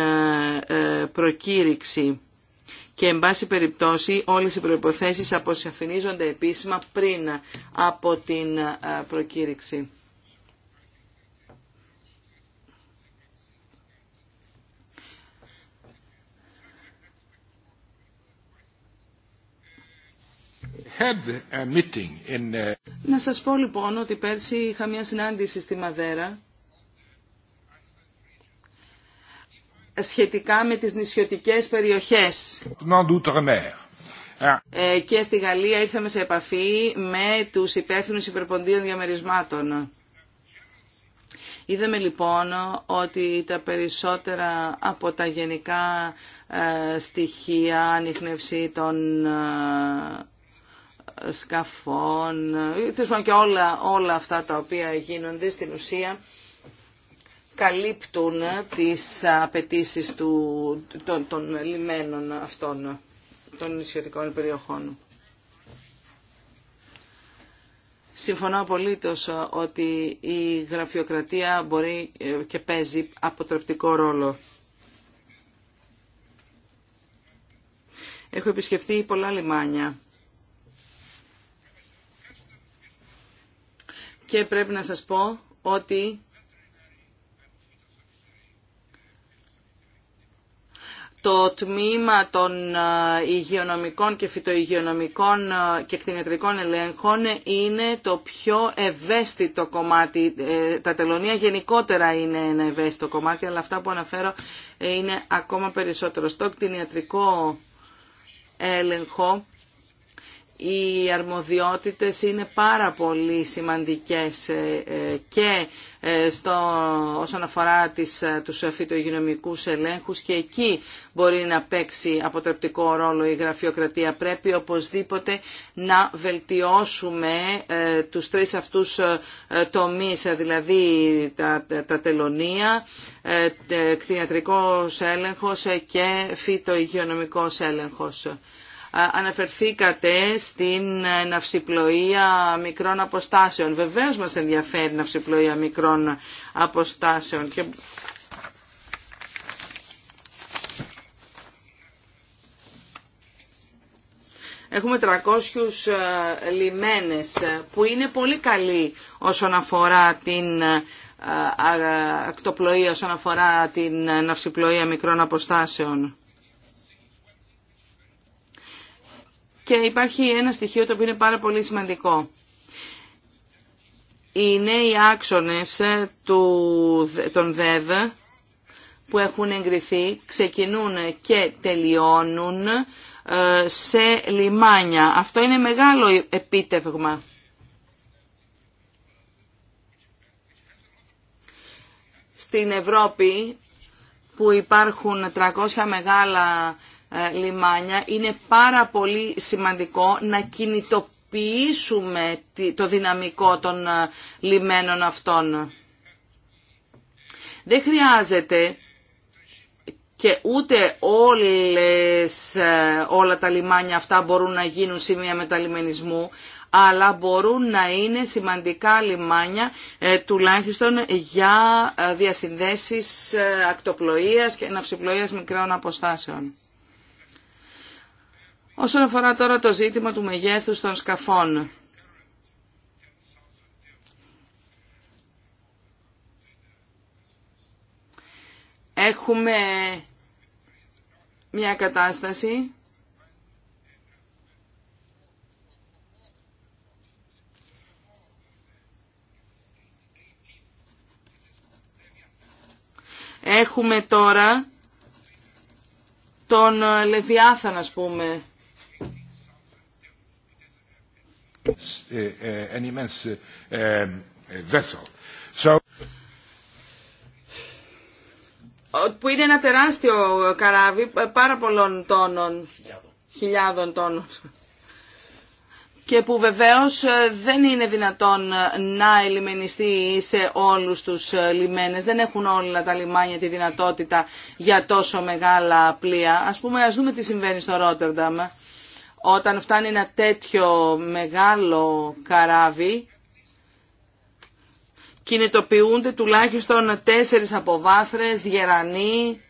ε, προκήρυξη και εν πάση περιπτώσει όλες οι προϋποθέσεις αποσαφηνίζονται επίσημα πριν από την προκήρυξη. Uh, Να σας πω λοιπόν ότι πέρσι είχα μια συνάντηση στη Μαδέρα σχετικά με τις νησιωτικές περιοχές. Ε, και στη Γαλλία ήρθαμε σε επαφή με τους υπεύθυνους υπερποντίων διαμερισμάτων. Είδαμε λοιπόν ότι τα περισσότερα από τα γενικά ε, στοιχεία ανίχνευση των ε, σκαφών, και όλα, όλα αυτά τα οποία γίνονται στην ουσία καλύπτουν τις απαιτήσει των, των λιμένων αυτών, των νησιωτικών περιοχών. Συμφωνώ απολύτως ότι η γραφειοκρατία μπορεί ε, και παίζει αποτρεπτικό ρόλο. Έχω επισκεφτεί πολλά λιμάνια και πρέπει να σας πω ότι το τμήμα των ε, υγειονομικών και φυτοϊγειονομικών ε, και κτηνιατρικών ελέγχων είναι το πιο ευαίσθητο κομμάτι. Ε, τα τελωνία γενικότερα είναι ένα ευαίσθητο κομμάτι, αλλά αυτά που αναφέρω είναι ακόμα περισσότερο. Στο κτηνιατρικό έλεγχο οι αρμοδιότητες είναι πάρα πολύ σημαντικές ε, ε, και ε, στο, όσον αφορά τις, τους φυτογενομικούς ελέγχους και εκεί μπορεί να παίξει αποτρεπτικό ρόλο η γραφειοκρατία. Πρέπει οπωσδήποτε να βελτιώσουμε τους τρεις αυτούς τομείς, δηλαδή τα, τα τελωνία, κτηνιατρικός έλεγχος και φυτογειονομικός έλεγχος. Αναφερθήκατε στην ε, ναυσιπλοεία μικρών αποστάσεων. Βεβαίως μας ενδιαφέρει ναυσιπλοεία μικρών αποστάσεων. Και... Έχουμε 300 ε, λιμένες ε, που είναι πολύ καλοί όσον αφορά την ακτοπλοεία, όσον αφορά την ναυσιπλοεία μικρών αποστάσεων. και υπάρχει ένα στοιχείο το οποίο είναι πάρα πολύ σημαντικό. Οι νέοι άξονες ε, του, των ΔΕΒ που έχουν εγκριθεί ξεκινούν και τελειώνουν ε, σε λιμάνια. Αυτό είναι μεγάλο επίτευγμα. Στην Ευρώπη που υπάρχουν 300 μεγάλα ε, λιμάνια, είναι πάρα πολύ σημαντικό να κινητοποιήσουμε το δυναμικό των ε, λιμένων αυτών. Δεν χρειάζεται και ούτε όλες, ε, όλα τα λιμάνια αυτά μπορούν να γίνουν σημεία μεταλιμενισμού, αλλά μπορούν να είναι σημαντικά λιμάνια τουλάχιστον για διασυνδέσεις ακτοπλοείας και ναυσιπλοείας μικρών αποστάσεων. Όσον αφορά τώρα το ζήτημα του μεγέθους των σκαφών. Έχουμε μια κατάσταση Έχουμε τώρα τον Λεβιάθα, να πούμε, που είναι ένα τεράστιο καράβι πάρα πολλών τόνων, χιλιάδων, τόνων και που βεβαίως ε, δεν είναι δυνατόν ε, να ελιμενιστεί σε όλους τους ε, λιμένες. Δεν έχουν όλα τα λιμάνια τη δυνατότητα για τόσο μεγάλα πλοία. Ας πούμε, ας δούμε τι συμβαίνει στο Ρότερνταμ. Όταν φτάνει ένα τέτοιο μεγάλο καράβι, κινητοποιούνται τουλάχιστον τέσσερις αποβάθρες, γερανοί,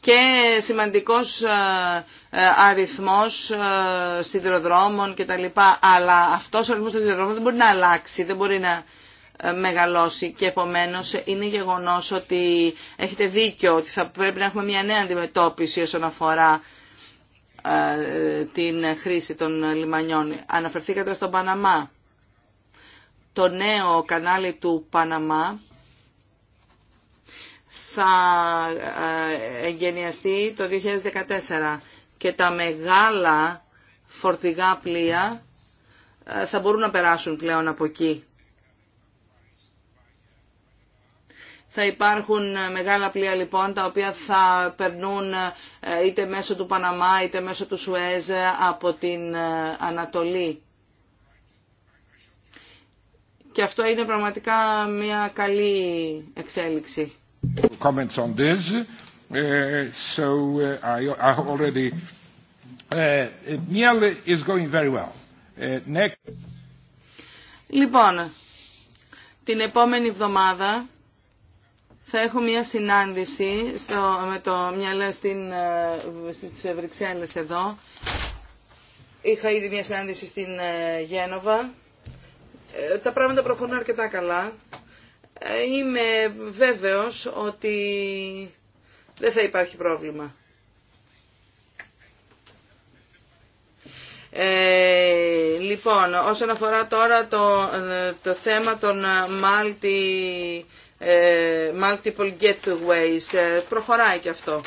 και σημαντικός ε, ε, αριθμός ε, σιδηροδρόμων κτλ. Αλλά αυτός ο αριθμός των σιδηροδρόμων δεν μπορεί να αλλάξει, δεν μπορεί να ε, μεγαλώσει και επομένως είναι γεγονός ότι έχετε δίκιο ότι θα πρέπει να έχουμε μια νέα αντιμετώπιση όσον αφορά ε, την χρήση των λιμανιών. Αναφερθήκατε στον Παναμά. Το νέο κανάλι του Παναμά θα ε, εγγενιαστεί το 2014 και τα μεγάλα φορτηγά πλοία θα μπορούν να περάσουν πλέον από εκεί. Θα υπάρχουν ε, μεγάλα πλοία λοιπόν τα οποία θα περνούν ε, είτε μέσω του Παναμά είτε μέσω του Σουέζ ε, από την Ανατολή. Και αυτό είναι πραγματικά μια καλή εξέλιξη. Λοιπόν, την επόμενη εβδομάδα θα έχω μια συνάντηση στο, με το μυαλό στην, ε, στις Βρυξέλλες εδώ. Είχα ήδη μια συνάντηση στην ε, Γένοβα. Ε, τα πράγματα προχωρούν αρκετά καλά. Είμαι βέβαιος ότι δεν θα υπάρχει πρόβλημα. Ε, λοιπόν, όσον αφορά τώρα το, το θέμα των μάλτι ε, multiple getaways. Ε, προχωράει και αυτό.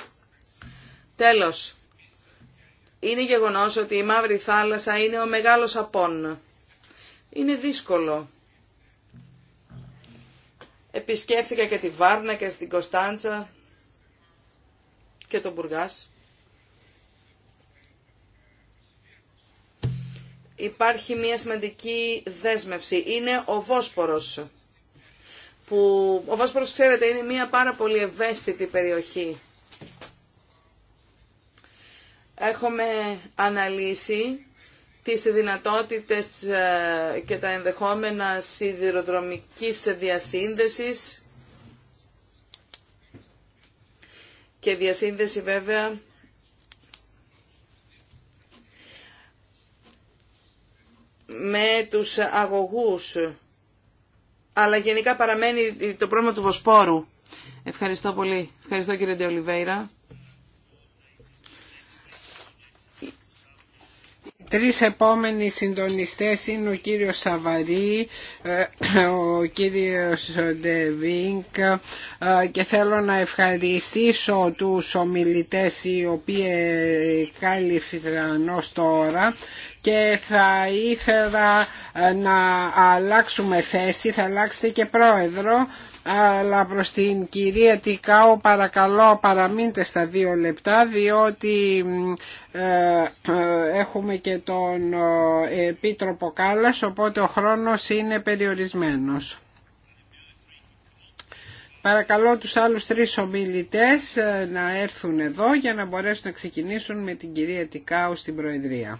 Τέλος, είναι γεγονός ότι η Μαύρη Θάλασσα είναι ο μεγάλος απόν. Είναι δύσκολο. Επισκέφθηκα και τη Βάρνα και στην Κωνσταντσα και τον Μπουργάς. Υπάρχει μια σημαντική δέσμευση. Είναι ο Βόσπορος που ο ξέρετε είναι μια πάρα πολύ ευαίσθητη περιοχή. Έχουμε αναλύσει τις δυνατότητες ε, και τα ενδεχόμενα σιδηροδρομικής διασύνδεσης και διασύνδεση βέβαια με τους αγωγούς αλλά γενικά παραμένει το πρόβλημα του Βοσπόρου. Ευχαριστώ πολύ. Ευχαριστώ κύριε Ντεολιβέηρα. τρεις επόμενοι συντονιστές είναι ο κύριος Σαβαρή, ε, ο κύριος Ντεβίνκ ε, και θέλω να ευχαριστήσω τους ομιλητές οι οποίοι κάλυφθαν ως τώρα και θα ήθελα ε, να αλλάξουμε θέση, θα αλλάξετε και πρόεδρο αλλά προς την κυρία Τικάου παρακαλώ παραμείνετε στα δύο λεπτά διότι ε, ε, έχουμε και τον ε, Επίτροπο Κάλλας οπότε ο χρόνος είναι περιορισμένος. Παρακαλώ τους άλλους τρεις ομιλητές να έρθουν εδώ για να μπορέσουν να ξεκινήσουν με την κυρία Τικάου στην Προεδρία.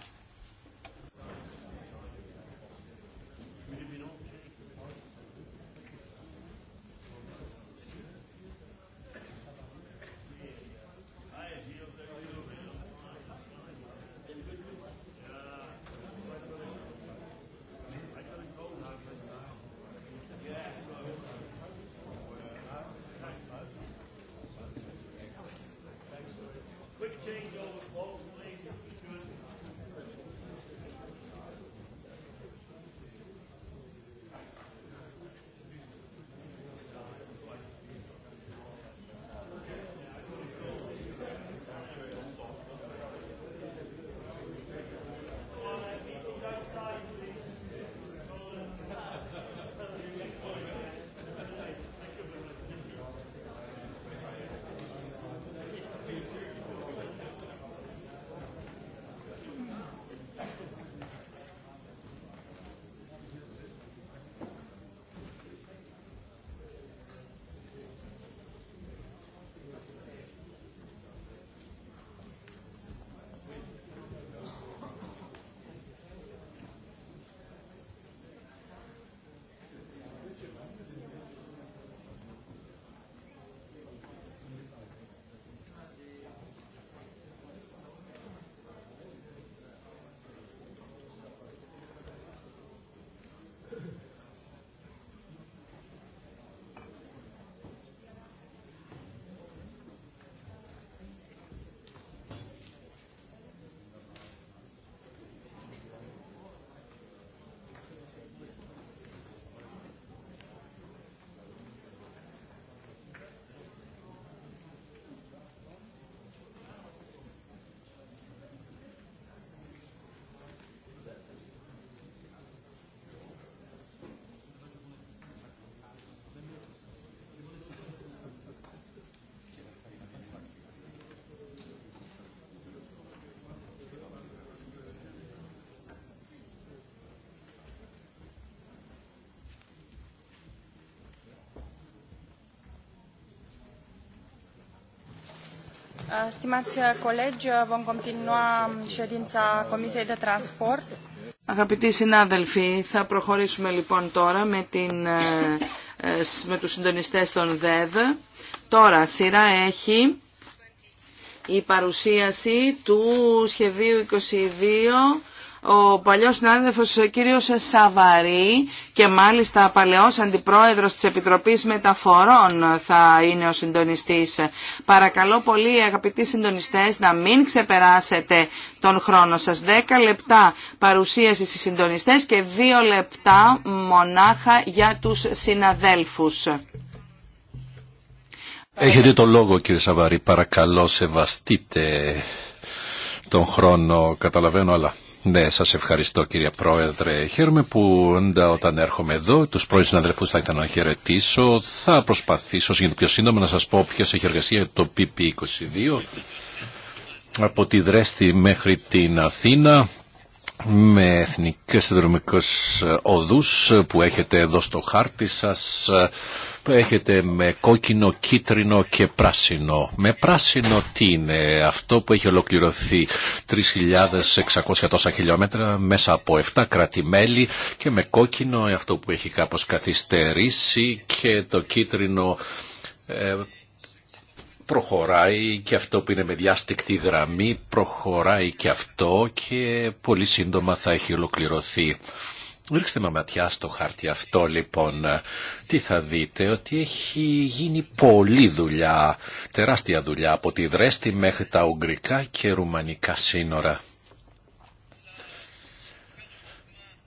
Αγαπητοί συνάδελφοι, θα προχωρήσουμε λοιπόν τώρα με, την, ε, ε, με τους συντονιστές των ΔΕΔ. Τώρα σειρά έχει η παρουσίαση του σχεδίου 22 ο παλιός συνάδελφος κύριος Σαβαρή και μάλιστα παλαιός αντιπρόεδρος της Επιτροπής Μεταφορών θα είναι ο συντονιστής. Παρακαλώ πολύ αγαπητοί συντονιστές να μην ξεπεράσετε τον χρόνο σας. 10 λεπτά παρουσίαση στις συντονιστές και 2 λεπτά μονάχα για τους συναδέλφους. Έχετε το λόγο κύριε Σαβαρή, παρακαλώ σεβαστείτε τον χρόνο, καταλαβαίνω, αλλά... Ναι, σας ευχαριστώ κύριε Πρόεδρε. Χαίρομαι που όταν έρχομαι εδώ, τους πρώην συναδελφού θα ήθελα να χαιρετήσω. Θα προσπαθήσω, για πιο σύντομα, να σας πω ποιο έχει εργασία το PP22 από τη Δρέστη μέχρι την Αθήνα με εθνικές συνδρομικές οδούς που έχετε εδώ στο χάρτη σας έχετε με κόκκινο, κίτρινο και πράσινο. Με πράσινο τι είναι αυτό που έχει ολοκληρωθεί 3.600 χιλιόμετρα μέσα από 7 κρατημέλη και με κόκκινο ε, αυτό που έχει κάπως καθυστερήσει και το κίτρινο ε, προχωράει και αυτό που είναι με διάστηκτη γραμμή προχωράει και αυτό και πολύ σύντομα θα έχει ολοκληρωθεί. Ρίξτε με ματιά στο χάρτη αυτό λοιπόν. Τι θα δείτε, ότι έχει γίνει πολλή δουλειά, τεράστια δουλειά από τη Δρέστη μέχρι τα Ουγγρικά και Ρουμανικά σύνορα.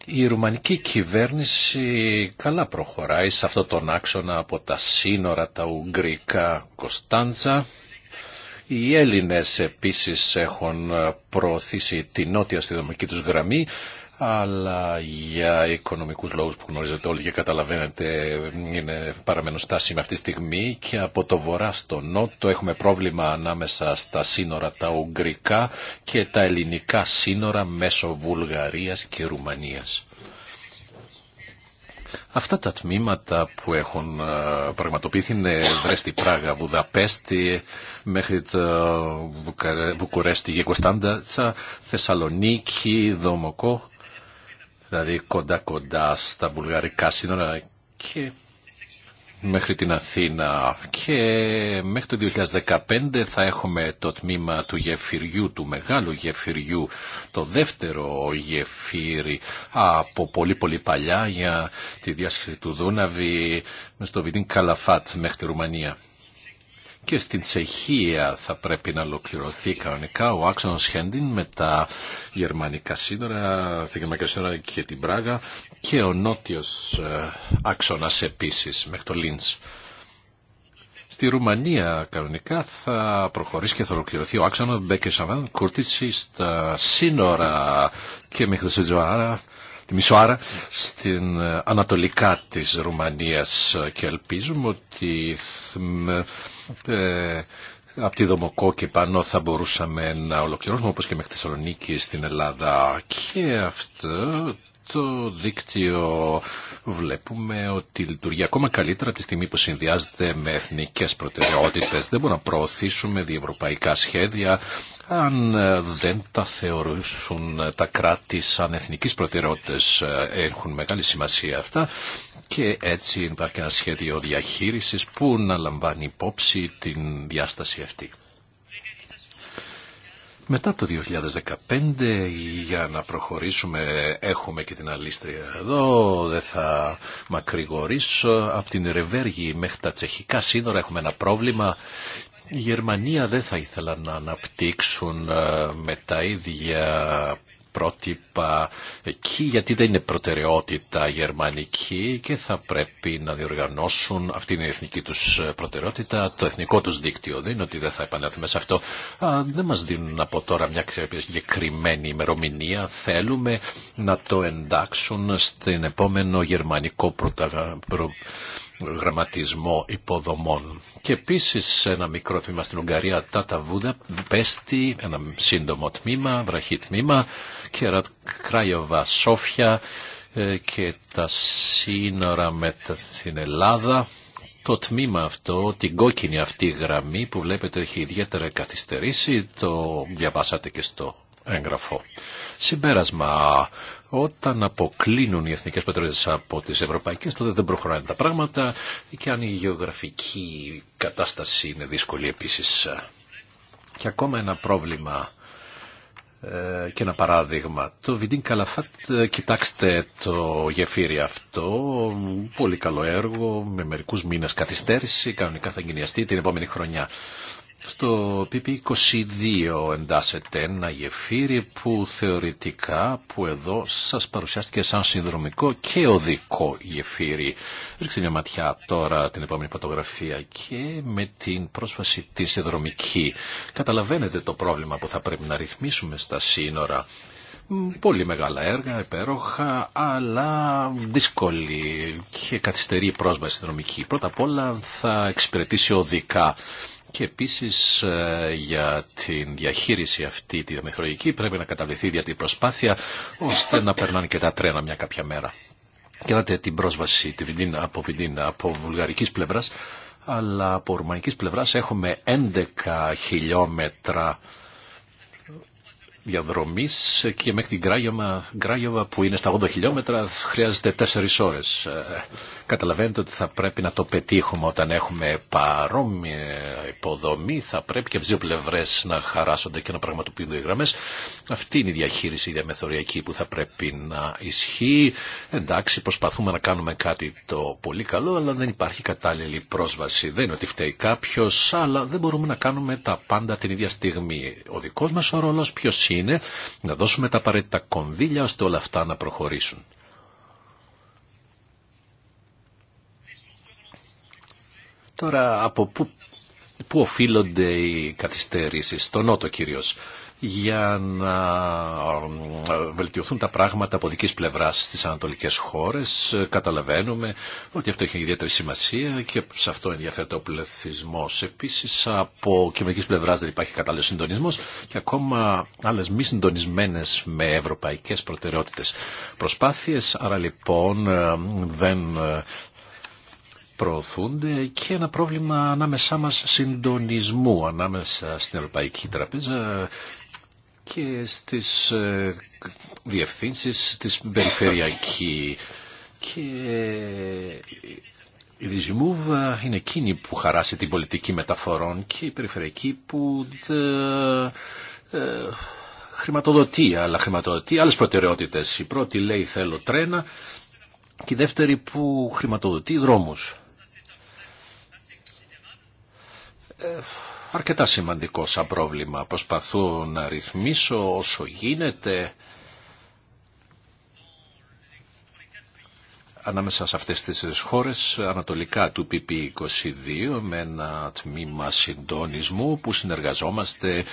Η Ρουμανική κυβέρνηση καλά προχωράει σε αυτό τον άξονα από τα σύνορα τα Ουγγρικά Κωνσταντζα. Οι Έλληνες επίσης έχουν προωθήσει την νότια στη δομική τους γραμμή αλλά για οικονομικούς λόγους που γνωρίζετε όλοι και καταλαβαίνετε είναι παραμένουν στάσιμη αυτή τη στιγμή και από το βορρά στο νότο έχουμε πρόβλημα ανάμεσα στα σύνορα τα ουγγρικά και τα ελληνικά σύνορα μέσω Βουλγαρίας και Ρουμανίας. Αυτά τα τμήματα που έχουν ε, πραγματοποιηθεί είναι Βρέστη, Πράγα, Βουδαπέστη, μέχρι το Βουκουρέστη, Γεκοστάντατσα, Θεσσαλονίκη, Δομοκό δηλαδή κοντά-κοντά στα βουλγαρικά σύνορα και μέχρι την Αθήνα και μέχρι το 2015 θα έχουμε το τμήμα του γεφυριού, του μεγάλου γεφυριού, το δεύτερο γεφύρι από πολύ πολύ παλιά για τη διάσχεση του Δούναβη στο Βιντίν Καλαφάτ μέχρι τη Ρουμανία και στην Τσεχία θα πρέπει να ολοκληρωθεί κανονικά ο άξονας Χέντιν με τα γερμανικά σύνορα, τη γερμανικά σύνορα και την Πράγα και ο νότιος ε, άξονας επίσης μέχρι το Λίντς. Στη Ρουμανία κανονικά θα προχωρήσει και θα ολοκληρωθεί ο άξονα Μπέκε Σαββάν Κούρτιτσι στα σύνορα και μέχρι το Σιτζοάρα τη Μισοάρα, στην ε, ανατολικά της Ρουμανίας και ελπίζουμε ότι ε, από τη Δομοκό και πάνω θα μπορούσαμε να ολοκληρώσουμε όπως και με Θεσσαλονίκη στην Ελλάδα και αυτό το δίκτυο βλέπουμε ότι λειτουργεί ακόμα καλύτερα από τη στιγμή που συνδυάζεται με εθνικές προτεραιότητες. Δεν μπορούμε να προωθήσουμε διευρωπαϊκά σχέδια αν ε, δεν τα θεωρούσουν ε, τα κράτη σαν εθνικής προτεραιότητες ε, έχουν μεγάλη σημασία αυτά και έτσι υπάρχει ένα σχέδιο διαχείρισης που να λαμβάνει υπόψη την διάσταση αυτή. Μετά το 2015, για να προχωρήσουμε, έχουμε και την αλίστρια εδώ, δεν θα μακρηγορήσω. Από την Ρεβέργη μέχρι τα τσεχικά σύνορα έχουμε ένα πρόβλημα η Γερμανία δεν θα ήθελα να αναπτύξουν ε, με τα ίδια πρότυπα εκεί γιατί δεν είναι προτεραιότητα γερμανική και θα πρέπει να διοργανώσουν αυτή είναι εθνική τους προτεραιότητα, το εθνικό τους δίκτυο. Δεν είναι ότι δεν θα επανέλθουμε σε αυτό. δεν μας δίνουν από τώρα μια συγκεκριμένη ημερομηνία. Θέλουμε να το εντάξουν στην επόμενο γερμανικό πρωτα γραμματισμό υποδομών. Και επίση ένα μικρό τμήμα στην Ουγγαρία, Τάτα Βούδα, Πέστη, ένα σύντομο τμήμα, βραχή τμήμα, και κράιοβα Σόφια ε, και τα σύνορα με την Ελλάδα. Το τμήμα αυτό, την κόκκινη αυτή γραμμή που βλέπετε έχει ιδιαίτερα καθυστερήσει, το διαβάσατε και στο έγγραφο. Συμπέρασμα, όταν αποκλίνουν οι εθνικές πατρίδες από τις ευρωπαϊκές, τότε δεν προχωράνε τα πράγματα και αν η γεωγραφική κατάσταση είναι δύσκολη επίσης. Και ακόμα ένα πρόβλημα ε, και ένα παράδειγμα. Το Βιντίν Καλαφάτ, ε, κοιτάξτε το γεφύρι αυτό, πολύ καλό έργο, με μερικούς μήνες καθυστέρηση, κανονικά θα εγκαινιαστεί την επόμενη χρονιά στο PP22 e εντάσσεται ένα γεφύρι που θεωρητικά που εδώ σας παρουσιάστηκε σαν συνδρομικό και οδικό γεφύρι. Ρίξτε μια ματιά τώρα την επόμενη φωτογραφία και με την πρόσβαση τη συνδρομική. Καταλαβαίνετε το πρόβλημα που θα πρέπει να ρυθμίσουμε στα σύνορα. Πολύ μεγάλα έργα, υπέροχα, αλλά δύσκολη και καθυστερή πρόσβαση συνδρομική. Πρώτα απ' όλα θα εξυπηρετήσει οδικά και επίσης ε, για την διαχείριση αυτή τη μεθοριακή πρέπει να καταβληθεί την προσπάθεια ώστε να περνάνε και τα τρένα μια κάποια μέρα. Και την πρόσβαση τη από Βιντίνα από βουλγαρικής πλευράς αλλά από ρουμανικής πλευράς έχουμε 11 χιλιόμετρα και μέχρι την Γκράγεβα που είναι στα 80 χιλιόμετρα χρειάζεται 4 ώρε. Ε, καταλαβαίνετε ότι θα πρέπει να το πετύχουμε όταν έχουμε παρόμοια υποδομή. Θα πρέπει και από δύο πλευρέ να χαράσονται και να πραγματοποιούνται οι γραμμέ. Αυτή είναι η διαχείριση η διαμεθοριακή που θα πρέπει να ισχύει. Εντάξει, προσπαθούμε να κάνουμε κάτι το πολύ καλό, αλλά δεν υπάρχει κατάλληλη πρόσβαση. Δεν είναι ότι φταίει κάποιο, αλλά δεν μπορούμε να κάνουμε τα πάντα την ίδια στιγμή. Ο δικό μα ο ρόλο είναι να δώσουμε τα απαραίτητα κονδύλια ώστε όλα αυτά να προχωρήσουν. Τώρα από πού, πού οφείλονται οι καθυστερήσεις, στο Νότο κυρίως για να βελτιωθούν τα πράγματα από δική πλευρά στι ανατολικέ χώρε. Καταλαβαίνουμε ότι αυτό έχει ιδιαίτερη σημασία και σε αυτό ενδιαφέρεται ο πληθυσμό. Επίση, από κοινωνική πλευρά δεν υπάρχει κατάλληλο συντονισμό και ακόμα άλλε μη συντονισμένε με ευρωπαϊκέ προτεραιότητε προσπάθειε. Άρα λοιπόν δεν προωθούνται και ένα πρόβλημα ανάμεσά μας συντονισμού ανάμεσα στην Ευρωπαϊκή Τραπέζα και στις ε, διευθύνσεις της περιφερειακή και η Δυσμούβ είναι εκείνη που χαράσει την πολιτική μεταφορών και η περιφερειακή που ε, ε, χρηματοδοτεί, αλλά χρηματοδοτεί άλλες προτεραιότητες. Η πρώτη λέει θέλω τρένα και η δεύτερη που χρηματοδοτεί δρόμους αρκετά σημαντικό σαν πρόβλημα. Προσπαθώ να ρυθμίσω όσο γίνεται ανάμεσα σε αυτές τις χώρες ανατολικά του PP22 e με ένα τμήμα συντονισμού που συνεργαζόμαστε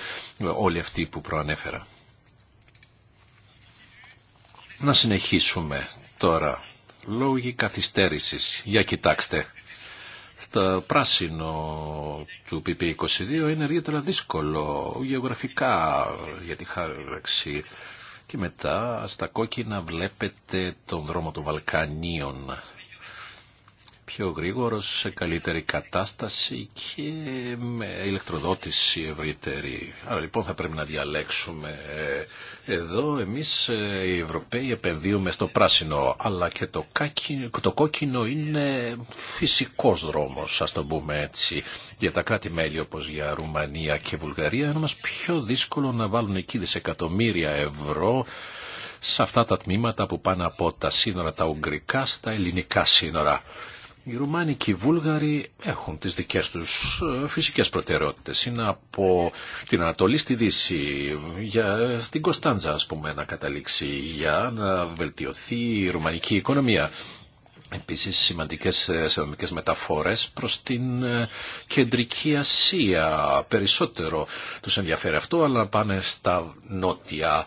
όλοι αυτοί που προανέφερα. Να συνεχίσουμε τώρα. Λόγοι καθυστέρησης. Για κοιτάξτε. Το πράσινο του PP22 είναι ιδιαίτερα δύσκολο γεωγραφικά για τη χάραξη. Και μετά στα κόκκινα βλέπετε τον δρόμο των Βαλκανίων πιο γρήγορος, σε καλύτερη κατάσταση και με ηλεκτροδότηση ευρύτερη. Άρα λοιπόν θα πρέπει να διαλέξουμε. Ε, εδώ εμείς ε, οι Ευρωπαίοι επενδύουμε στο πράσινο, αλλά και το, το κόκκινο είναι φυσικός δρόμος, ας το πούμε έτσι. Για τα κράτη-μέλη όπως για Ρουμανία και Βουλγαρία είναι μας πιο δύσκολο να βάλουν εκεί δισεκατομμύρια ευρώ σε αυτά τα τμήματα που πάνε από τα σύνορα τα ουγγρικά στα ελληνικά σύνορα. Οι Ρουμάνοι και οι Βούλγαροι έχουν τις δικές τους ε, φυσικές προτεραιότητες. Είναι από την Ανατολή στη Δύση, για την Κωνσταντζα ας πούμε να καταλήξει, για να βελτιωθεί η ρουμανική οικονομία. Επίσης σημαντικές ε, αστυνομικές μεταφορές προς την ε, κεντρική Ασία. Περισσότερο τους ενδιαφέρει αυτό, αλλά πάνε στα νότια.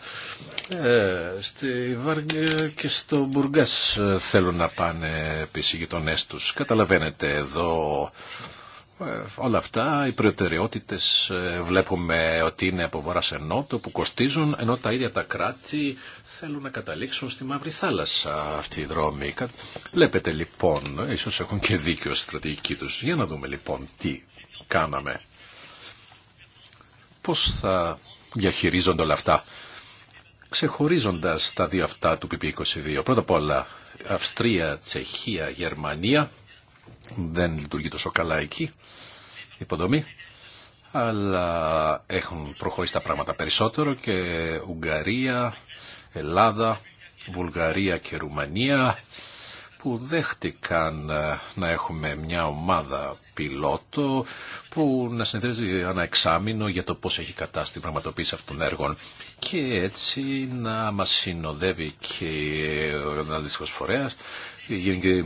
Ε, στη Βάργκε και στο Μπουργκάς θέλουν να πάνε επίσης οι γειτονές τους. Καταλαβαίνετε εδώ ε, όλα αυτά οι προτεραιότητες ε, βλέπουμε ότι είναι από βορρά σε νότο που κοστίζουν ενώ τα ίδια τα κράτη θέλουν να καταλήξουν στη Μαύρη Θάλασσα αυτή η δρόμη. Βλέπετε λοιπόν, ίσως έχουν και δίκιο στη στρατηγική τους. Για να δούμε λοιπόν τι κάναμε. Πώς θα διαχειρίζονται όλα αυτά ξεχωρίζοντας τα δύο αυτά του PP22. Πρώτα απ' όλα Αυστρία, Τσεχία, Γερμανία δεν λειτουργεί τόσο καλά εκεί η υποδομή, αλλά έχουν προχωρήσει τα πράγματα περισσότερο και Ουγγαρία, Ελλάδα, Βουλγαρία και Ρουμανία που δέχτηκαν ε, να έχουμε μια ομάδα πιλότο που να συνεδρίζει ένα εξάμεινο για το πώς έχει κατάσταση την πραγματοποίηση αυτών των έργων και έτσι να μας συνοδεύει και ο Ροδανδιστικός Φορέας η Γενική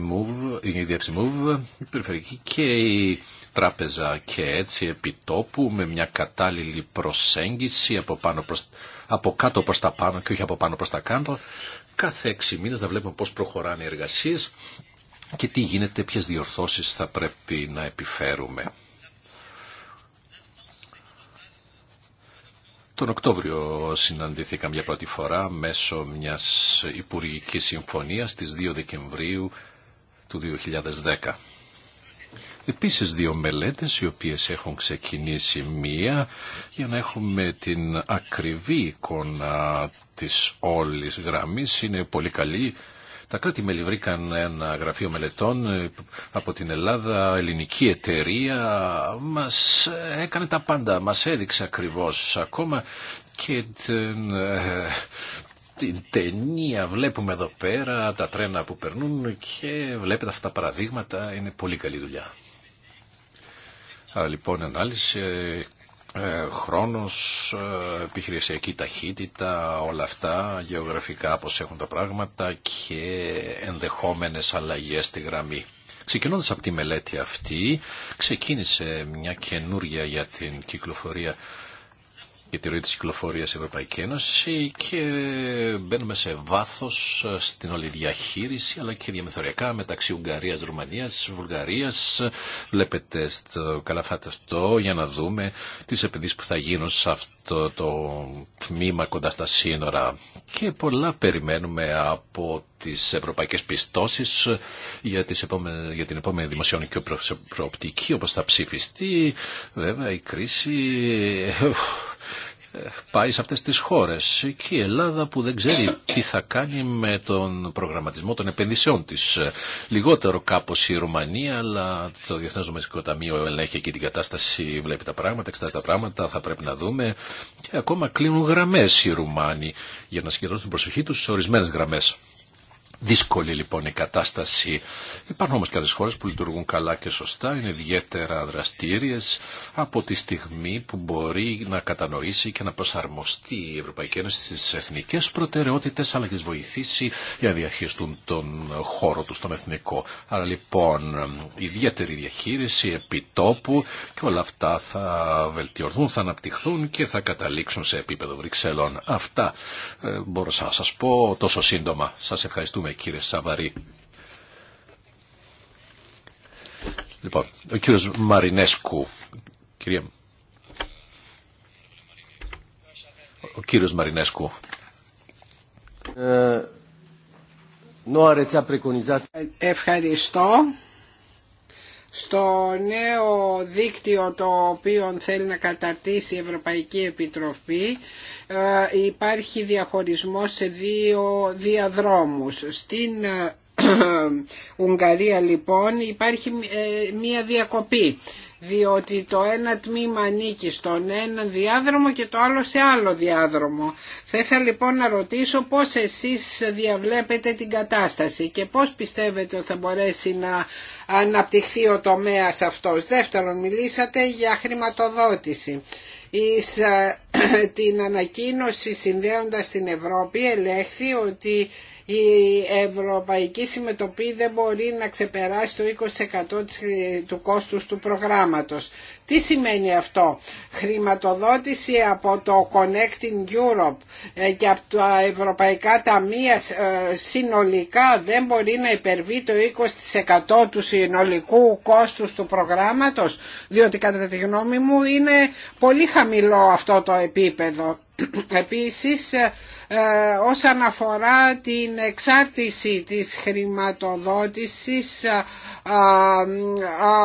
Move, η Περιφερειακή και η Τράπεζα και έτσι επιτόπου με μια κατάλληλη προσέγγιση από, πάνω προς, από κάτω προς τα πάνω και όχι από πάνω προς τα κάτω. Κάθε έξι μήνες θα βλέπουμε πώς προχωράνε οι εργασίες και τι γίνεται, ποιες διορθώσεις θα πρέπει να επιφέρουμε. Τον Οκτώβριο συναντηθήκαμε για πρώτη φορά μέσω μιας υπουργικής συμφωνίας της 2 Δεκεμβρίου του 2010. Επίσης δύο μελέτες οι οποίες έχουν ξεκινήσει μία για να έχουμε την ακριβή εικόνα της όλης γραμμής είναι πολύ καλή τα κράτη-μέλη βρήκαν ένα γραφείο μελετών ε, από την Ελλάδα, ελληνική εταιρεία, μας έκανε τα πάντα, μας έδειξε ακριβώς ακόμα και την, ε, την ταινία βλέπουμε εδώ πέρα, τα τρένα που περνούν και βλέπετε αυτά τα παραδείγματα, είναι πολύ καλή δουλειά. Άρα λοιπόν ανάλυση ε, ε, χρόνος, ε, επιχειρησιακή ταχύτητα, όλα αυτά, γεωγραφικά πώς έχουν τα πράγματα και ενδεχόμενες αλλαγές στη γραμμή. Ξεκινώντας από τη μελέτη αυτή, ξεκίνησε μια καινούργια για την κυκλοφορία για τη ροή της κυκλοφορίας Ευρωπαϊκή Ένωση και μπαίνουμε σε βάθος ε, στην όλη διαχείριση αλλά και διαμεθοριακά μεταξύ Ουγγαρίας, Ρουμανίας, Βουλγαρίας. Βλέπετε στο καλαφάτε αυτό για να δούμε τις επενδύσεις που θα γίνουν σε αυτό το τμήμα κοντά στα σύνορα και πολλά περιμένουμε από τις ευρωπαϊκές πιστώσεις για, τις για την επόμενη δημοσιονομική προοπτική όπως θα ψηφιστεί βέβαια η κρίση ε, πάει σε αυτές τις χώρες και η Ελλάδα που δεν ξέρει τι θα κάνει με τον προγραμματισμό των επενδύσεών της. Λιγότερο κάπως η Ρουμανία, αλλά το Διεθνές Νομιστικό Ταμείο ελέγχει εκεί την κατάσταση, βλέπει τα πράγματα, εξετάζει τα πράγματα, θα πρέπει να δούμε και ακόμα κλείνουν γραμμές οι Ρουμάνοι για να συγκεντρώσουν την προσοχή τους σε ορισμένες γραμμές. Δύσκολη λοιπόν η κατάσταση. Υπάρχουν όμως άλλες χώρες που λειτουργούν καλά και σωστά, είναι ιδιαίτερα δραστήριες από τη στιγμή που μπορεί να κατανοήσει και να προσαρμοστεί η Ευρωπαϊκή Ένωση στις εθνικές προτεραιότητες αλλά και βοηθήσει για να διαχειριστούν τον χώρο του στον εθνικό. Άρα λοιπόν ιδιαίτερη διαχείριση επιτόπου και όλα αυτά θα βελτιωθούν, θα αναπτυχθούν και θα καταλήξουν σε επίπεδο Βρυξελών. Αυτά ε, μπορώ να σα πω τόσο σύντομα. Σας ευχαριστούμε Ευχαριστούμε κύριε Σαβαρή. Λοιπόν, ο κύριος Μαρινέσκου. Κυρία... Ο κύριος Μαρινέσκου. Ευχαριστώ. Στο νέο δίκτυο το οποίο θέλει να καταρτήσει η Ευρωπαϊκή Επιτροπή ε, υπάρχει διαχωρισμός σε δύο διαδρόμους. Στην ε, Ουγγαρία λοιπόν υπάρχει ε, μία διακοπή διότι το ένα τμήμα ανήκει στον ένα διάδρομο και το άλλο σε άλλο διάδρομο. Θα ήθελα λοιπόν να ρωτήσω πώς εσείς διαβλέπετε την κατάσταση και πώς πιστεύετε ότι θα μπορέσει να αναπτυχθεί ο τομέας αυτός. Δεύτερον, μιλήσατε για χρηματοδότηση. Εις, την ανακοίνωση συνδέοντας την Ευρώπη ελέγχθη ότι η ευρωπαϊκή συμμετοπή δεν μπορεί να ξεπεράσει το 20% του κόστους του προγράμματος. Τι σημαίνει αυτό. Χρηματοδότηση από το Connecting Europe ε, και από τα ευρωπαϊκά ταμεία ε, συνολικά δεν μπορεί να υπερβεί το 20% του συνολικού κόστους του προγράμματος, διότι κατά τη γνώμη μου είναι πολύ χαμηλό αυτό το επίπεδο. Επίσης, ε, ε, όσον αφορά την εξάρτηση της χρηματοδότησης ε,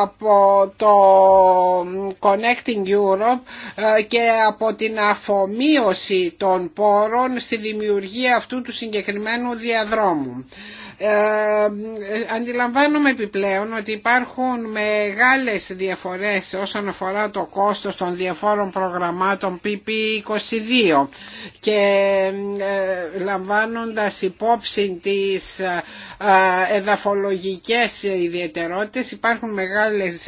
από το Connecting Europe και από την αφομίωση των πόρων στη δημιουργία αυτού του συγκεκριμένου διαδρόμου. Ε, αντιλαμβάνομαι επιπλέον ότι υπάρχουν μεγάλες διαφορές όσον αφορά το κόστος των διαφόρων προγραμμάτων PP22 e και ε, λαμβάνοντας υπόψη τις ε, εδαφολογικές ιδιαιτερότητες υπάρχουν μεγάλες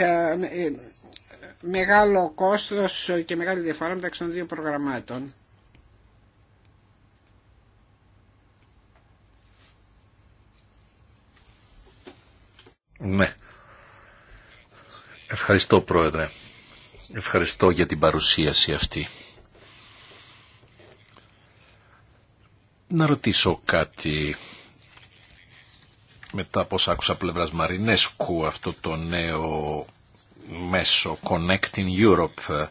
μεγάλο κόστος και μεγάλη διαφορά μεταξύ των δύο προγραμμάτων. Ναι. Ευχαριστώ Πρόεδρε. Ευχαριστώ για την παρουσίαση αυτή. Να ρωτήσω κάτι μετά πως άκουσα πλευράς Μαρινέσκου αυτό το νέο μέσο Connecting Europe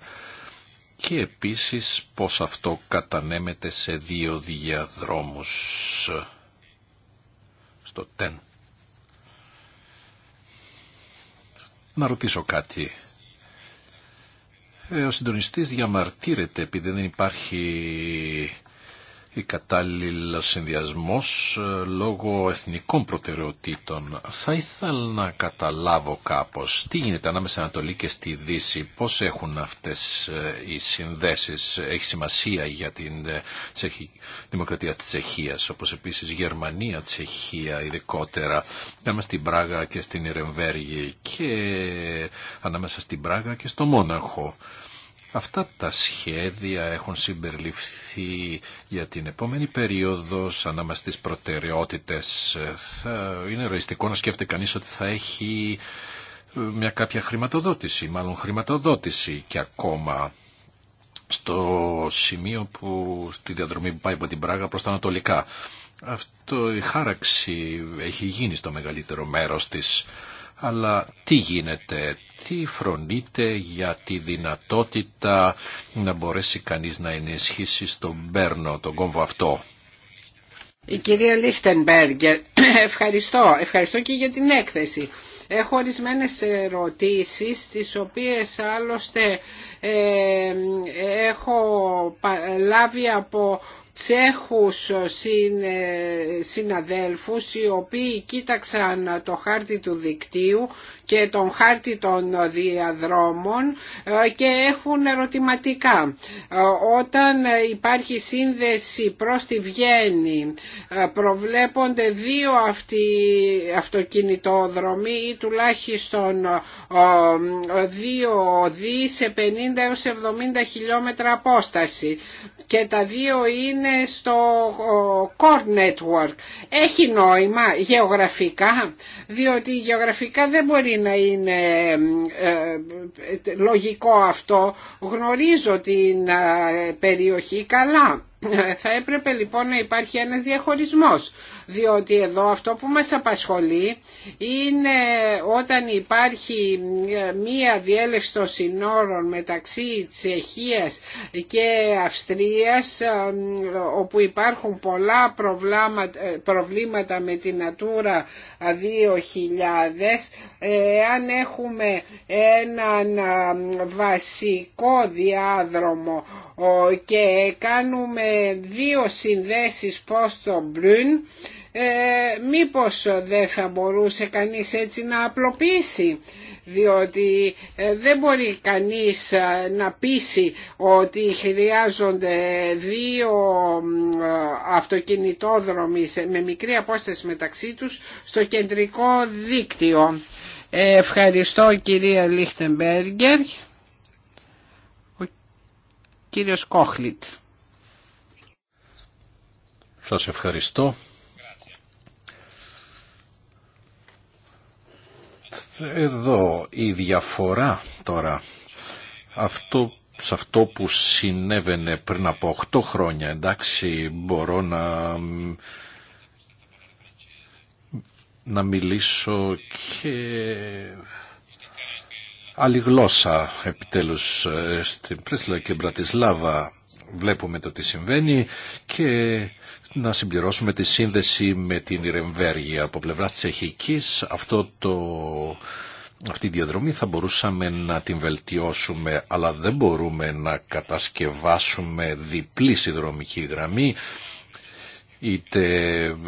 και επίσης πως αυτό κατανέμεται σε δύο διαδρόμους στο TEN. να ρωτήσω κάτι. Ε, ο συντονιστής διαμαρτύρεται επειδή δεν υπάρχει ή κατάλληλο συνδυασμό ε, λόγω εθνικών προτεραιοτήτων. Θα ήθελα να καταλάβω κάπως τι γίνεται ανάμεσα Ανατολή και στη Δύση, πώς έχουν αυτές ε, οι συνδέσεις, έχει σημασία για την ε, Δημοκρατία της Τσεχίας, όπως επίσης Γερμανία, Τσεχία ειδικότερα, ανάμεσα στην Πράγα και στην Ιρεμβέργη και ανάμεσα στην Πράγα και στο Μόναχο. Αυτά τα σχέδια έχουν συμπεριληφθεί για την επόμενη περίοδο ανάμεσα στις προτεραιότητες. Θα είναι ρεαλιστικό να σκέφτεται κανείς ότι θα έχει ε, μια κάποια χρηματοδότηση, μάλλον χρηματοδότηση και ακόμα στο σημείο που στη διαδρομή που πάει από την Πράγα προς τα Ανατολικά. Αυτό η χάραξη έχει γίνει στο μεγαλύτερο μέρος της αλλά τι γίνεται, τι φρονείται για τη δυνατότητα να μπορέσει κανείς να ενισχύσει στον Πέρνο, τον κόμβο αυτό. Η κυρία Λίχτενμπέργκερ, ευχαριστώ. Ευχαριστώ και για την έκθεση. Έχω ορισμένε ερωτήσεις, τις οποίες άλλωστε ε, έχω λάβει από τσέχους συναδέλφους οι οποίοι κοίταξαν ε, το χάρτη του δικτύου και τον χάρτη των ε, διαδρόμων ε, και έχουν ερωτηματικά. Όταν υπάρχει σύνδεση προς τη Βιέννη προβλέπονται δύο αυτοκινητόδρομοι ή τουλάχιστον δύο οδοί σε 50 έως 70 χιλιόμετρα απόσταση και τα δύο είναι στο Core Network. Έχει νόημα γεωγραφικά, διότι γεωγραφικά δεν μπορεί να είναι ε, ε, λογικό αυτό. Γνωρίζω την ε, περιοχή καλά. Θα έπρεπε λοιπόν να υπάρχει ένας διαχωρισμός διότι εδώ αυτό που μας απασχολεί είναι όταν υπάρχει μία διέλευση των συνόρων μεταξύ Τσεχίας και Αυστρίας όπου υπάρχουν πολλά προβλήματα με την Natura 2000 αν έχουμε έναν βασικό διάδρομο και κάνουμε δύο συνδέσεις προς το Μπρουν ε, μήπως δεν θα μπορούσε κανείς έτσι να απλοποιήσει διότι ε, δεν μπορεί κανείς ε, να πείσει ότι χρειάζονται δύο ε, αυτοκινητόδρομοι με μικρή απόσταση μεταξύ τους στο κεντρικό δίκτυο. Ευχαριστώ κυρία Λίχτεμπέργκερ κύριος Κόχλιτ. Σας ευχαριστώ. Εδώ η διαφορά τώρα αυτό, σε αυτό που συνέβαινε πριν από 8 χρόνια εντάξει μπορώ να να μιλήσω και άλλη γλώσσα επιτέλους ε, στην Πρίσλα και Μπρατισλάβα βλέπουμε το τι συμβαίνει και να συμπληρώσουμε τη σύνδεση με την Ιρεμβέργη από πλευράς της Αιχικής. Αυτό το, αυτή η διαδρομή θα μπορούσαμε να την βελτιώσουμε, αλλά δεν μπορούμε να κατασκευάσουμε διπλή συνδρομική γραμμή, είτε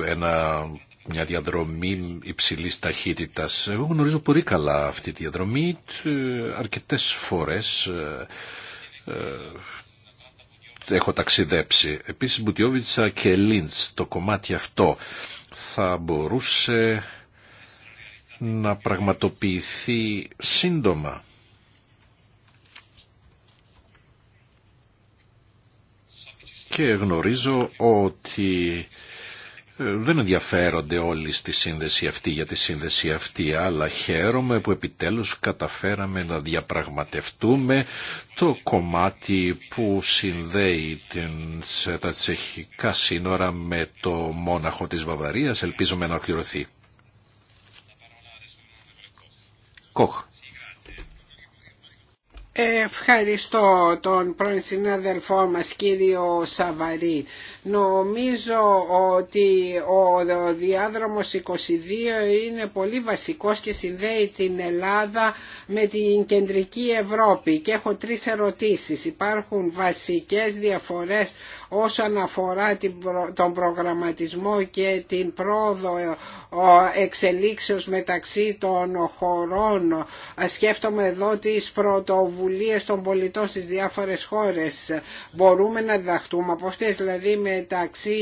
ένα μια διαδρομή υψηλής ταχύτητας. Εγώ γνωρίζω πολύ καλά αυτή τη διαδρομή ε, αρκετές φορές ε, ε, έχω ταξιδέψει. Επίσης Μπουτιόβιτσα και Λίντς, το κομμάτι αυτό θα μπορούσε να πραγματοποιηθεί σύντομα. Και γνωρίζω ότι ε, δεν ενδιαφέρονται όλοι στη σύνδεση αυτή για τη σύνδεση αυτή, αλλά χαίρομαι που επιτέλους καταφέραμε να διαπραγματευτούμε το κομμάτι που συνδέει την, τα τσεχικά σύνορα με το μόναχο της Βαβαρίας. Ελπίζουμε να ολοκληρωθεί. Κοχ. Ευχαριστώ τον πρώην συνάδελφό μας κύριο Σαβαρή. Νομίζω ότι ο διάδρομος 22 είναι πολύ βασικός και συνδέει την Ελλάδα με την κεντρική Ευρώπη και έχω τρεις ερωτήσεις. Υπάρχουν βασικές διαφορές όσον αφορά τον προγραμματισμό και την πρόοδο ε, εξελίξεως μεταξύ των χωρών. Σκέφτομαι εδώ τις πρωτοβουλίες των πολιτών στις διάφορες χώρες. Μπορούμε να διδαχτούμε από αυτές, δηλαδή μεταξύ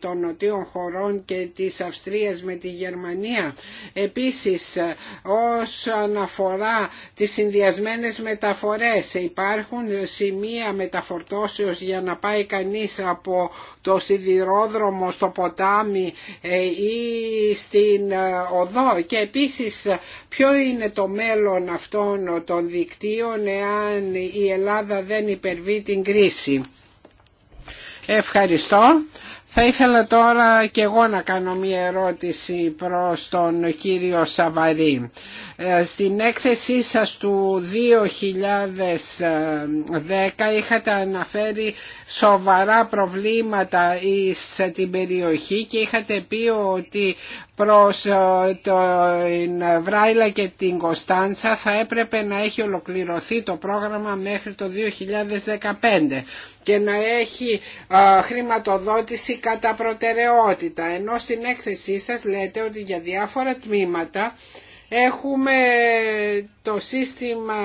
των νοτίων χωρών και της Αυστρίας με τη Γερμανία. Επίσης, όσον αφορά τις συνδυασμένες μεταφορές, υπάρχουν σημεία μεταφορτώσεως για να πάει κανείς από το σιδηρόδρομο στο ποτάμι ε, ή στην ε, οδό και επίσης ποιο είναι το μέλλον αυτών των δικτύων εάν η Ελλάδα δεν υπερβεί την κρίση. Ευχαριστώ. Θα ήθελα τώρα και εγώ να κάνω μία ερώτηση προς τον κύριο Σαβαρή. Ε, στην έκθεσή σας του 2010 είχατε αναφέρει σοβαρά προβλήματα σε την περιοχή και είχατε πει ότι προς ε, την Βράιλα και την Κωνσταντσα θα έπρεπε να έχει ολοκληρωθεί το πρόγραμμα μέχρι το 2015 και να έχει χρηματοδότηση κατά προτεραιότητα. Ενώ στην έκθεσή σας λέτε ότι για διάφορα τμήματα Έχουμε το σύστημα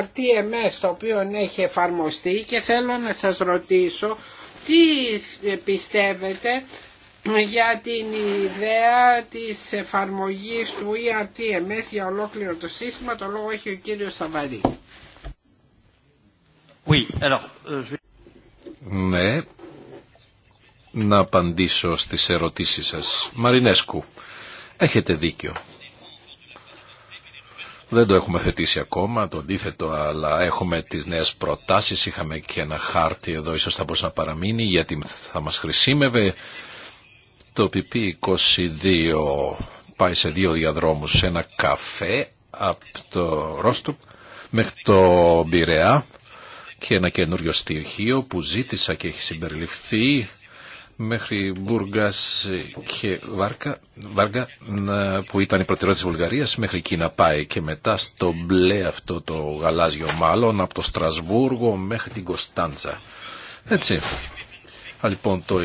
ERTMS το οποίο έχει εφαρμοστεί και θέλω να σας ρωτήσω τι πιστεύετε για την ιδέα της εφαρμογής του ERTMS για ολόκληρο το σύστημα. Το λόγο έχει ο κύριος Σαβαρή. Oui, alors, euh, ναι, να απαντήσω στις ερωτήσεις σας. Μαρινέσκου, έχετε δίκιο. Δεν το έχουμε θετήσει ακόμα, το αντίθετο, αλλά έχουμε τις νέες προτάσεις. Είχαμε και ένα χάρτη εδώ, ίσως θα μπορούσε να παραμείνει, γιατί θα μας χρησίμευε. Το PP22 e πάει σε δύο διαδρόμους, σε ένα καφέ από το Ρόστοκ μέχρι το Μπειραιά και ένα καινούριο στοιχείο που ζήτησα και έχει συμπεριληφθεί μέχρι Μπουργκάς και Βάρκα, Βάρκα, που ήταν η προτεραιότητα της Βουλγαρίας μέχρι εκεί να πάει και μετά στο μπλε αυτό το γαλάζιο μάλλον από το Στρασβούργο μέχρι την Κωνσταντζα. Έτσι. Α, λοιπόν το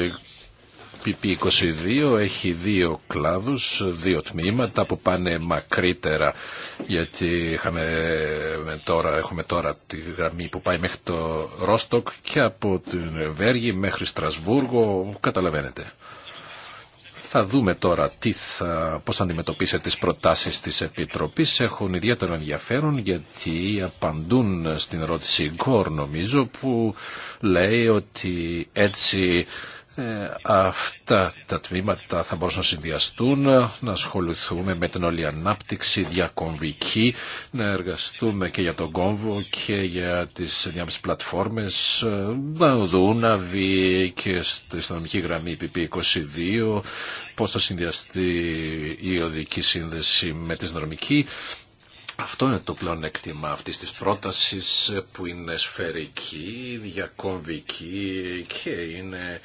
PP22 έχει δύο κλάδους, δύο τμήματα που πάνε μακρύτερα γιατί είχαμε τώρα, έχουμε τώρα τη γραμμή που πάει μέχρι το Ρόστοκ και από την Βέργη μέχρι Στρασβούργο, καταλαβαίνετε. Θα δούμε τώρα τι θα, πώς θα αντιμετωπίσετε τις προτάσεις της Επιτροπής. Έχουν ιδιαίτερο ενδιαφέρον γιατί απαντούν στην ερώτηση Γκορ νομίζω που λέει ότι έτσι ε, αυτά τα τμήματα θα μπορούσαν να συνδυαστούν, να ασχοληθούμε με την όλη ανάπτυξη διακομβική, να εργαστούμε και για τον κόμβο και για τις διάμεσες πλατφόρμες, ε, Δούναβη και στη στονομική γραμμή PP22, e πώς θα συνδυαστεί η οδική σύνδεση με τη συνδρομική. Αυτό είναι το πλέον έκτιμα αυτής της πρότασης που είναι σφαιρική, διακομβική και είναι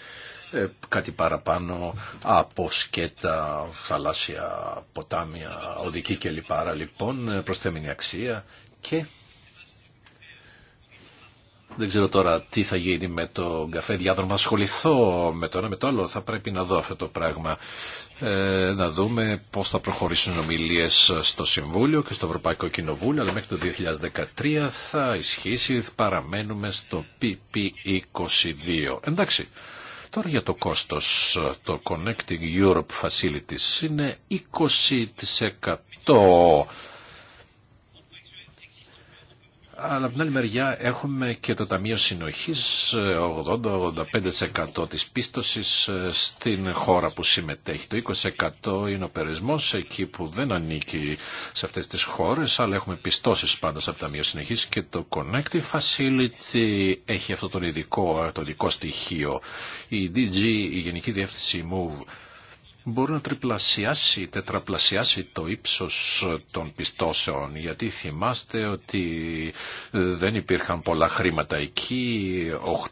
ε, κάτι παραπάνω από σκέτα, θαλάσσια, ποτάμια, οδική κλπ. Άρα λοιπόν ε, προσθέμενη αξία και δεν ξέρω τώρα τι θα γίνει με το καφέ διάδρομο. Ασχοληθώ με το ένα με το άλλο. Θα πρέπει να δω αυτό το πράγμα. Ε, να δούμε πώς θα προχωρήσουν ομιλίες στο Συμβούλιο και στο Ευρωπαϊκό Κοινοβούλιο. Αλλά μέχρι το 2013 θα ισχύσει. Παραμένουμε στο PP22. E Εντάξει. Τώρα για το κόστος. Το Connecting Europe Facilities είναι 20% αλλά από την άλλη μεριά έχουμε και το Ταμείο Συνοχής 80-85% της πίστοσης ε, στην χώρα που συμμετέχει. Το 20% είναι ο περισμός εκεί που δεν ανήκει σε αυτές τις χώρες, αλλά έχουμε πιστώσει πάντα από το Ταμείο Συνοχής και το Connective Facility έχει αυτό το ειδικό, το ειδικό στοιχείο. Η DG, η Γενική Διεύθυνση MOVE, μπορεί να τριπλασιάσει, τετραπλασιάσει το ύψος των πιστώσεων, γιατί θυμάστε ότι ε, δεν υπήρχαν πολλά χρήματα εκεί,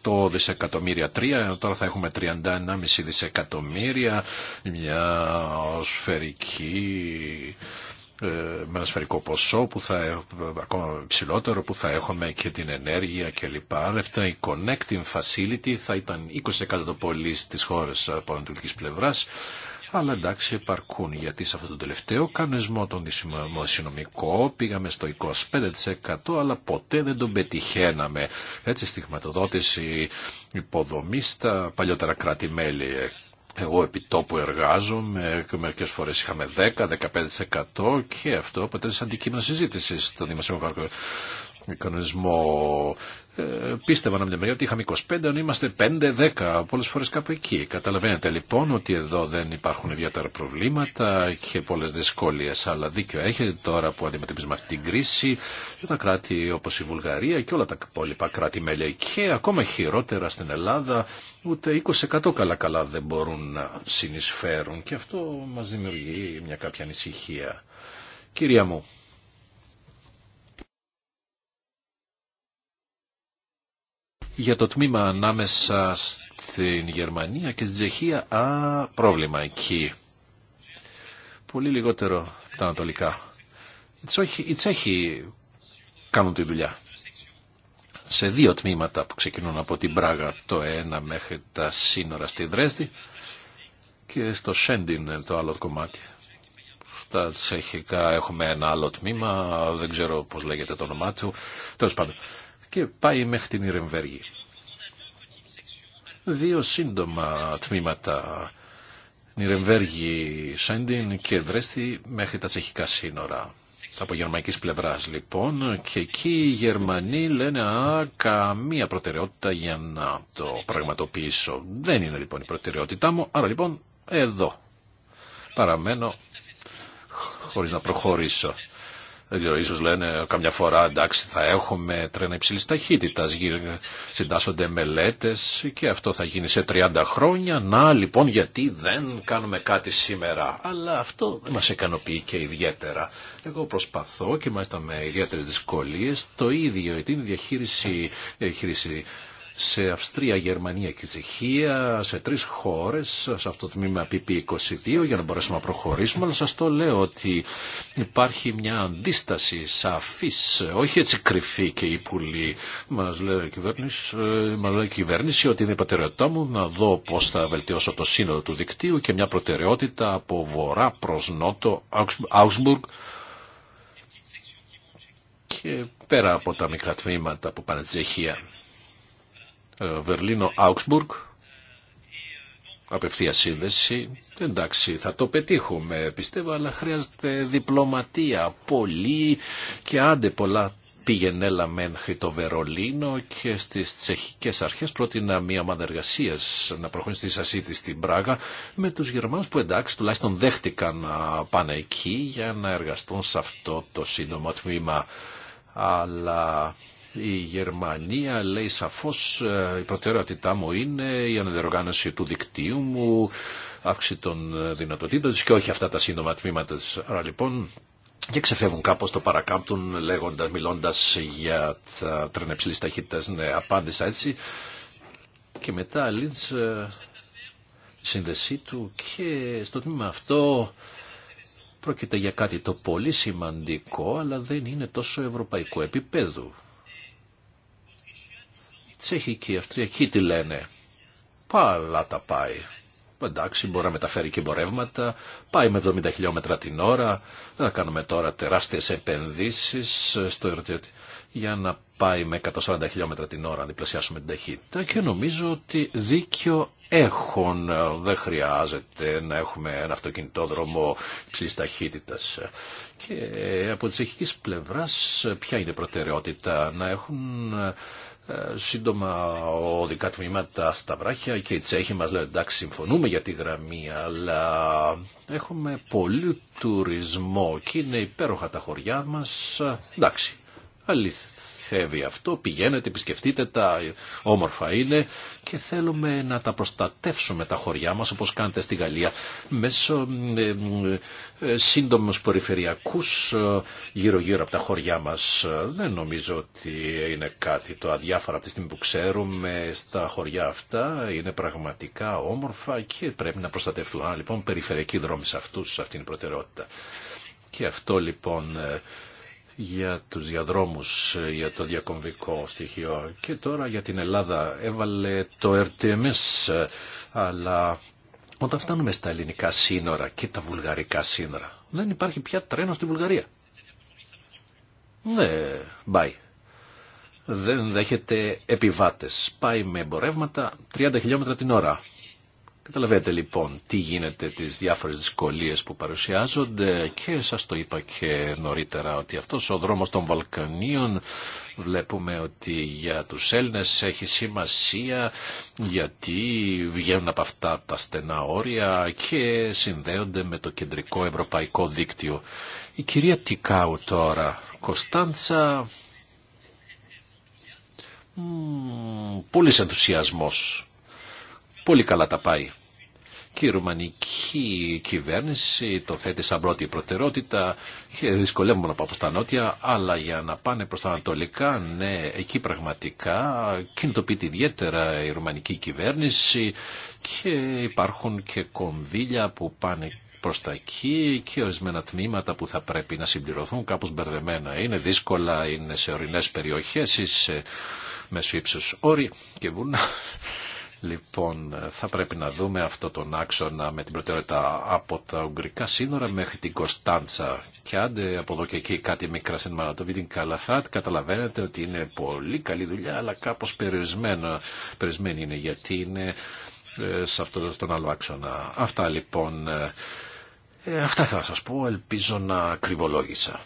8 δισεκατομμύρια 3, τώρα θα έχουμε 31,5 δισεκατομμύρια, μια σφαιρική ε, με ένα σφαιρικό ποσό που θα, ε, ακόμα ψηλότερο που θα έχουμε και την ενέργεια κλπ. Αυτά η connecting facility θα ήταν 20% το πολύ στις χώρες από τουρκική πλευράς αλλά εντάξει επαρκούν γιατί σε αυτό το τελευταίο κανονισμό τον δημοσιονομικό πήγαμε στο 25% αλλά ποτέ δεν τον πετυχαίναμε. Έτσι στιγματοδότηση υποδομή στα παλιότερα κράτη-μέλη. Εγώ επί τόπου εργάζομαι και μερικέ φορέ είχαμε 10-15% και αυτό αποτέλεσε αντικείμενο συζήτηση στο δημοσιονομικό κανονισμό ε, πίστευαν από μια μεριά ότι είχαμε 25, αν είμαστε 5-10, πολλές φορές κάπου εκεί. Καταλαβαίνετε λοιπόν ότι εδώ δεν υπάρχουν ιδιαίτερα προβλήματα και πολλές δυσκολίες, αλλά δίκιο έχετε τώρα που αντιμετωπίζουμε αυτή την κρίση για τα κράτη όπως η Βουλγαρία και όλα τα υπόλοιπα κράτη-μέλη και ακόμα χειρότερα στην Ελλάδα ούτε 20% καλά-καλά δεν μπορούν να συνεισφέρουν και αυτό μας δημιουργεί μια κάποια ανησυχία. Κυρία μου, για το τμήμα ανάμεσα στην Γερμανία και στην Τσεχία, α, πρόβλημα εκεί. Πολύ λιγότερο τα ανατολικά. Οι Τσέχοι κάνουν τη δουλειά. Σε δύο τμήματα που ξεκινούν από την Πράγα το ένα μέχρι τα σύνορα στη Δρέσδη και στο Σέντιν το άλλο κομμάτι. Στα τσεχικά έχουμε ένα άλλο τμήμα, δεν ξέρω πώς λέγεται το όνομά του. Τέλος πάντων, και πάει μέχρι την Ιρεμβέργη. Δύο σύντομα τμήματα, Νιρεμβέργη, Σέντιν και Δρέστη μέχρι τα τσεχικά σύνορα. Από γερμανικής πλευράς λοιπόν και εκεί οι Γερμανοί λένε α, καμία προτεραιότητα για να το πραγματοποιήσω. Δεν είναι λοιπόν η προτεραιότητά μου, άρα λοιπόν εδώ παραμένω χωρίς να προχωρήσω. Δεν λένε καμιά φορά εντάξει θα έχουμε τρένα υψηλής ταχύτητας, συντάσσονται μελέτες και αυτό θα γίνει σε 30 χρόνια. Να λοιπόν γιατί δεν κάνουμε κάτι σήμερα. Αλλά αυτό δεν μας ικανοποιεί και ιδιαίτερα. Εγώ προσπαθώ και μάλιστα με ιδιαίτερες δυσκολίες το ίδιο, την διαχείριση, διαχείριση ε, σε Αυστρία, Γερμανία και Τσεχία, σε τρεις χώρες, σε αυτό το τμήμα PP22 για να μπορέσουμε να προχωρήσουμε, αλλά σας το λέω ότι υπάρχει μια αντίσταση σαφής, όχι έτσι κρυφή και υπουλή. Μας λέει η κυβέρνηση, ε, μας λέει η κυβέρνηση ότι είναι η προτεραιότητά μου να δω πώς θα βελτιώσω το σύνολο του δικτύου και μια προτεραιότητα από βορρά προς νότο, Augsburg, και πέρα από τα μικρά τμήματα που πάνε Τσεχία. Ε, Βερλίνο-Αουξμπουργκ, απευθεία σύνδεση. Εντάξει, θα το πετύχουμε, πιστεύω, αλλά χρειάζεται διπλωματία, πολύ και άντε πολλά πήγαινε έλα μέχρι το Βερολίνο και στις τσεχικές αρχές πρότεινα μια ομάδα εργασία να προχωρήσει στη Σασίτη στην Πράγα με τους Γερμανούς που εντάξει τουλάχιστον δέχτηκαν να πάνε εκεί για να εργαστούν σε αυτό το σύντομο τμήμα. Αλλά η Γερμανία λέει σαφώς ε, η προτεραιότητά μου είναι η αναδιοργάνωση του δικτύου μου, αύξηση των ε, δυνατοτήτων της και όχι αυτά τα σύντομα τμήματα Άρα λοιπόν και ξεφεύγουν κάπως το παρακάμπτουν λέγοντας, μιλώντας για τα τρένα υψηλής Ναι, απάντησα έτσι. Και μετά Λίντς ε, σύνδεσή του και στο τμήμα αυτό πρόκειται για κάτι το πολύ σημαντικό αλλά δεν είναι τόσο ευρωπαϊκό επίπεδο. Τσεχική, Αυστριακή τι λένε. Παλά τα πάει. Εντάξει, μπορεί να μεταφέρει και εμπορεύματα, πάει με 70 χιλιόμετρα την ώρα, δεν θα κάνουμε τώρα τεράστιες επενδύσεις στο για να πάει με 140 χιλιόμετρα την ώρα, να διπλασιάσουμε την ταχύτητα και νομίζω ότι δίκιο έχουν, δεν χρειάζεται να έχουμε ένα αυτοκινητόδρομο ψηλής ταχύτητας. Και από τη τσεχικής πλευράς ποια είναι η προτεραιότητα να έχουν ε, σύντομα οδικά τμήματα στα βράχια και οι Τσέχοι μας λένε εντάξει συμφωνούμε για τη γραμμή αλλά έχουμε πολύ τουρισμό και είναι υπέροχα τα χωριά μας ε, εντάξει αλήθεια αυτό. Πηγαίνετε, επισκεφτείτε τα, όμορφα είναι και θέλουμε να τα προστατεύσουμε τα χωριά μας όπως κάνετε στη Γαλλία μέσω ε, ε, περιφερειακούς ε, γύρω-γύρω από τα χωριά μας. Δεν νομίζω ότι είναι κάτι το αδιάφορο από τη στιγμή που ξέρουμε στα χωριά αυτά είναι πραγματικά όμορφα και πρέπει να προστατευτούν. λοιπόν περιφερειακή δρόμη σε αυτούς, αυτή είναι προτεραιότητα. Και αυτό λοιπόν ε, για τους διαδρόμους, ε, για το διακομβικό στοιχείο. Και τώρα για την Ελλάδα έβαλε το RTMS, ε, αλλά όταν φτάνουμε στα ελληνικά σύνορα και τα βουλγαρικά σύνορα, δεν υπάρχει πια τρένο στη Βουλγαρία. Δεν πάει. Δεν δέχεται επιβάτες. Πάει με εμπορεύματα 30 χιλιόμετρα την ώρα. Καταλαβαίνετε λοιπόν τι γίνεται, τις διάφορες δυσκολίες που παρουσιάζονται και σας το είπα και νωρίτερα ότι αυτός ο δρόμος των Βαλκανίων βλέπουμε ότι για τους Έλληνες έχει σημασία γιατί βγαίνουν από αυτά τα στενά όρια και συνδέονται με το κεντρικό ευρωπαϊκό δίκτυο. Η κυρία Τικάου τώρα, Κωνσταντσα, πολύ ενθουσιασμός Πολύ καλά τα πάει. Και η ρουμανική κυβέρνηση το θέτει σαν πρώτη προτεραιότητα. Δυσκολεύομαι να πάω προς τα νότια, αλλά για να πάνε προς τα ανατολικά, ναι, εκεί πραγματικά κινητοποιείται ιδιαίτερα η ρουμανική κυβέρνηση και υπάρχουν και κονδύλια που πάνε προ τα εκεί και ορισμένα τμήματα που θα πρέπει να συμπληρωθούν κάπω μπερδεμένα. Είναι δύσκολα, είναι σε ορεινές περιοχές, σε μέσο ύψους όρη και βουνά. Λοιπόν, θα πρέπει να δούμε αυτό τον άξονα με την προτεραιότητα από τα Ουγγρικά σύνορα μέχρι την Κωνσταντσα. Και άντε από εδώ και εκεί κάτι μικρά σύνορα να το την Καλαφάτ, καταλαβαίνετε ότι είναι πολύ καλή δουλειά, αλλά κάπως περιορισμένο. Περιορισμένη είναι γιατί είναι ε, σε αυτόν τον άλλο άξονα. Αυτά λοιπόν, ε, ε, αυτά θα σας πω, ελπίζω να κρυβολόγησα.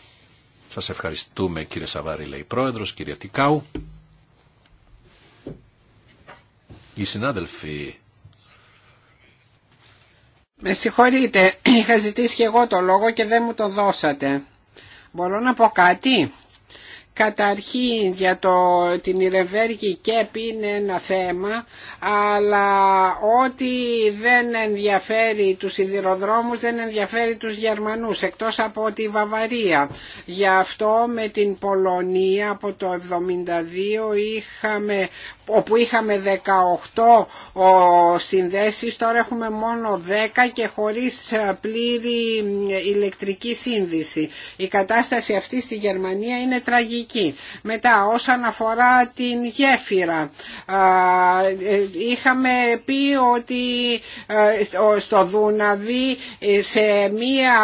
Σας ευχαριστούμε κύριε Σαβάρη, λέει πρόεδρος, κύριε Τικάου. Οι συνάδελφοι με συγχωρείτε, είχα ζητήσει και εγώ το λόγο και δεν μου το δώσατε. Μπορώ να πω κάτι. Καταρχήν για το, την Ιρεβέργη ΚΕΠ είναι ένα θέμα αλλά ό,τι δεν ενδιαφέρει τους σιδηροδρόμους δεν ενδιαφέρει τους Γερμανούς εκτός από τη Βαβαρία. Γι' αυτό με την Πολωνία από το 1972 είχαμε όπου είχαμε 18 συνδέσεις, τώρα έχουμε μόνο 10 και χωρίς πλήρη ηλεκτρική σύνδεση. Η κατάσταση αυτή στη Γερμανία είναι τραγική μετά όσον αφορά την γέφυρα είχαμε πει ότι στο Δούναβι σε μία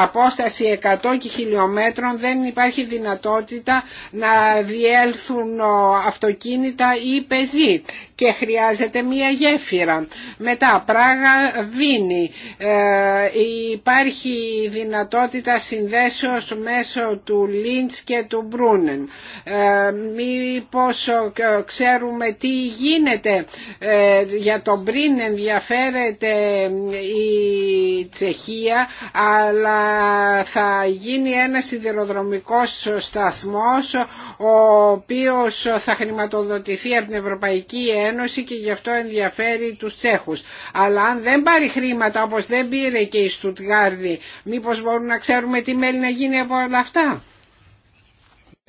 απόσταση 100 χιλιόμετρων δεν υπάρχει δυνατότητα να διέλθουν αυτοκίνητα ή πεζοί και χρειάζεται μία γέφυρα. Μετά, Πράγα, Βίνη. Ε, υπάρχει δυνατότητα συνδέσεως μέσω του Λίντς και του Μπρούνεν. Ε, μήπως ε, ξέρουμε τι γίνεται για τον πριν ενδιαφέρεται η Τσεχία αλλά θα γίνει ένα σιδηροδρομικός σταθμός ο οποίος θα χρηματοδοτηθεί από την Ευρωπαϊκή Ένωση Ένωση και γι' αυτό ενδιαφέρει τους Τσέχους. Αλλά αν δεν πάρει χρήματα όπως δεν πήρε και η Στουτγάρδη, μήπως μπορούν να ξέρουμε τι μέλη να γίνει από όλα αυτά.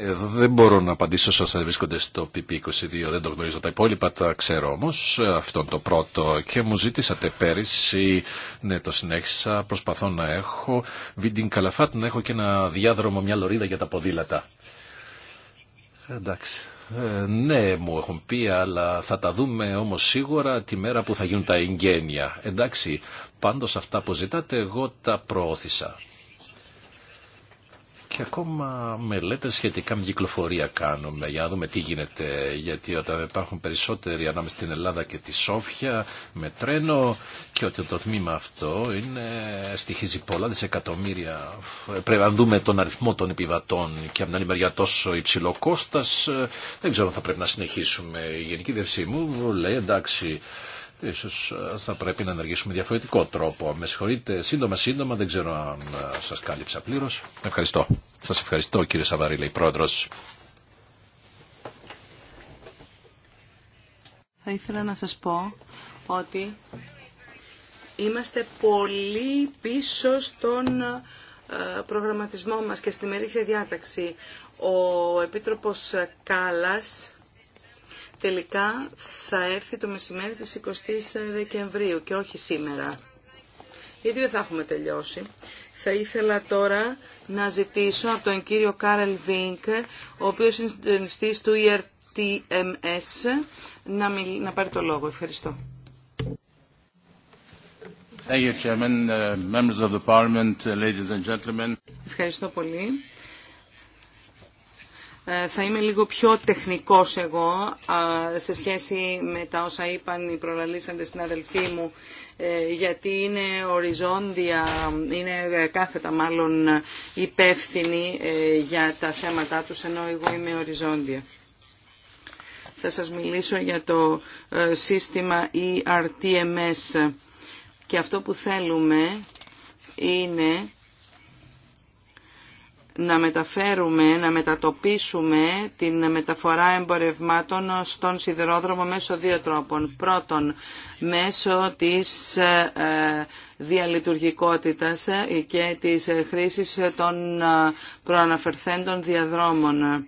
Εδώ δεν μπορώ να απαντήσω σε όσα βρίσκονται στο PP22, δεν το γνωρίζω. Τα υπόλοιπα τα ξέρω όμως ε, Αυτό το πρώτο. Και μου ζήτησατε πέρυσι, ναι, το συνέχισα. Προσπαθώ να έχω βίντεο καλαφάτ, να έχω και ένα διάδρομο, μια λωρίδα για τα ποδήλατα. Ε, εντάξει. Ε, ναι, μου έχουν πει, αλλά θα τα δούμε όμως σίγουρα τη μέρα που θα γίνουν τα εγγένεια. Εντάξει, πάντως αυτά που ζητάτε εγώ τα προώθησα και ακόμα μελέτες σχετικά με κυκλοφορία κάνουμε για να δούμε τι γίνεται. Γιατί όταν υπάρχουν περισσότεροι ανάμεσα στην Ελλάδα και τη Σόφια με τρένο και ότι το τμήμα αυτό είναι, στοιχίζει πολλά δισεκατομμύρια. Πρέπει να δούμε τον αριθμό των επιβατών και αν είναι μεριά τόσο υψηλό κόστας. Ε, δεν ξέρω αν θα πρέπει να συνεχίσουμε. Η Γενική Διευθυνσή μου λέει εντάξει Ίσως ε, θα πρέπει να ενεργήσουμε διαφορετικό τρόπο. Με συγχωρείτε σύντομα σύντομα, δεν ξέρω αν ε, σας κάλυψα πλήρω. Ευχαριστώ. Σας ευχαριστώ κύριε Σαβαρίλη, λέει Θα ήθελα να σας πω ότι είμαστε πολύ πίσω στον ε, προγραμματισμό μας και στη μερίχια διάταξη. Ο Επίτροπος Κάλας τελικά θα έρθει το μεσημέρι της 20 Δεκεμβρίου και όχι σήμερα. Γιατί δεν θα έχουμε τελειώσει. Θα ήθελα τώρα να ζητήσω από τον κύριο Κάρελ Βίνκ, ο οποίος είναι συντονιστής του ERTMS, να, να πάρει το λόγο. Ευχαριστώ. Uh, uh, Ευχαριστώ πολύ. Ε, θα είμαι λίγο πιο τεχνικός εγώ σε σχέση με τα όσα είπαν οι προλαλήσαντες αδελφή μου ε, γιατί είναι οριζόντια, είναι ε, κάθετα μάλλον υπεύθυνοι για τα θέματα τους, ενώ εγώ είμαι οριζόντια. Θα σας μιλήσω για το σύστημα ERTMS και αυτό που θέλουμε είναι να μεταφέρουμε, να μετατοπίσουμε την μεταφορά εμπορευμάτων στον σιδηρόδρομο μέσω δύο τρόπων. Πρώτον, μέσω της ε, διαλειτουργικότητας και της χρήσης των ε, προαναφερθέντων διαδρόμων.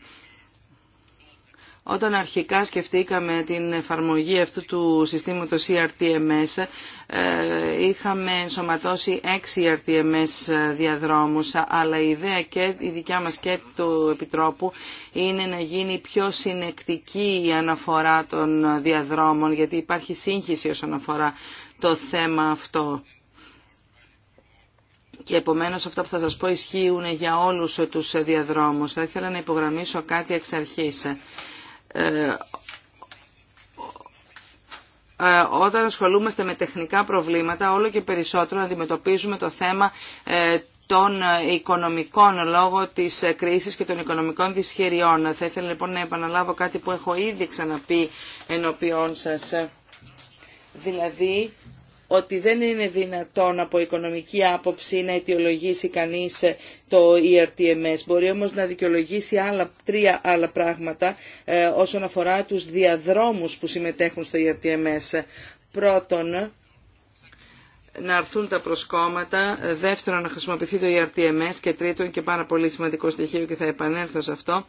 Όταν αρχικά σκεφτήκαμε την εφαρμογή αυτού του συστήματος ERTMS, ε, είχαμε ενσωματώσει έξι ERTMS διαδρόμους, αλλά η ιδέα και η δικιά μας και του Επιτρόπου είναι να γίνει πιο συνεκτική η αναφορά των διαδρόμων, γιατί υπάρχει σύγχυση όσον αφορά το θέμα αυτό και επομένως αυτά που θα σας πω ισχύουν για όλους τους διαδρόμους. Θα ήθελα να υπογραμμίσω κάτι εξ αρχής. Ε, ε, όταν ασχολούμαστε με τεχνικά προβλήματα όλο και περισσότερο αντιμετωπίζουμε το θέμα ε, των οικονομικών λόγω της κρίσης και των οικονομικών δυσχεριών. Θα ήθελα λοιπόν να επαναλάβω κάτι που έχω ήδη ξαναπεί ενώπιόν σας. Δηλαδή ότι δεν είναι δυνατόν από οικονομική άποψη να αιτιολογήσει κανείς το ERTMS. Μπορεί όμως να δικαιολογήσει άλλα, τρία άλλα πράγματα ε, όσον αφορά τους διαδρόμους που συμμετέχουν στο ERTMS. Πρώτον, να αρθούν τα προσκόμματα, δεύτερον να χρησιμοποιηθεί το ERTMS και τρίτον και πάρα πολύ σημαντικό στοιχείο και θα επανέλθω σε αυτό,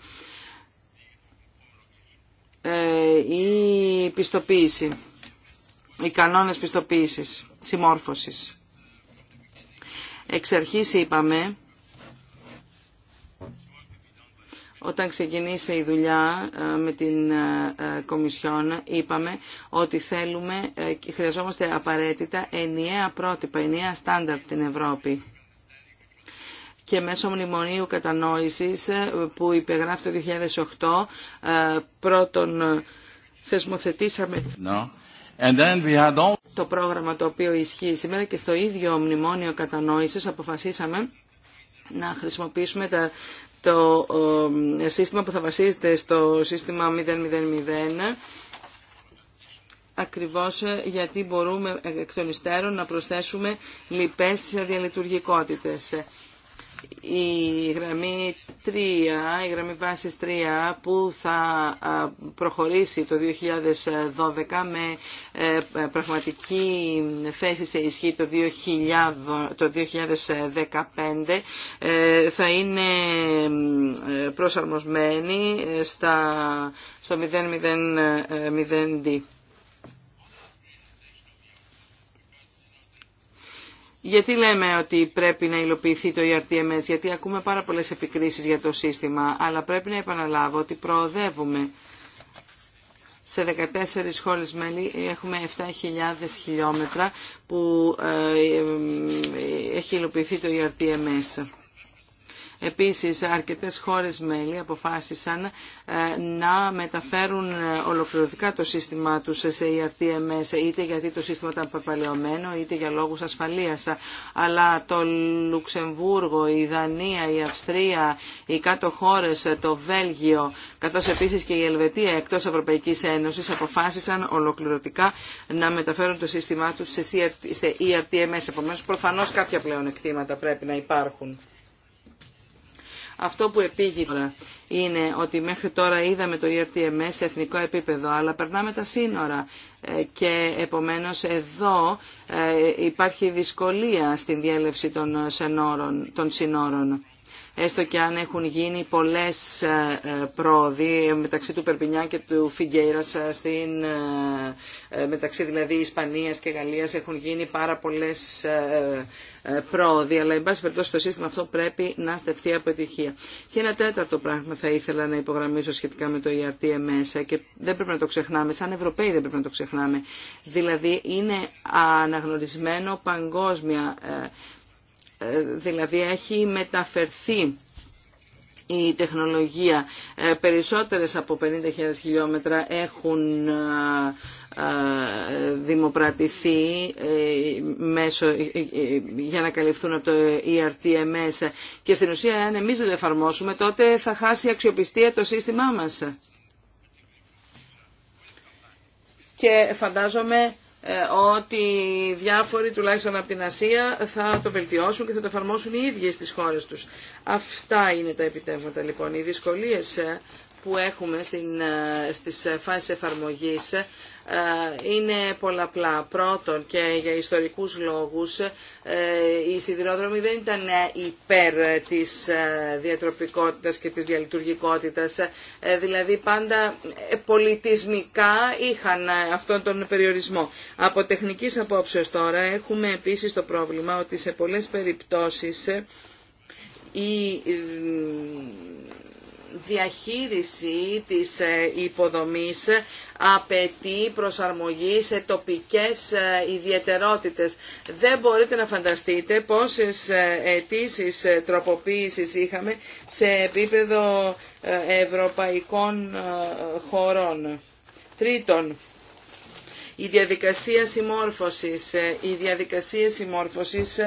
ε, η πιστοποίηση οι κανόνες πιστοποίησης, συμμόρφωσης. Εξ αρχής είπαμε, όταν ξεκινήσε η δουλειά ε, με την ε, ε, Κομισιόν, είπαμε ότι θέλουμε χρειαζόμαστε απαραίτητα ενιαία πρότυπα, ενιαία στάνταρ την Ευρώπη και μέσω μνημονίου κατανόησης που υπεγράφει το 2008 πρώτον θεσμοθετήσαμε το πρόγραμμα το οποίο ισχύει σήμερα και στο ίδιο μνημόνιο κατανόησης αποφασίσαμε να χρησιμοποιήσουμε το σύστημα που θα βασίζεται στο σύστημα 000 ακριβώς ε, γιατί μπορούμε ε, εκ των υστέρων να προσθέσουμε λοιπές διαλειτουργικότητες η γραμμή 3, η γραμμή βάσης 3 που θα προχωρήσει το 2012 με ε, πραγματική θέση σε ισχύ το, 2015 ε, θα είναι προσαρμοσμένη ε, στα, στο 000D. Γιατί λέμε ότι πρέπει να υλοποιηθεί το ERTMS, γιατί ακούμε πάρα πολλές επικρίσεις για το σύστημα, αλλά πρέπει να επαναλάβω ότι προοδεύουμε. Σε 14 χώρες μέλη έχουμε 7.000 χιλιόμετρα που ε, ε, ε, έχει υλοποιηθεί το ERTMS. Επίσης, αρκετές χώρες μέλη αποφάσισαν ε, να μεταφέρουν ε, ολοκληρωτικά το σύστημά τους σε ERTMS, είτε γιατί το σύστημα ήταν παπαλαιωμένο, είτε για λόγους ασφαλείας. Αλλά το Λουξεμβούργο, η Δανία, η Αυστρία, οι κάτω χώρες, το Βέλγιο, καθώς επίσης και η Ελβετία εκτός Ευρωπαϊκής Ένωσης αποφάσισαν ολοκληρωτικά να μεταφέρουν το σύστημά τους σε ERTMS. Επομένως, προφανώς κάποια πλέον εκτήματα πρέπει να υπάρχουν. Αυτό που επήγει τώρα είναι ότι μέχρι τώρα είδαμε το ERTMS σε εθνικό επίπεδο, αλλά περνάμε τα σύνορα ε, και επομένως εδώ ε, υπάρχει δυσκολία στην διέλευση των, των συνόρων έστω και αν έχουν γίνει πολλές ε, ε, πρόοδοι μεταξύ του Περπινιά και του Φιγκέιρας στην, ε, μεταξύ δηλαδή Ισπανίας και Γαλλίας έχουν γίνει πάρα πολλές πρόοδοι, αλλά εν πάση περιπτώσει το σύστημα αυτό πρέπει να στεφθεί από επιτυχία. Και ένα τέταρτο πράγμα θα ήθελα να υπογραμμίσω σχετικά με το ERTMS και δεν πρέπει να το ξεχνάμε, σαν Ευρωπαίοι δεν πρέπει να το ξεχνάμε. Δηλαδή είναι αναγνωρισμένο παγκόσμια ε, δηλαδή έχει μεταφερθεί η τεχνολογία. Ε, περισσότερες από 50.000 χιλιόμετρα έχουν ε, δημοπρατηθεί μέσω, για να καλυφθούν από το ERTMS και στην ουσία αν εμείς δεν το εφαρμόσουμε τότε θα χάσει αξιοπιστία το σύστημά μας. Και φαντάζομαι ε, ότι διάφοροι τουλάχιστον από την Ασία θα το βελτιώσουν και θα το εφαρμόσουν οι ίδιοι στις χώρες τους. Αυτά είναι τα επιτεύγματα λοιπόν. Οι δυσκολίες ε, που έχουμε στην, ε, στις φάσεις εφαρμογής ε, είναι πολλαπλά. Πρώτον και για ιστορικούς λόγους ε, οι σιδηρόδρομοι δεν ήταν υπέρ της διατροπικότητας και της διαλειτουργικότητας. Δηλαδή πάντα πολιτισμικά είχαν αυτόν τον περιορισμό. Από τεχνικής απόψεως τώρα έχουμε επίσης το πρόβλημα ότι σε πολλές περιπτώσεις η διαχείριση της ε, υποδομής ε, απαιτεί προσαρμογή σε τοπικές ε, ιδιαιτερότητες. Δεν μπορείτε να φανταστείτε πόσες αιτήσει τροποποίησης είχαμε σε επίπεδο ευρωπαϊκών χωρών. Τρίτον, η διαδικασία συμμόρφωσης. Οι διαδικασίες συμμόρφωσης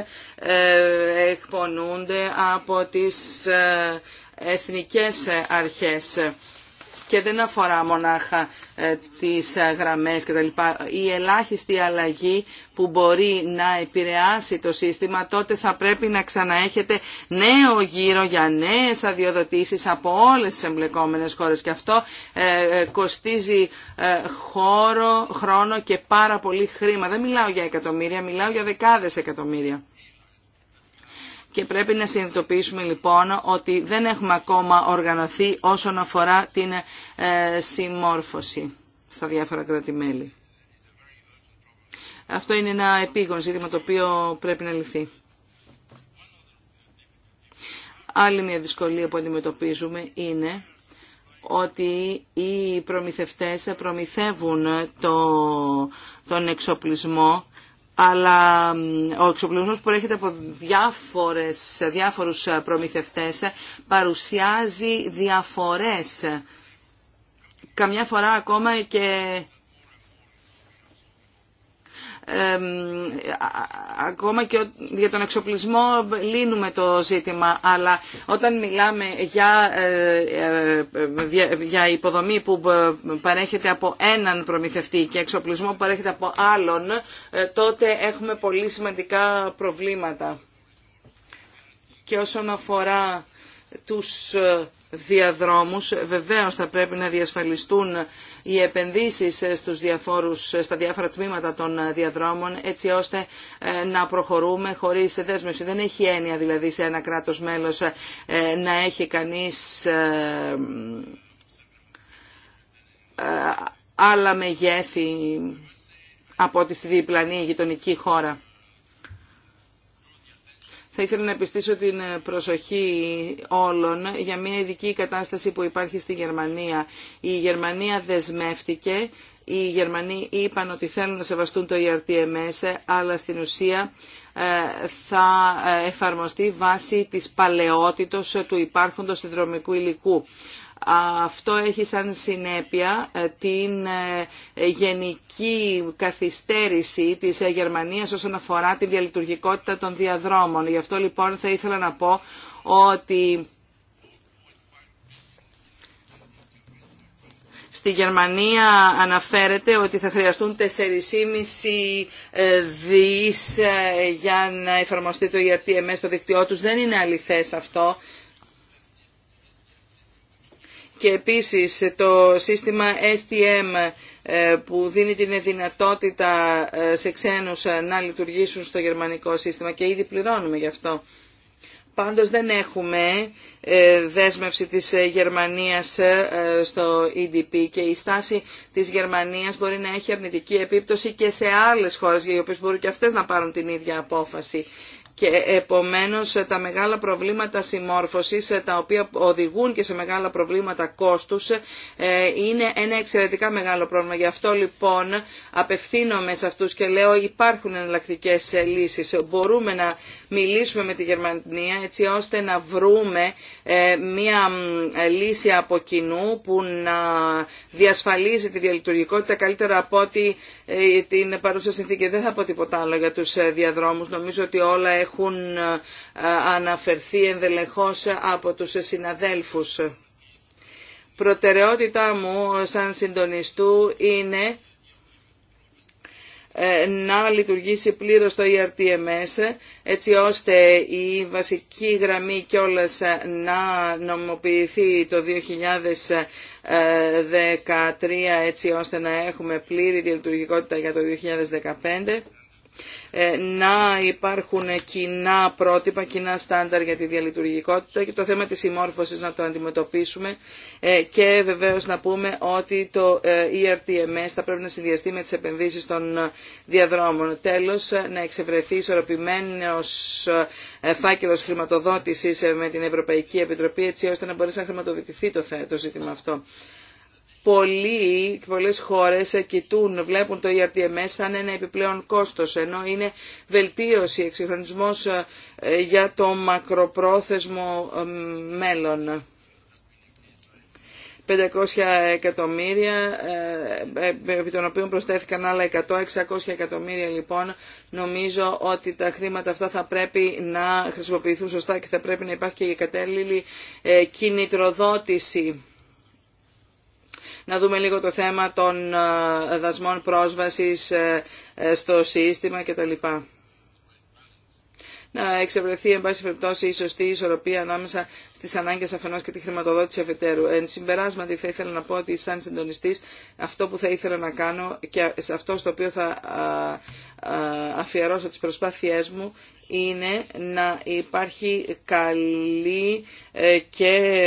εκπονούνται από τις εθνικές ε, αρχές και δεν αφορά μονάχα ε, τις ε, γραμμές και τα λοιπά. Η ελάχιστη αλλαγή που μπορεί να επηρεάσει το σύστημα, τότε θα πρέπει να ξαναέχετε νέο γύρο για νέες αδειοδοτήσεις από όλες τις εμπλεκόμενες χώρες. Και αυτό κοστίζει χώρο, χρόνο και πάρα πολύ χρήμα. Δεν μιλάω για εκατομμύρια, μιλάω για δεκάδες εκατομμύρια. Και πρέπει να συνειδητοποιήσουμε λοιπόν ότι δεν έχουμε ακόμα οργανωθεί όσον αφορά την ε, συμμόρφωση στα διάφορα κράτη-μέλη. Αυτό είναι ένα επίγον ζήτημα το οποίο πρέπει να λυθεί. Άλλη μια δυσκολία που αντιμετωπίζουμε είναι ότι οι προμηθευτές προμηθεύουν το, τον εξοπλισμό αλλά ο εξοπλισμός που έρχεται από διάφορες, διάφορους ε, προμηθευτές ε, παρουσιάζει διαφορές. Καμιά φορά ακόμα και ακόμα και για τον εξοπλισμό λύνουμε το ζήτημα, αλλά όταν μιλάμε για, ε, ε, για υποδομή που ε, παρέχεται από έναν προμηθευτή και εξοπλισμό που παρέχεται από άλλον, τότε έχουμε πολύ σημαντικά προβλήματα. Και όσον αφορά τους διαδρόμους. Βεβαίως θα πρέπει να διασφαλιστούν οι επενδύσεις στους διαφόρους, στα διάφορα τμήματα των διαδρόμων έτσι ώστε ε, να προχωρούμε χωρίς δέσμευση. Δεν έχει έννοια δηλαδή σε ένα κράτος μέλος ε, να έχει κανείς ε, άλλα μεγέθη από τη στη διπλανή γειτονική χώρα. Θα ήθελα να επιστήσω την ε, προσοχή όλων για μια ειδική κατάσταση που υπάρχει στη Γερμανία. Η Γερμανία δεσμεύτηκε, οι Γερμανοί είπαν ότι θέλουν να σεβαστούν το ERTMS, αλλά στην ουσία ε, θα ε, εφαρμοστεί βάσει της παλαιότητος του υπάρχοντος συνδρομικού υλικού. Αυτό έχει σαν συνέπεια ε, την ε, γενική καθυστέρηση της ε, Γερμανίας όσον αφορά τη διαλειτουργικότητα των διαδρόμων. Γι' αυτό λοιπόν θα ήθελα να πω ότι Στη Γερμανία αναφέρεται ότι θα χρειαστούν 4,5 δις για να εφαρμοστεί το ERTMS στο δίκτυό τους. Δεν είναι αληθές αυτό και επίσης το σύστημα STM ε, που δίνει την δυνατότητα ε, σε ξένους ε, να λειτουργήσουν στο γερμανικό σύστημα και ήδη πληρώνουμε γι' αυτό. Πάντως δεν έχουμε δέσμευση της Γερμανίας στο EDP και η στάση της Γερμανίας μπορεί να έχει αρνητική επίπτωση και σε άλλες χώρες για οι οποίες μπορούν και αυτές να πάρουν την ίδια απόφαση και επομένως ε, τα μεγάλα προβλήματα συμμόρφωσης ε, τα οποία οδηγούν και σε μεγάλα προβλήματα κόστους ε, είναι ένα εξαιρετικά μεγάλο πρόβλημα. Γι' αυτό λοιπόν απευθύνομαι σε αυτούς και λέω υπάρχουν εναλλακτικέ λύσεις. Μπορούμε να μιλήσουμε με τη Γερμανία έτσι ώστε να βρούμε ε, μια λύση από κοινού που να διασφαλίζει τη διαλειτουργικότητα καλύτερα από ότι ε, την παρούσα συνθήκη. Δεν θα πω τίποτα άλλο για τους ε, διαδρόμους. Νομίζω ότι όλα έχουν αναφερθεί ενδελεχώς από τους συναδέλφους. Προτεραιότητά μου σαν συντονιστού είναι ε, να λειτουργήσει πλήρως το ERTMS έτσι ώστε η βασική γραμμή κιόλας να νομοποιηθεί το 2013 έτσι ώστε να έχουμε πλήρη διαλειτουργικότητα για το 2015 ε, να υπάρχουν κοινά πρότυπα, κοινά στάνταρ για τη διαλειτουργικότητα και το θέμα της συμμόρφωσης να το αντιμετωπίσουμε ε, και βεβαίως να πούμε ότι το ε, ERTMS θα πρέπει να συνδυαστεί με τις επενδύσεις των διαδρόμων. Τέλος, να εξευρεθεί ισορροπημένος φάκελος χρηματοδότησης με την Ευρωπαϊκή Επιτροπή έτσι ώστε να μπορέσει να χρηματοδοτηθεί το ζήτημα αυτό πολλοί, πολλές χώρες κοιτούν, βλέπουν το ERTMS σαν ένα επιπλέον κόστος, ενώ είναι βελτίωση, εξυγχρονισμός ε, για το μακροπρόθεσμο ε, μέλλον. 500 εκατομμύρια, ε, επί των οποίων προσθέθηκαν άλλα 100, 600 εκατομμύρια λοιπόν. Νομίζω ότι τα χρήματα αυτά θα πρέπει να χρησιμοποιηθούν σωστά και θα πρέπει να υπάρχει και η κατέλληλη κινητροδότηση να δούμε λίγο το θέμα των ε, δασμών πρόσβασης ε, ε, στο σύστημα κτλ. Να εξευρεθεί, εν πάση περιπτώσει, η σωστή ισορροπία ανάμεσα στις ανάγκες αφενός και τη χρηματοδότηση αφετέρου. Εν συμπεράσματι, θα ήθελα να πω ότι, σαν συντονιστή, αυτό που θα ήθελα να κάνω και σε αυτό στο οποίο θα αφιερώσω τις προσπάθειές μου είναι να υπάρχει καλή και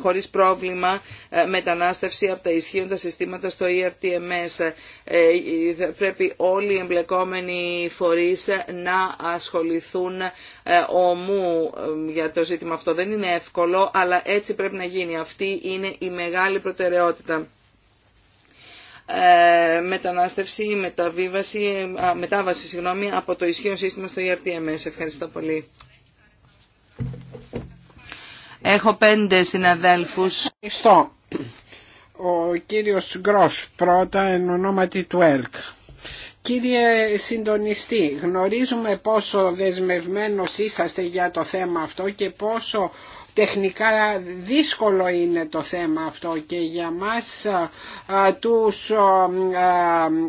χωρίς πρόβλημα ε, μετανάστευση από τα ισχύοντα συστήματα στο ERTMS. Ε, ε, πρέπει όλοι οι εμπλεκόμενοι φορείς να ασχοληθούν ομού για το ζήτημα αυτό. Δεν είναι εύκολο, αλλά έτσι πρέπει να γίνει. Αυτή είναι η μεγάλη προτεραιότητα. μετανάστευση, μεταβίβαση, μετάβαση συγγνώμη, από το ισχύον σύστημα στο ERTMS. Ευχαριστώ πολύ. Έχω πέντε συναδέλφους. Ευχαριστώ. Ο κύριος Γκρός πρώτα εν ονόματι του ΕΛΚ. Κύριε συντονιστή, γνωρίζουμε πόσο δεσμευμένος είσαστε για το θέμα αυτό και πόσο τεχνικά δύσκολο είναι το θέμα αυτό και για μας τους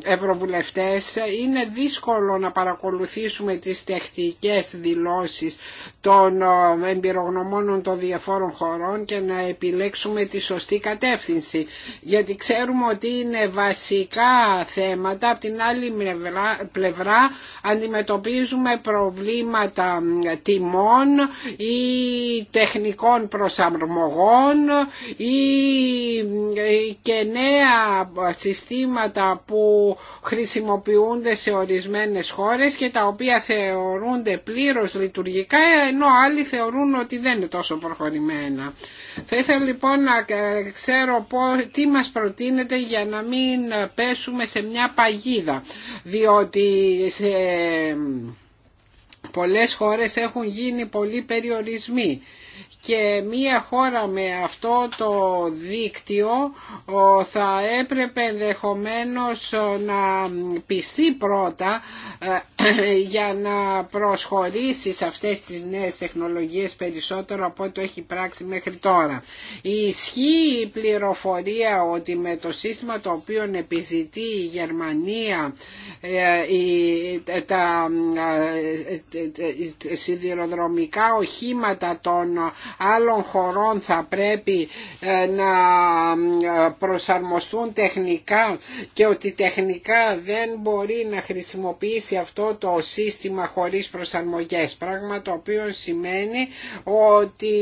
ευρωβουλευτές είναι δύσκολο να παρακολουθήσουμε τις τεχνικές δηλώσεις των εμπειρογνωμόνων των διαφόρων χωρών και να επιλέξουμε τη σωστή κατεύθυνση γιατί ξέρουμε ότι είναι βασικά θέματα από την άλλη πλευρά αντιμετωπίζουμε προβλήματα τιμών ή τεχνικών τεχνολογικών προσαρμογών ή ε, και νέα συστήματα που χρησιμοποιούνται σε ορισμένες χώρες και τα οποία θεωρούνται πλήρως λειτουργικά ενώ άλλοι θεωρούν ότι δεν είναι τόσο προχωρημένα. Θα ήθελα λοιπόν να ε, ξέρω τι μας προτείνεται για να μην πέσουμε σε μια παγίδα διότι σε ε, πολλές χώρες έχουν γίνει πολλοί περιορισμοί και μία χώρα με αυτό το δίκτυο θα έπρεπε ενδεχομένω να πιστεί πρώτα για να προσχωρήσει σε αυτές τις νέες τεχνολογίες περισσότερο από ό,τι το έχει πράξει μέχρι τώρα. Ισχύει η πληροφορία ότι με το σύστημα το οποίο επιζητεί η Γερμανία τα σιδηροδρομικά οχήματα των άλλων χωρών θα πρέπει ε, να ε, προσαρμοστούν τεχνικά και ότι τεχνικά δεν μπορεί να χρησιμοποιήσει αυτό το σύστημα χωρίς προσαρμογές. Πράγμα το οποίο σημαίνει ότι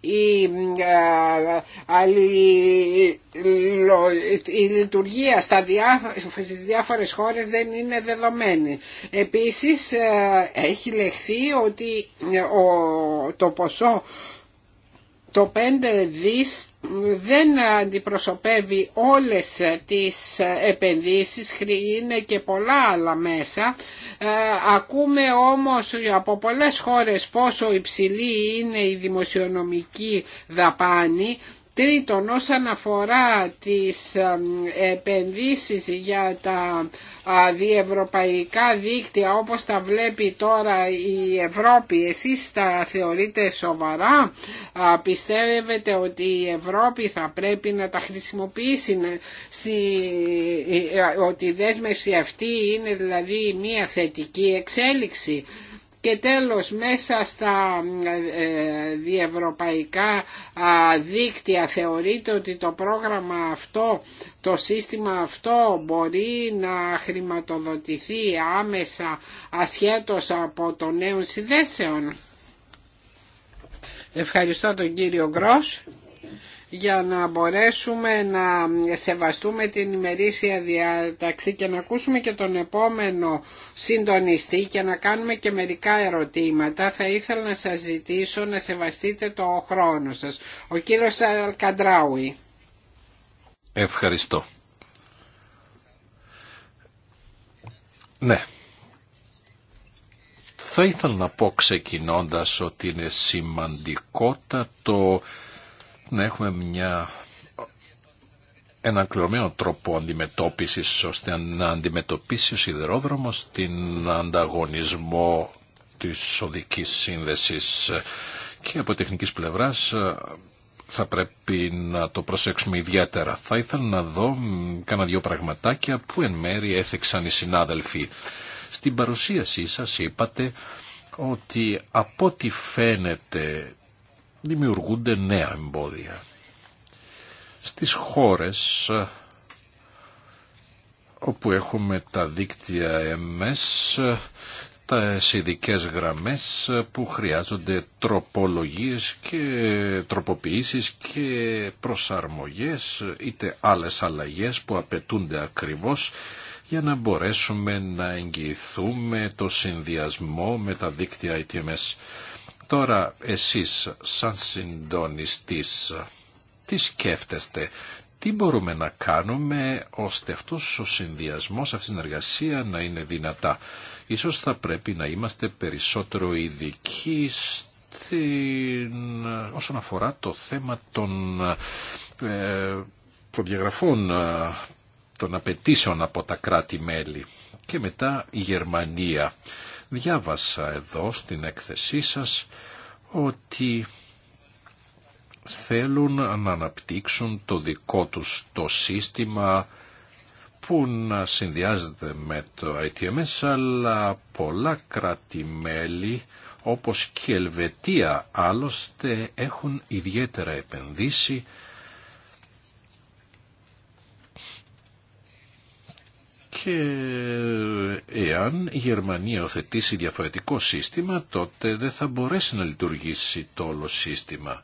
η, ε, η λειτουργία στα διά, στις διάφορες χώρες δεν είναι δεδομένη. Επίσης έχει λεχθεί ότι το ποσό το 5 δις δεν αντιπροσωπεύει όλες τις επενδύσεις, είναι και πολλά άλλα μέσα. Ε, ακούμε όμως από πολλές χώρες πόσο υψηλή είναι η δημοσιονομική δαπάνη Τρίτον, όσον αφορά τις επενδύσεις για τα διευρωπαϊκά δίκτυα όπως τα βλέπει τώρα η Ευρώπη, εσείς τα θεωρείτε σοβαρά, πιστεύετε ότι η Ευρώπη θα πρέπει να τα χρησιμοποιήσει, ε, ε, ότι η δέσμευση αυτή είναι δηλαδή μια θετική εξέλιξη. Και τέλος μέσα στα ε, διευρωπαϊκά δίκτυα θεωρείται ότι το πρόγραμμα αυτό, το σύστημα αυτό μπορεί να χρηματοδοτηθεί άμεσα ασχέτως από το νέο συνδέσεων. Ευχαριστώ τον κύριο Γκρός για να μπορέσουμε να σεβαστούμε την ημερήσια διάταξη και να ακούσουμε και τον επόμενο συντονιστή και να κάνουμε και μερικά ερωτήματα. Θα ήθελα να σας ζητήσω να σεβαστείτε το χρόνο σας. Ο κύριος Αλκαντράουι. Ευχαριστώ. Ναι. Θα ήθελα να πω ξεκινώντας ότι είναι σημαντικότατο να έχουμε μια έναν κλωμένο τρόπο αντιμετώπισης ώστε να αντιμετωπίσει ο σιδηρόδρομος την ανταγωνισμό της οδικής σύνδεσης και από τεχνικής πλευράς θα πρέπει να το προσέξουμε ιδιαίτερα. Θα ήθελα να δω κάνα δυο πραγματάκια που εν μέρη έθεξαν οι συνάδελφοι. Στην παρουσίασή σας είπατε ότι από ό,τι φαίνεται δημιουργούνται νέα εμπόδια. Στις χώρες ε, όπου έχουμε τα δίκτυα MS, ε, τα ειδικέ γραμμές ε, που χρειάζονται τροπολογίες και τροποποιήσεις και προσαρμογές, είτε άλλες αλλαγές που απαιτούνται ακριβώς για να μπορέσουμε να εγγυηθούμε το συνδυασμό με τα δίκτυα ITMS. Τώρα εσείς σαν συντονιστής τι σκέφτεστε, τι μπορούμε να κάνουμε ώστε αυτός ο συνδυασμός, αυτή η συνεργασία να είναι δυνατά. Ίσως θα πρέπει να είμαστε περισσότερο ειδικοί στην... όσον αφορά το θέμα των ε, προδιαγραφών ε, των απαιτήσεων από τα κράτη-μέλη. Και μετά η Γερμανία. Διάβασα εδώ στην έκθεσή σας ότι θέλουν να αναπτύξουν το δικό τους το σύστημα που να συνδυάζεται με το ITMS, αλλά πολλά κράτη-μέλη όπως και η Ελβετία άλλωστε έχουν ιδιαίτερα επενδύσει και ε, εάν η Γερμανία οθετήσει διαφορετικό σύστημα τότε δεν θα μπορέσει να λειτουργήσει το όλο σύστημα.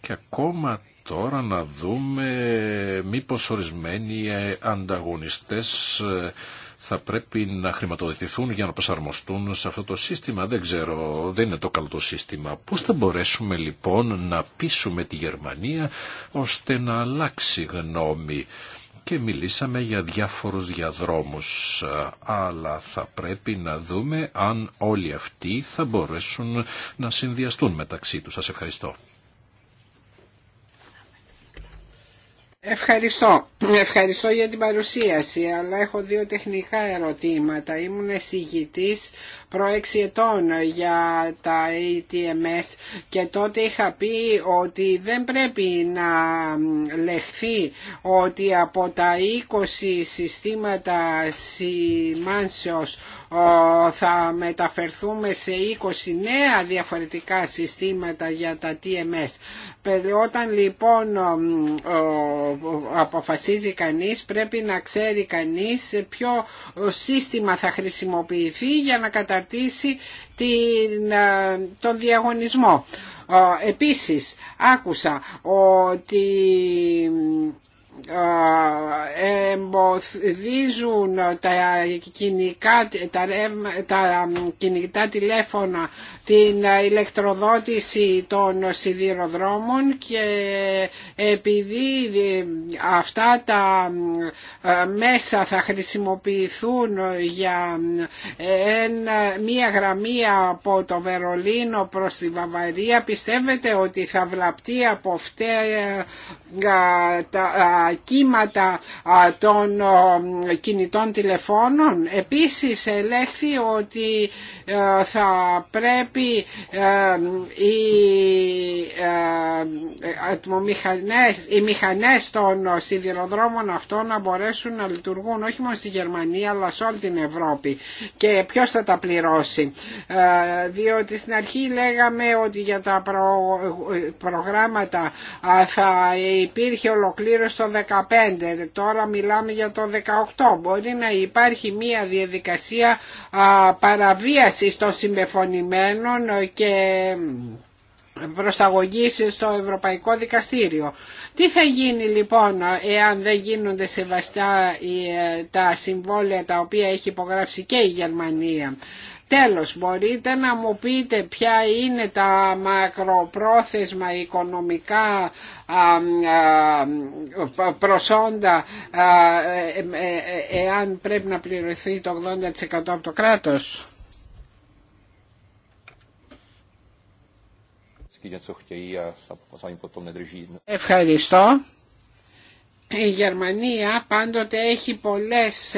Και ακόμα τώρα να δούμε μήπως ορισμένοι ε, ανταγωνιστές ε, θα πρέπει να χρηματοδοτηθούν για να προσαρμοστούν σε αυτό το σύστημα. Δεν ξέρω, δεν είναι το καλό το σύστημα. Πώς θα μπορέσουμε λοιπόν να πείσουμε τη Γερμανία ώστε να αλλάξει γνώμη και μιλήσαμε για διάφορους διαδρόμους. Ε, αλλά θα πρέπει να δούμε αν όλοι αυτοί θα μπορέσουν να συνδυαστούν μεταξύ τους. Σας ευχαριστώ. Ευχαριστώ. Ευχαριστώ για την παρουσίαση, αλλά έχω δύο τεχνικά ερωτήματα. Ήμουν εισηγητής προ ετών για τα ATMS και τότε είχα πει ότι δεν πρέπει να λεχθεί ότι από τα 20 συστήματα σημάνσεως θα μεταφερθούμε σε 20 νέα διαφορετικά συστήματα για τα TMS. Όταν λοιπόν αποφασίζει κανείς πρέπει να ξέρει κανείς ποιο σύστημα θα χρησιμοποιηθεί για να καταρτήσει την, ε, τον διαγωνισμό. Επίσης άκουσα ότι ε, εμποδίζουν τα κινητά, τα, τα κινητά τηλέφωνα την ηλεκτροδότηση των σιδηροδρόμων και επειδή αυτά τα ε, μέσα θα χρησιμοποιηθούν για ε, μία γραμμή από το Βερολίνο προς τη Βαβαρία πιστεύετε ότι θα βλαπτεί από, αυτές τα κύματα των κινητών τηλεφώνων. Επίσης ελέγχθη ότι ε, θα πρέπει ε, οι, ε, ατμομηχανές, οι μηχανές των σιδηροδρόμων αυτών να μπορέσουν να λειτουργούν όχι μόνο στη Γερμανία αλλά σε όλη την Ευρώπη και ποιος θα τα πληρώσει διότι στην αρχή λέγαμε ότι για τα προγράμματα θα υπήρχε ολοκλήρωση το 2015, τώρα μιλάμε για το 18. Μπορεί να υπάρχει μια διαδικασία παραβίασης των συμπεφωνημένων και προσαγωγής στο Ευρωπαϊκό Δικαστήριο. Τι θα γίνει λοιπόν εάν δεν γίνονται σεβαστά ε, τα συμβόλαια τα οποία έχει υπογράψει και η Γερμανία. Τέλος, μπορείτε να μου πείτε ποια είναι τα μακροπρόθεσμα οικονομικά προσόντα ε, ε, ε, εάν πρέπει να πληρωθεί το 80% από το κράτος. Ευχαριστώ η Γερμανία πάντοτε έχει πολλές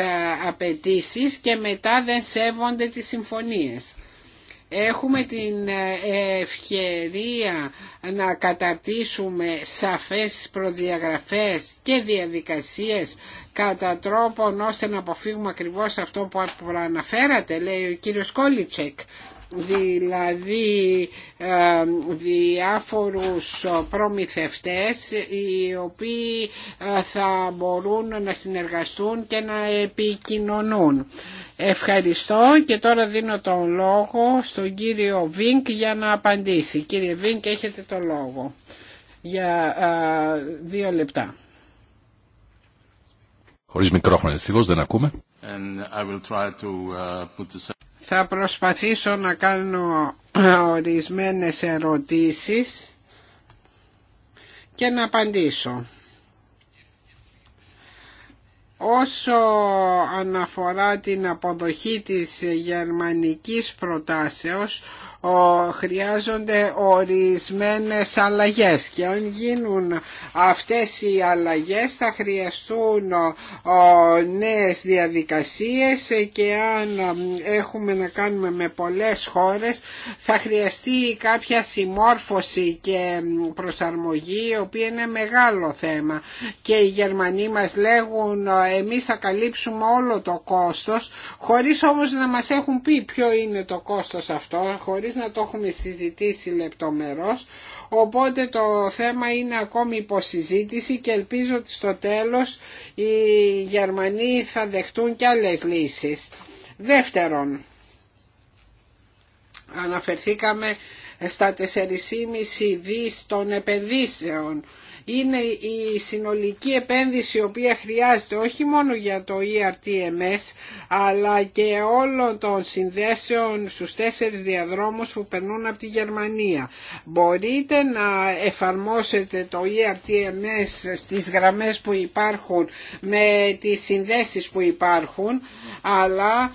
απαιτήσει και μετά δεν σέβονται τις συμφωνίες. Έχουμε την ε, ευκαιρία να καταρτήσουμε σαφές προδιαγραφές και διαδικασίες κατά τρόπον ώστε να αποφύγουμε ακριβώς αυτό που αναφέρατε, λέει ο κύριος Κόλιτσεκ, δηλαδή ε, διάφορους προμηθευτές οι οποίοι ε, θα μπορούν να συνεργαστούν και να επικοινωνούν. Ευχαριστώ και τώρα δίνω τον λόγο στον κύριο Βίνκ για να απαντήσει. Κύριε Βίνκ έχετε τον λόγο για ε, δύο λεπτά. Χωρίς μικρόφωνο, δυστυχώς δεν ακούμε. Uh, θα προσπαθήσω να κάνω ορισμένες ερωτήσεις και να απαντήσω. Όσο αναφορά την αποδοχή της γερμανικής προτάσεως, χρειάζονται ορισμένες αλλαγές και αν γίνουν αυτές οι αλλαγές θα χρειαστούν νέες διαδικασίες και αν έχουμε να κάνουμε με πολλές χώρες θα χρειαστεί κάποια συμμόρφωση και προσαρμογή η οποία είναι μεγάλο θέμα και οι Γερμανοί μας λέγουν εμείς θα καλύψουμε όλο το κόστος χωρίς όμως να μας έχουν πει ποιο είναι το κόστος αυτό χωρίς να το έχουμε συζητήσει λεπτομερώς οπότε το θέμα είναι ακόμη υποσυζήτηση και ελπίζω ότι στο τέλος οι Γερμανοί θα δεχτούν και άλλες λύσεις. Δεύτερον, αναφερθήκαμε στα 4,5 δις των επενδύσεων είναι η συνολική επένδυση η οποία χρειάζεται όχι μόνο για το ERTMS αλλά και όλων των συνδέσεων στους τέσσερις διαδρόμους που περνούν από τη Γερμανία. Μπορείτε να εφαρμόσετε το ERTMS στις γραμμές που υπάρχουν με τις συνδέσεις που υπάρχουν αλλά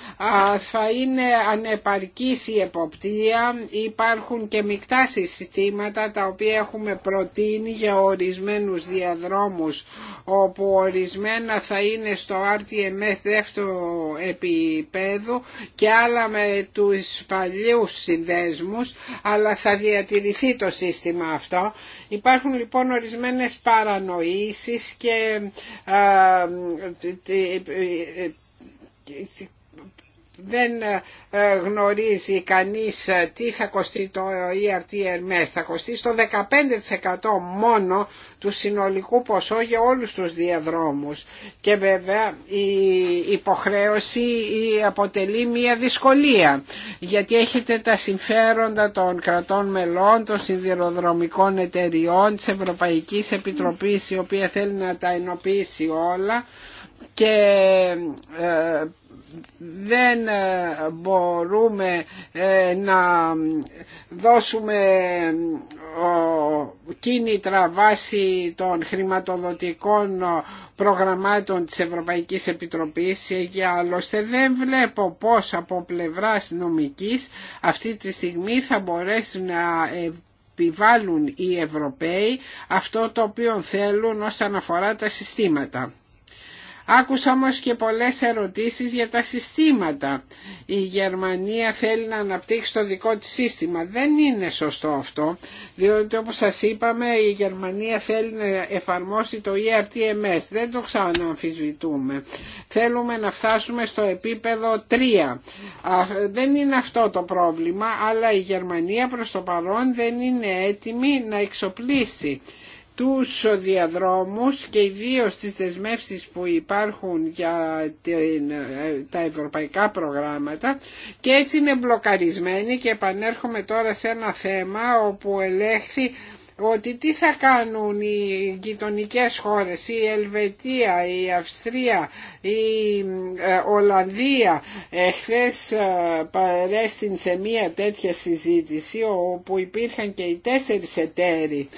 θα είναι ανεπαρκής η εποπτεία. Υπάρχουν και μεικτά συστήματα τα οποία έχουμε προτείνει για ορισμό ορισμένους διαδρόμους όπου ορισμένα θα είναι στο RTMS δεύτερο επίπεδο και άλλα με τους παλιούς συνδέσμους αλλά θα διατηρηθεί το σύστημα αυτό. Υπάρχουν λοιπόν ορισμένες παρανοήσεις και δεν ε, ε, γνωρίζει κανείς ε, τι θα κοστεί το e ERTMS. Θα κοστεί στο 15% μόνο του συνολικού ποσό για όλους τους διαδρόμους. Και βέβαια η υποχρέωση αποτελεί μια δυσκολία γιατί έχετε τα συμφέροντα των κρατών μελών, των σιδηροδρομικών εταιριών, της Ευρωπαϊκής Επιτροπής η οποία θέλει να τα ενοποιήσει όλα και δεν ε, μπορούμε ε, να δώσουμε ε, κίνητρα βάση των χρηματοδοτικών προγραμμάτων της Ευρωπαϊκής Επιτροπής και άλλωστε δεν βλέπω πώς από πλευράς νομικής αυτή τη στιγμή θα μπορέσουν να επιβάλλουν οι Ευρωπαίοι αυτό το οποίο θέλουν όσον αφορά τα συστήματα. Άκουσα όμως και πολλές ερωτήσεις για τα συστήματα. Η Γερμανία θέλει να αναπτύξει το δικό της σύστημα. Δεν είναι σωστό αυτό, διότι όπως σας είπαμε η Γερμανία θέλει να εφαρμόσει το ERTMS. Δεν το ξανααμφισβητούμε. Θέλουμε να φτάσουμε στο επίπεδο 3. Δεν είναι αυτό το πρόβλημα, αλλά η Γερμανία προς το παρόν δεν είναι έτοιμη να εξοπλίσει τους διαδρόμους και ιδίως τις δεσμεύσεις που υπάρχουν για τα ευρωπαϊκά προγράμματα και έτσι είναι μπλοκαρισμένοι και επανέρχομαι τώρα σε ένα θέμα όπου ελέγχθη ότι τι θα κάνουν οι γειτονικέ χώρες, η Ελβετία, η Αυστρία, η ε, Ολλανδία. Εχθές ε, παρέστην σε μία τέτοια συζήτηση όπου υπήρχαν και οι τέσσερις εταίροι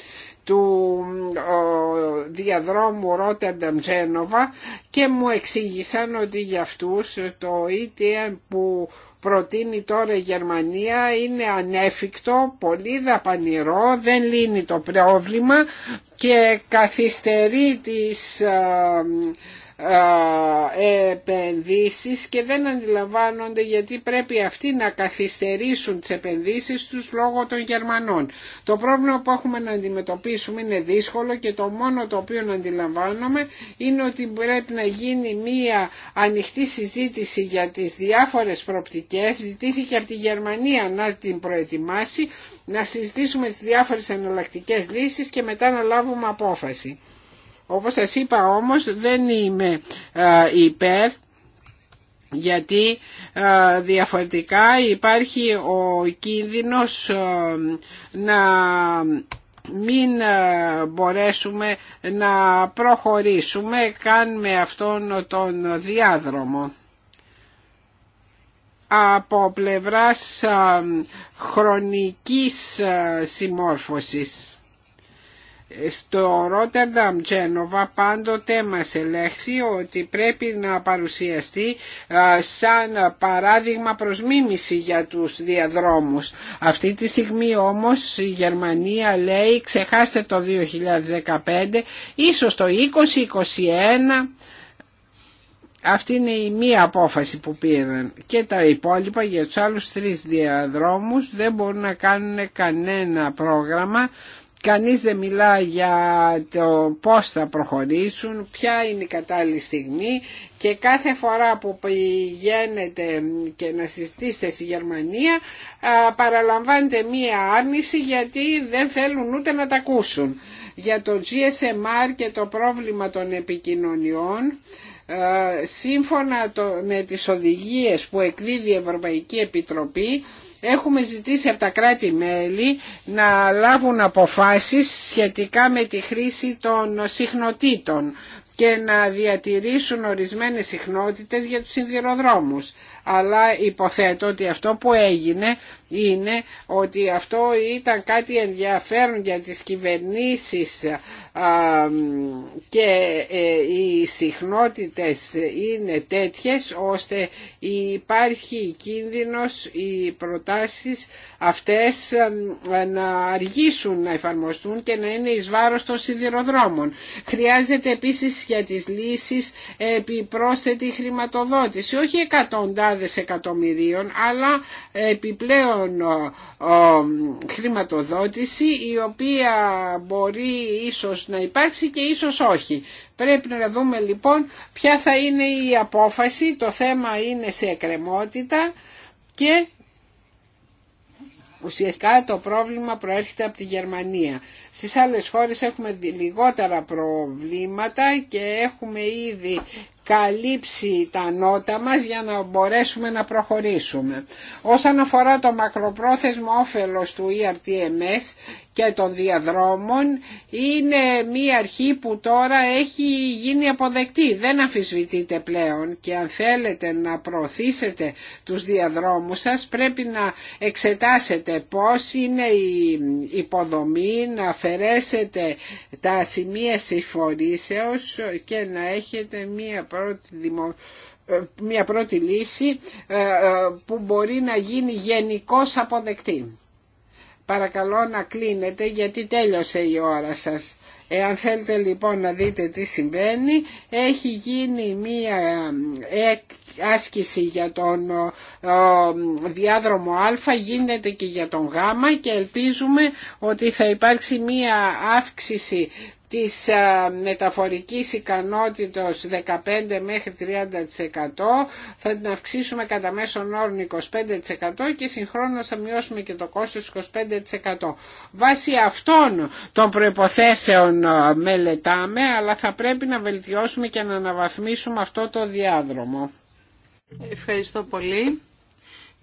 του διαδρόμου Ρότερνταμ Τζένοβα και μου εξήγησαν ότι για αυτούς το ETM που προτείνει τώρα η Γερμανία είναι ανέφικτο, πολύ δαπανηρό, δεν λύνει το πρόβλημα και καθυστερεί τις ε, επενδύσεις και δεν αντιλαμβάνονται γιατί πρέπει αυτοί να καθυστερήσουν τις επενδύσεις τους λόγω των Γερμανών. Το πρόβλημα που έχουμε να αντιμετωπίσουμε είναι δύσκολο και το μόνο το οποίο αντιλαμβάνομαι είναι ότι πρέπει να γίνει μία ανοιχτή συζήτηση για τις διάφορες προπτικές. Ζητήθηκε από τη Γερμανία να την προετοιμάσει, να συζητήσουμε τις διάφορες εναλλακτικέ λύσεις και μετά να λάβουμε απόφαση. Όπως σας είπα όμως δεν είμαι ε, υπέρ γιατί ε, διαφορετικά υπάρχει ο κίνδυνος ε, να μην μπορέσουμε να προχωρήσουμε καν με αυτόν τον διάδρομο. Από πλευράς χρονικής συμμόρφωσης. Στο Ρότερνταμ Τζένοβα πάντοτε μας ελέγχθη ότι πρέπει να παρουσιαστεί σαν παράδειγμα προς μίμηση για τους διαδρόμους. Αυτή τη στιγμή όμως η Γερμανία λέει ξεχάστε το 2015, ίσως το 2021... Αυτή είναι η μία απόφαση που πήραν και τα υπόλοιπα για τους άλλους τρεις διαδρόμους δεν μπορούν να κάνουν κανένα πρόγραμμα Κανείς δεν μιλά για το πώς θα προχωρήσουν, ποια είναι η κατάλληλη στιγμή και κάθε φορά που πηγαίνετε και να συστήσετε στη Γερμανία παραλαμβάνετε μία άρνηση γιατί δεν θέλουν ούτε να τα ακούσουν. Για το GSMR και το πρόβλημα των επικοινωνιών, σύμφωνα με τις οδηγίες που εκδίδει η Ευρωπαϊκή Επιτροπή, Έχουμε ζητήσει από τα κράτη-μέλη να λάβουν αποφάσεις σχετικά με τη χρήση των συχνοτήτων και να διατηρήσουν ορισμένες συχνότητες για τους σιδηροδρόμους. Αλλά υποθέτω ότι αυτό που έγινε είναι ότι αυτό ήταν κάτι ενδιαφέρον για τις κυβερνήσεις και ε, οι συχνότητες είναι τέτοιες ώστε υπάρχει κίνδυνος οι προτάσεις αυτές να αργήσουν να εφαρμοστούν και να είναι εις βάρος των σιδηροδρόμων. Χρειάζεται επίσης για τις λύσεις επιπρόσθετη χρηματοδότηση, όχι εκατοντάδες εκατομμυρίων αλλά επιπλέον Λοιπόν, χρηματοδότηση η οποία μπορεί ίσως να υπάρξει και ίσως όχι. Πρέπει να δούμε λοιπόν ποια θα είναι η απόφαση, το θέμα είναι σε εκκρεμότητα και Ουσιαστικά το πρόβλημα προέρχεται από τη Γερμανία. Στις άλλες χώρες έχουμε λιγότερα προβλήματα και έχουμε ήδη καλύψει τα νότα μας για να μπορέσουμε να προχωρήσουμε. Όσον αφορά το μακροπρόθεσμο όφελος του ERTMS και των διαδρόμων είναι μία αρχή που τώρα έχει γίνει αποδεκτή. Δεν αμφισβητείτε πλέον και αν θέλετε να προωθήσετε τους διαδρόμους σας πρέπει να εξετάσετε πώς είναι η υποδομή, να αφαιρέσετε τα σημεία συμφορήσεως και να έχετε μία πρώτη δημοσιογραφία ε, μια πρωτη μια λύση ε, ε, που μπορεί να γίνει γενικώς αποδεκτή. Παρακαλώ να κλείνετε γιατί τέλειωσε η ώρα σας. Εάν θέλετε λοιπόν να δείτε τι συμβαίνει, έχει γίνει μία ε, άσκηση για τον διάδρομο Α, γίνεται και για τον Γ και ελπίζουμε ότι θα υπάρξει μία αύξηση της ε, μεταφορικής ικανότητας 15 μέχρι 30% θα την αυξήσουμε κατά μέσον όρων 25% και συγχρόνως θα μειώσουμε και το κόστος 25%. Βάσει αυτών των προϋποθέσεων ε, μελετάμε αλλά θα πρέπει να βελτιώσουμε και να αναβαθμίσουμε αυτό το διάδρομο. Ευχαριστώ πολύ.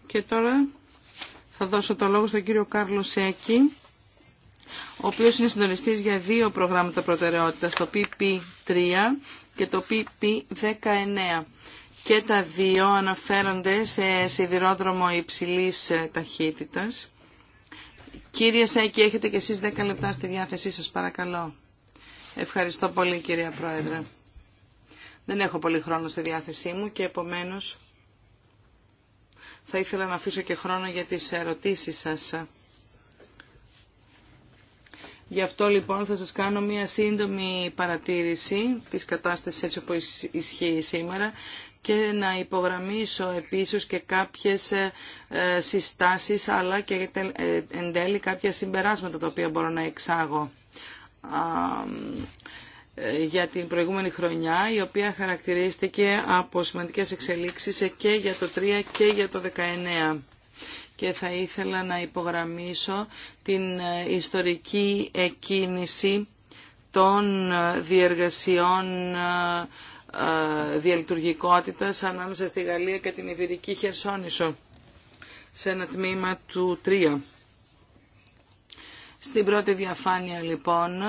Και τώρα θα δώσω το λόγο στον κύριο Κάρλο Σέκη ο οποίος είναι συντονιστής για δύο προγράμματα προτεραιότητας, το PP3 και το PP19. Και τα δύο αναφέρονται σε σιδηρόδρομο υψηλής ε, ταχύτητας. Κύριε Σέκη, έχετε και εσείς 10 λεπτά στη διάθεσή σας, παρακαλώ. Ευχαριστώ πολύ, κυρία Πρόεδρε. Δεν έχω πολύ χρόνο στη διάθεσή μου και επομένως θα ήθελα να αφήσω και χρόνο για τις ερωτήσεις σας. Γι' αυτό λοιπόν θα σας κάνω μια σύντομη παρατήρηση της κατάστασης έτσι όπως ισχύει σήμερα και να υπογραμμίσω επίσης και κάποιες ε, ε, συστάσεις αλλά και ε, εν τέλει κάποια συμπεράσματα τα οποία μπορώ να εξάγω για την προηγούμενη χρονιά η οποία χαρακτηρίστηκε από σημαντικές εξελίξεις και για το 3 και για το 19 και θα ήθελα να υπογραμμίσω την ε, ιστορική εκκίνηση των ε, διεργασιών ε, διαλειτουργικότητας ανάμεσα στη Γαλλία και την Ιβηρική Χερσόνησο σε ένα τμήμα του 3. Στην πρώτη διαφάνεια λοιπόν,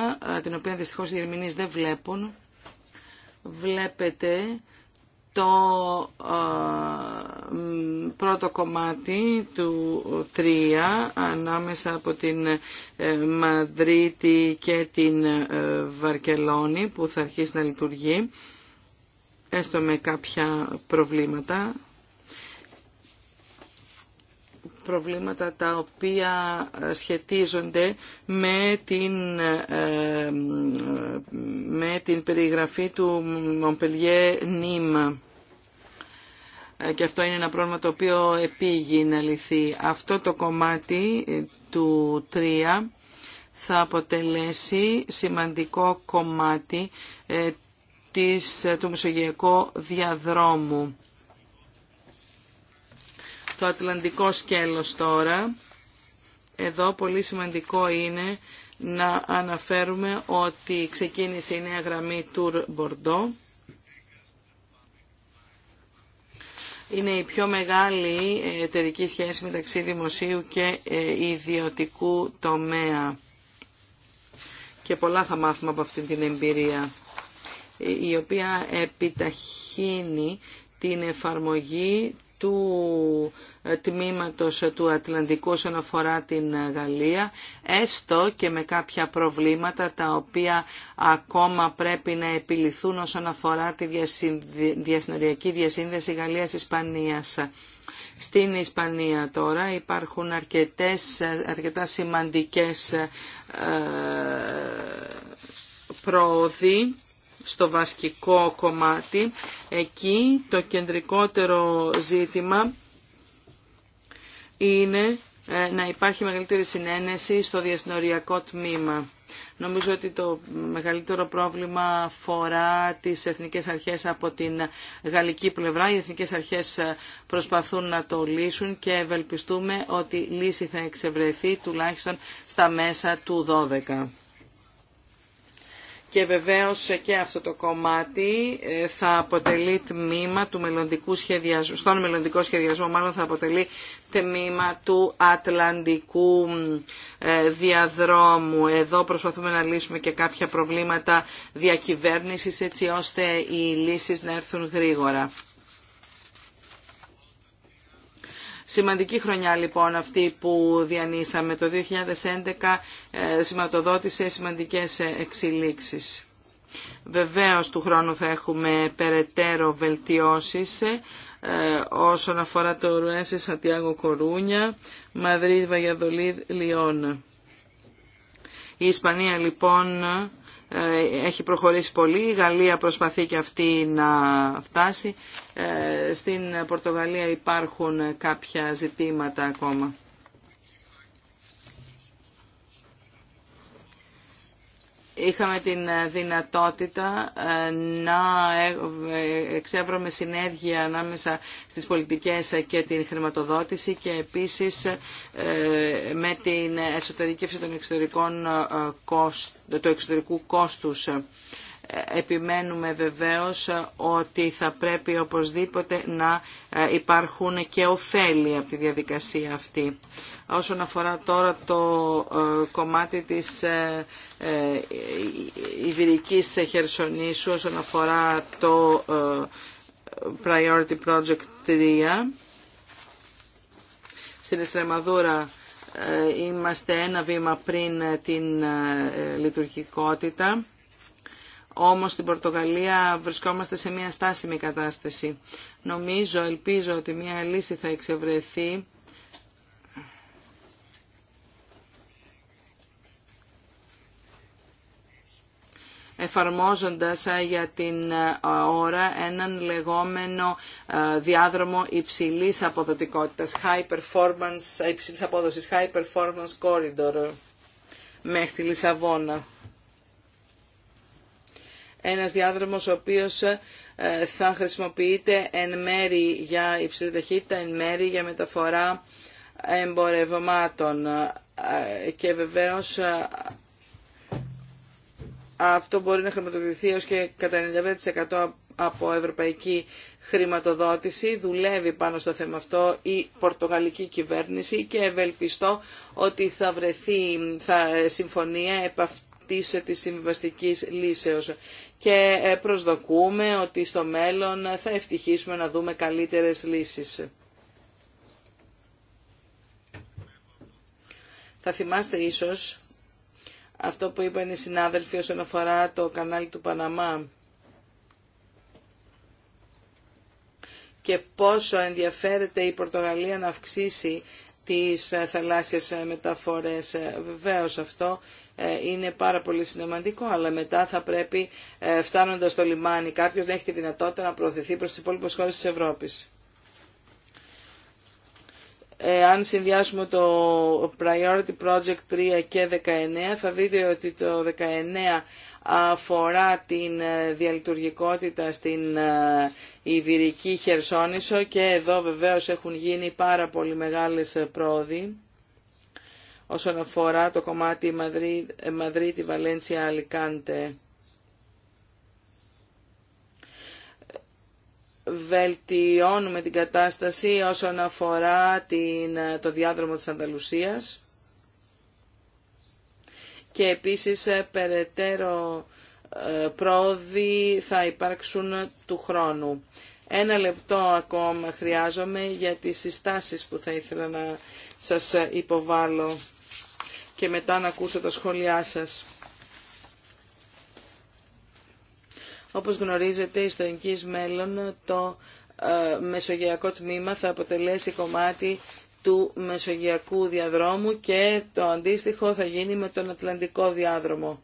την οποία δυστυχώς οι ερμηνείς δεν βλέπουν, βλέπετε το ε, πρώτο κομμάτι του 3 ανάμεσα από την ε, Μαδρίτη και την ε, Βαρκελόνη που θα αρχίσει να λειτουργεί έστω με κάποια προβλήματα προβλήματα τα οποία σχετίζονται με την, με την περιγραφή του Μομπελιέ Νίμα. Ε, και αυτό είναι ένα πρόβλημα το οποίο επήγει να λυθεί. Αυτό το κομμάτι ε, του 3 θα αποτελέσει σημαντικό κομμάτι ε, της, του μεσογειακού διαδρόμου. Το ατλαντικό σκέλος τώρα, εδώ πολύ σημαντικό είναι να αναφέρουμε ότι ξεκίνησε η νέα γραμμή Tour Bordeaux είναι η πιο μεγάλη εταιρική σχέση μεταξύ δημοσίου και ε, ιδιωτικού τομέα. Και πολλά θα μάθουμε από αυτή την εμπειρία, ε, η οποία επιταχύνει την εφαρμογή του ε, τμήματος του Ατλαντικού όσον αφορά την ε, Γαλλία, έστω και με κάποια προβλήματα τα οποία ακόμα πρέπει να επιληθούν όσον αφορά τη διασυνοριακή διασύνδεση Γαλλίας-Ισπανίας. Στην Ισπανία τώρα υπάρχουν αρκετές, ε, αρκετά σημαντικές ε, πρόοδοι στο βασικό κομμάτι. Εκεί το κεντρικότερο ζήτημα είναι ε, να υπάρχει μεγαλύτερη συνένεση στο διασυνοριακό τμήμα. Νομίζω ότι το μεγαλύτερο πρόβλημα αφορά τις εθνικές αρχές από την γαλλική πλευρά. Οι εθνικές αρχές προσπαθούν να το λύσουν και ευελπιστούμε ότι λύση θα εξευρεθεί τουλάχιστον στα μέσα του 12 και βεβαίως και αυτό το κομμάτι ε, θα αποτελεί τμήμα του μελλοντικού σχεδιασμού, στον μελλοντικό σχεδιασμό μάλλον θα αποτελεί τμήμα του Ατλαντικού ε, διαδρόμου. Εδώ προσπαθούμε να λύσουμε και κάποια προβλήματα διακυβέρνησης έτσι ώστε οι λύσεις να έρθουν γρήγορα. Σημαντική χρονιά λοιπόν αυτή που διανύσαμε. Το 2011 ε, σηματοδότησε σημαντικές ε, εξελίξεις. Βεβαίως του χρόνου θα έχουμε περαιτέρω βελτιώσεις ε, όσον αφορά το Ρουένσε Σαντιάγο Κορούνια, Μαδρίδ, Βαγιαδολίδ, Λιόν. Η Ισπανία λοιπόν ε, έχει προχωρήσει πολύ. Η Γαλλία προσπαθεί και αυτή να φτάσει. Ε, στην Πορτογαλία υπάρχουν κάποια ζητήματα ακόμα. είχαμε την ε, δυνατότητα ε, να ε, εξεύρουμε συνέργεια ανάμεσα στις πολιτικές και την χρηματοδότηση και επίσης με την εσωτερική των εξωτερικών του εξωτερικού κόστους επιμένουμε βεβαίως ότι θα πρέπει οπωσδήποτε να ε, υπάρχουν και ωφέλη από τη διαδικασία αυτή. Όσον αφορά τώρα το ε, κομμάτι της ε, Ιβηρικής Χερσονήσου, όσον αφορά το Priority Project 3, στην Εστρεμαδούρα είμαστε ένα βήμα πριν την λειτουργικότητα. Όμως στην Πορτογαλία βρισκόμαστε σε μια στάσιμη κατάσταση. Νομίζω, ελπίζω ότι μια λύση θα εξευρεθεί εφαρμόζοντας ε, για την ε, ώρα έναν λεγόμενο ε, διάδρομο υψηλής αποδοτικότητας, high performance, υψηλής απόδοσης, high performance corridor μέχρι τη Λισαβόνα ένας διάδρομος ο οποίος ε, θα χρησιμοποιείται εν μέρη για υψηλή ταχύτητα, εν μέρη για μεταφορά εμπορευμάτων ε, και βεβαίως ε, αυτό μπορεί να χρηματοδοτηθεί ως και κατά 95% από ευρωπαϊκή χρηματοδότηση. Δουλεύει πάνω στο θέμα αυτό η πορτογαλική κυβέρνηση και ευελπιστώ ότι θα βρεθεί θα συμφωνία επ' αυτή της συμβιβαστικής λύσεως και ε, προσδοκούμε ότι στο μέλλον θα ευτυχίσουμε να δούμε καλύτερες λύσεις. Θα θυμάστε ίσως αυτό που είπαν οι συνάδελφοι όσον αφορά το κανάλι του Παναμά και πόσο ενδιαφέρεται η Πορτογαλία να αυξήσει τις ε, θαλάσσιες ε, μεταφορές. Βεβαίως αυτό ε, είναι πάρα πολύ σημαντικό, αλλά μετά θα πρέπει ε, φτάνοντας στο λιμάνι κάποιος να έχει τη δυνατότητα να προωθηθεί προς τις υπόλοιπες χώρες της Ευρώπης. Ε, αν συνδυάσουμε το Priority Project 3 και 19 θα δείτε ότι το 19 αφορά την διαλειτουργικότητα στην Ιβυρική Χερσόνησο και εδώ βεβαίως έχουν γίνει πάρα πολύ μεγάλες πρόοδοι όσον αφορά το κομμάτι Μαδρίτη, Βαλένσια, Αλικάντε. Βελτιώνουμε την κατάσταση όσον αφορά την, το διάδρομο της Ανταλουσίας και επίσης ε, περαιτέρω ε, πρόοδοι θα υπάρξουν του χρόνου. Ένα λεπτό ακόμα χρειάζομαι για τις συστάσεις που θα ήθελα να σας ε, υποβάλω και μετά να ακούσω τα σχόλιά σας. Όπως γνωρίζετε, στο εγγύς μέλλον το ε, μεσογειακό τμήμα θα αποτελέσει κομμάτι του μεσογειακού διαδρόμου και το αντίστοιχο θα γίνει με τον Ατλαντικό διάδρομο.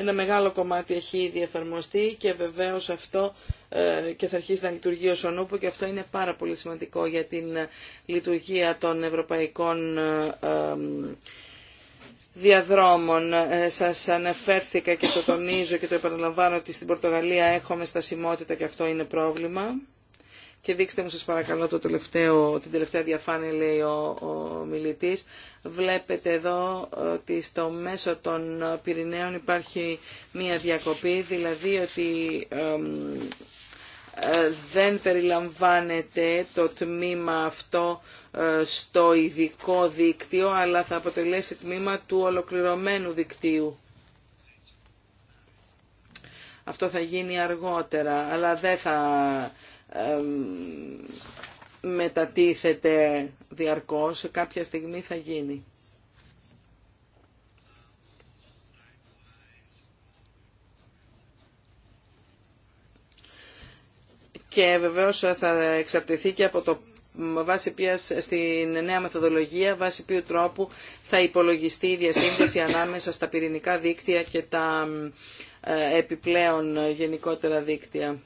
Ένα μεγάλο κομμάτι έχει ήδη εφαρμοστεί και βεβαίως αυτό ε, και θα αρχίσει να λειτουργεί ο ονούπο και αυτό είναι πάρα πολύ σημαντικό για την ε, λειτουργία των ευρωπαϊκών ε, διαδρόμων. Σας αναφέρθηκα και το τονίζω και το επαναλαμβάνω ότι στην Πορτογαλία έχουμε στασιμότητα και αυτό είναι πρόβλημα. Και δείξτε μου σας παρακαλώ το τελευταίο, την τελευταία διαφάνεια λέει ο, ο Βλέπετε εδώ ότι στο μέσο των Πυρηναίων υπάρχει μία διακοπή, δηλαδή ότι ε, δεν περιλαμβάνεται το τμήμα αυτό ε, στο ειδικό δίκτυο, αλλά θα αποτελέσει τμήμα του ολοκληρωμένου δικτύου. Αυτό θα γίνει αργότερα, αλλά δεν θα μετατίθεται διαρκώς, κάποια στιγμή θα γίνει. Και βεβαίως θα εξαρτηθεί και από το βάσει ποιας, στην νέα μεθοδολογία, βάσει ποιου τρόπου θα υπολογιστεί η διασύνδεση ανάμεσα στα πυρηνικά δίκτυα και τα ε, επιπλέον γενικότερα δίκτυα.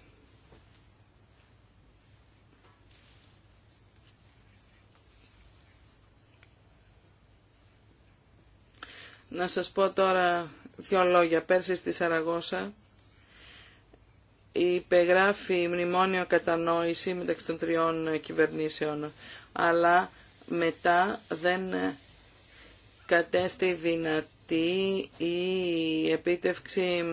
Να σας πω τώρα δύο λόγια. Πέρσι στη Σαραγώσα υπεγράφει μνημόνιο κατανόηση μεταξύ των τριών κυβερνήσεων, αλλά μετά δεν κατέστη δυνατή η επίτευξη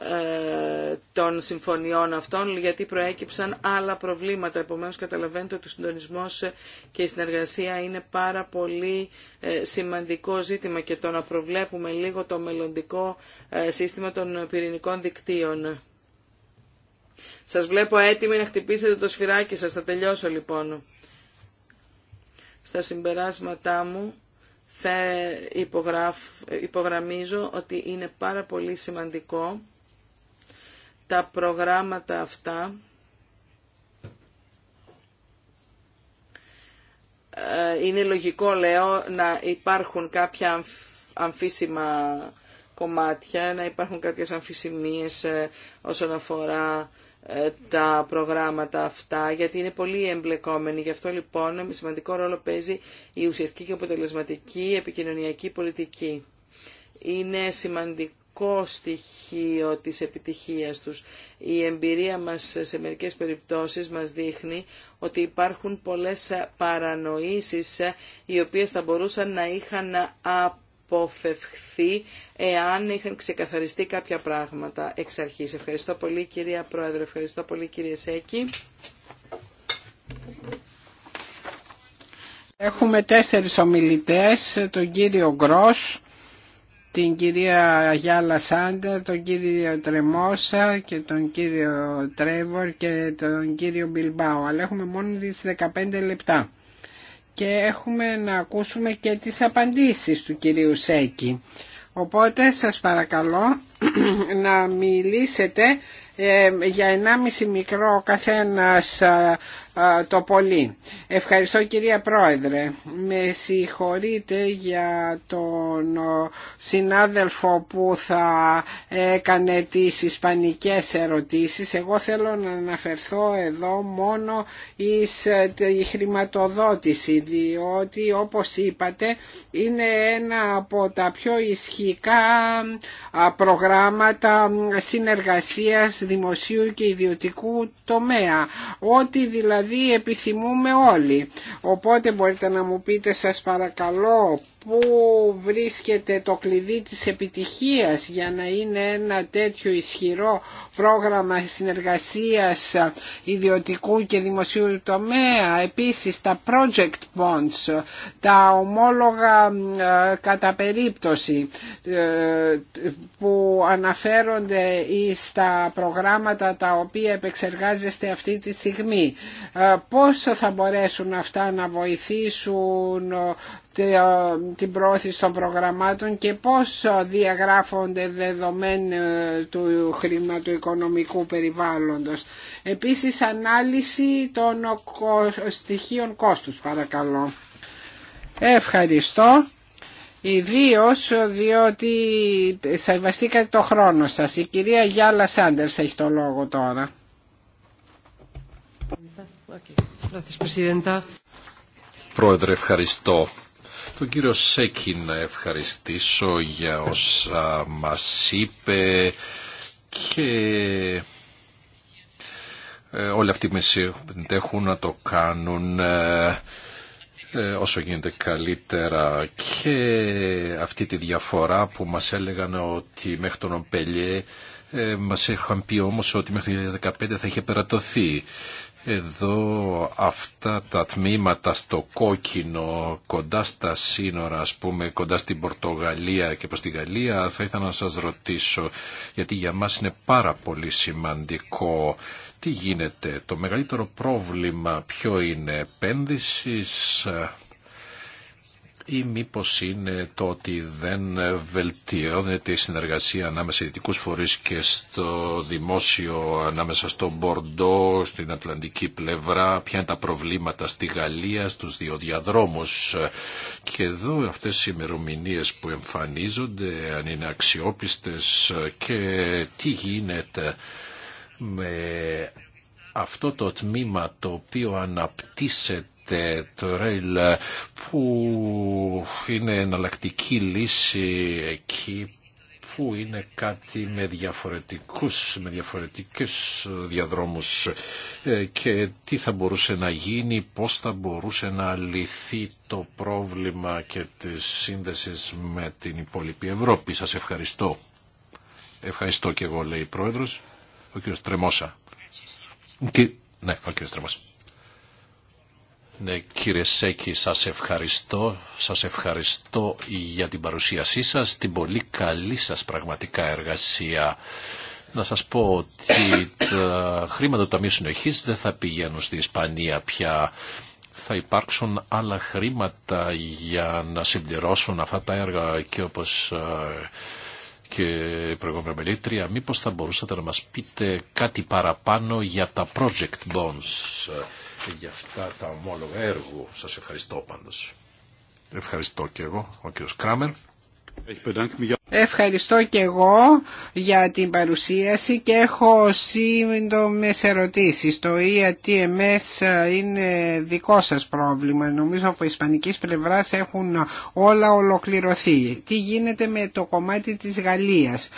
ε, των συμφωνιών αυτών γιατί προέκυψαν άλλα προβλήματα. Επομένως καταλαβαίνετε ότι ο συντονισμός και η συνεργασία είναι πάρα πολύ ε, σημαντικό ζήτημα και το να προβλέπουμε λίγο το μελλοντικό ε, σύστημα των πυρηνικών δικτύων. Σας βλέπω έτοιμοι να χτυπήσετε το σφυράκι σας. Θα τελειώσω λοιπόν. Στα συμπεράσματά μου θα υπογραμμίζω ότι είναι πάρα πολύ σημαντικό τα προγράμματα αυτά ε, είναι λογικό λέω να υπάρχουν κάποια αμφίσιμα κομμάτια, να υπάρχουν κάποιες αμφισημίες ε, όσον αφορά ε, τα προγράμματα αυτά, γιατί είναι πολύ εμπλεκόμενοι. Γι' αυτό λοιπόν σημαντικό ρόλο παίζει η ουσιαστική και αποτελεσματική επικοινωνιακή πολιτική. Είναι σημαντικό στοιχείο της επιτυχίας τους. Η εμπειρία μας σε μερικές περιπτώσεις μας δείχνει ότι υπάρχουν πολλές παρανοήσεις οι οποίες θα μπορούσαν να είχαν αποφευχθεί εάν είχαν ξεκαθαριστεί κάποια πράγματα εξ αρχής. Ευχαριστώ πολύ κυρία Πρόεδρε, ευχαριστώ πολύ κύριε Σέκη. Έχουμε τέσσερις ομιλητές, τον κύριο Γκρός, την κυρία Γιάλα Σάντερ, τον κύριο Τρεμόσα και τον κύριο Τρέβορ και τον κύριο Μπιλμπάου. Αλλά έχουμε μόνο τις 15 λεπτά. Και έχουμε να ακούσουμε και τις απαντήσεις του κυρίου Σέκη. Οπότε σας παρακαλώ να μιλήσετε ε, για 1,5 μικρό καθένας το πολύ. Ευχαριστώ κυρία Πρόεδρε. Με συγχωρείτε για τον συνάδελφο που θα έκανε τις ισπανικές ερωτήσεις. Εγώ θέλω να αναφερθώ εδώ μόνο εις ε, τη χρηματοδότηση διότι όπως είπατε είναι ένα από τα πιο ισχυκά προγράμματα συνεργασίας δημοσίου και ιδιωτικού τομέα. Ό,τι δηλαδή δηλαδή επιθυμούμε όλοι. Οπότε μπορείτε να μου πείτε σας παρακαλώ πού βρίσκεται το κλειδί της επιτυχίας για να είναι ένα τέτοιο ισχυρό πρόγραμμα συνεργασίας ιδιωτικού και δημοσίου τομέα. Επίσης τα project bonds, τα ομόλογα ε, κατά περίπτωση ε, που αναφέρονται στα προγράμματα τα οποία επεξεργάζεστε αυτή τη στιγμή. Ε, Πώς θα μπορέσουν αυτά να βοηθήσουν την πρόθεση των προγραμμάτων και πώς διαγράφονται δεδομένα του χρηματοοικονομικού περιβάλλοντος. Επίσης ανάλυση των στοιχείων κόστους παρακαλώ. Ευχαριστώ. Ιδίω διότι σεβαστήκατε το χρόνο σας. Η κυρία Γιάλα Σάντερς έχει το λόγο τώρα. Πρόεδρε, ευχαριστώ. Τον κύριο Σέκη να ευχαριστήσω για όσα μας είπε και ε, όλοι αυτοί που έχουν να το κάνουν ε, ε, όσο γίνεται καλύτερα και αυτή τη διαφορά που μας έλεγαν ότι μέχρι τον Ομπελιέ μας είχαν πει όμως ότι μέχρι το 2015 θα είχε περατωθεί. Εδώ αυτά τα τμήματα στο κόκκινο κοντά στα σύνορα, ας πούμε, κοντά στην Πορτογαλία και προς τη Γαλλία, θα ήθελα να σας ρωτήσω, γιατί για μας είναι πάρα πολύ σημαντικό τι γίνεται. Το μεγαλύτερο πρόβλημα ποιο είναι, επένδυσης, ή μήπως είναι το ότι δεν βελτιώνεται η συνεργασία ανάμεσα σε ειδικούς φορείς και στο δημόσιο, ανάμεσα στο Μπορντό, στην Ατλαντική πλευρά, ποια είναι τα προβλήματα στη Γαλλία, στους δύο διαδρόμους. Και εδώ αυτές οι ημερομηνίε που εμφανίζονται, αν είναι αξιόπιστες και τι γίνεται με αυτό το τμήμα το οποίο αναπτύσσεται το rail που είναι εναλλακτική λύση εκεί που είναι κάτι με διαφορετικούς, με διαφορετικούς διαδρόμους ε, και τι θα μπορούσε να γίνει, πώς θα μπορούσε να λυθεί το πρόβλημα και τη σύνδεσης με την υπόλοιπη Ευρώπη. Σας ευχαριστώ. Ευχαριστώ και εγώ, λέει η Πρόεδρος, ο κ. Τρεμόσα. Ναι, ο κ. Τρεμόσα. Ναι, κύριε Σέκη, σας ευχαριστώ. Σας ευχαριστώ για την παρουσίασή σας, την πολύ καλή σας πραγματικά εργασία. Να σας πω ότι τα χρήματα του Ταμείου Συνοχής δεν θα πηγαίνουν στη Ισπανία πια. Θα υπάρξουν άλλα χρήματα για να συμπληρώσουν αυτά τα έργα και όπως ε, και προηγούμενη μελήτρια, μήπως θα μπορούσατε να μας πείτε κάτι παραπάνω για τα project bonds για αυτά τα ομόλογα έργου. Σας ευχαριστώ πάντως. Ευχαριστώ και εγώ, ο κ. Κράμερ. Ευχαριστώ και εγώ για την παρουσίαση και έχω σύντομες ερωτήσεις. Το EATMS είναι δικό σας πρόβλημα. Νομίζω από Ισπανική πλευρά έχουν όλα ολοκληρωθεί. Τι γίνεται με το κομμάτι της Γαλλίας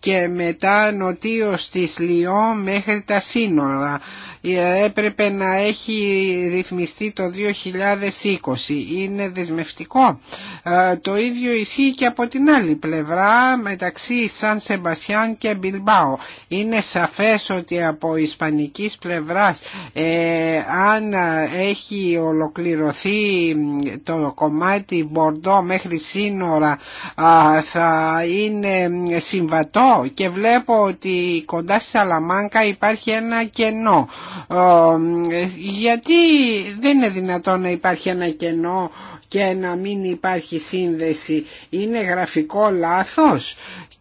και μετά νοτίως της Λιόν μέχρι τα σύνορα. Ε, έπρεπε να έχει ρυθμιστεί το 2020. Είναι δεσμευτικό. Ε, το ίδιο ισχύει και από την άλλη πλευρά μεταξύ Σαν Σεμπασιάν και Μπιλμπάου. Είναι σαφές ότι από ισπανικής πλευράς ε, αν έχει ολοκληρωθεί το κομμάτι Μπορντό μέχρι σύνορα θα είναι συμβατό και βλέπω ότι κοντά στη Σαλαμάνκα υπάρχει ένα κενό. Ε, γιατί δεν είναι δυνατόν να υπάρχει ένα κενό και να μην υπάρχει σύνδεση είναι γραφικό λάθος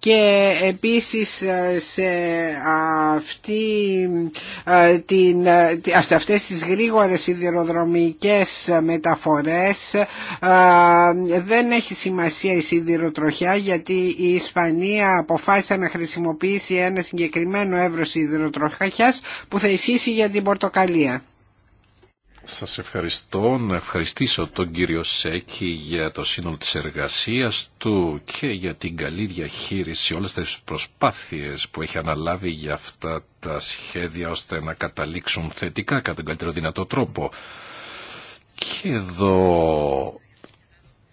και επίσης ε, σε, αυτή, ε, την, ε, σε αυτές τις γρήγορες σιδηροδρομικές μεταφορές δεν έχει σημασία η σιδηροτροχιά γιατί η Ισπανία αποφάσισε να χρησιμοποιήσει ένα συγκεκριμένο εύρος σιδηροτροχιάς που θα ισχύσει για την Πορτοκαλία. Σας ευχαριστώ. Να ευχαριστήσω τον κύριο Σέκη για το σύνολο της εργασίας του και για την καλή διαχείριση όλες τις προσπάθειες που έχει αναλάβει για αυτά τα σχέδια ώστε να καταλήξουν θετικά κατά τον καλύτερο δυνατό τρόπο. Και εδώ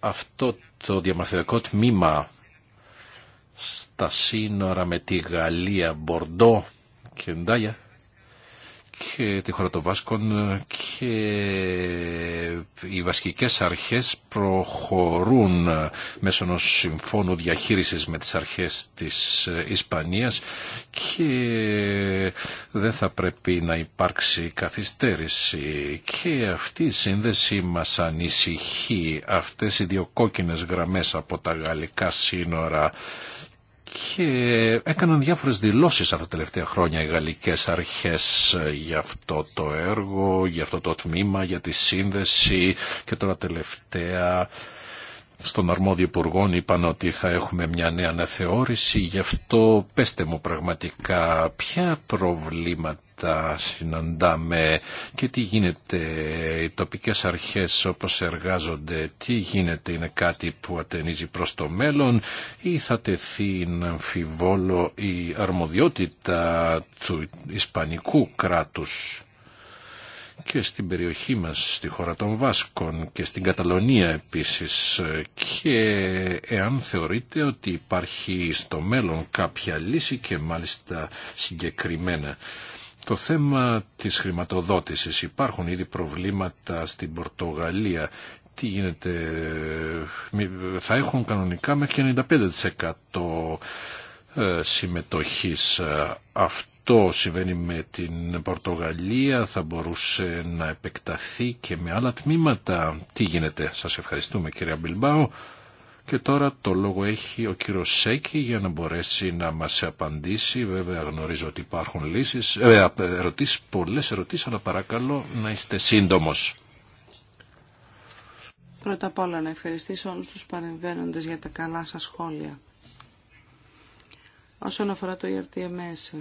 αυτό το διαμαρτυρικό τμήμα στα σύνορα με τη Γαλλία Μπορντό και Ντάγια και τη χώρα των Βάσκων και οι βασικές αρχές προχωρούν μέσω ενός συμφώνου διαχείρισης με τις αρχές της Ισπανίας και δεν θα πρέπει να υπάρξει καθυστέρηση και αυτή η σύνδεση μας ανησυχεί αυτές οι δύο κόκκινες γραμμές από τα γαλλικά σύνορα και έκαναν διάφορες δηλώσεις αυτά τα τελευταία χρόνια οι γαλλικές αρχές για αυτό το έργο, για αυτό το τμήμα, για τη σύνδεση και τώρα τελευταία στον αρμόδιο υπουργό είπαν ότι θα έχουμε μια νέα αναθεώρηση, γι' αυτό πέστε μου πραγματικά ποια προβλήματα τα συναντάμε και τι γίνεται, οι τοπικές αρχές όπως εργάζονται, τι γίνεται, είναι κάτι που ατενίζει προς το μέλλον ή θα τεθεί να αμφιβόλω η αρμοδιότητα του Ισπανικού κράτους και στην περιοχή μας, στη χώρα των Βάσκων και στην Καταλωνία επίσης και εάν θεωρείτε ότι υπάρχει στο μέλλον κάποια λύση και μάλιστα συγκεκριμένα. Το θέμα της χρηματοδότησης. Υπάρχουν ήδη προβλήματα στην Πορτογαλία. Τι γίνεται, θα έχουν κανονικά μέχρι 95% ε, συμμετοχής. Αυτό συμβαίνει με την Πορτογαλία, θα μπορούσε να επεκταθεί και με άλλα τμήματα. Τι γίνεται, σας ευχαριστούμε κυρία Μπιλμπάου. Και τώρα το λόγο έχει ο κύριος Σέκη για να μπορέσει να μας απαντήσει. Βέβαια γνωρίζω ότι υπάρχουν λύσεις, ε, ε, ερωτήσεις, πολλές ερωτήσεις, αλλά παρακαλώ να είστε σύντομος. Πρώτα απ' όλα να ευχαριστήσω όλους τους παρεμβαίνοντες για τα καλά σας σχόλια. Όσον αφορά το ERTMS,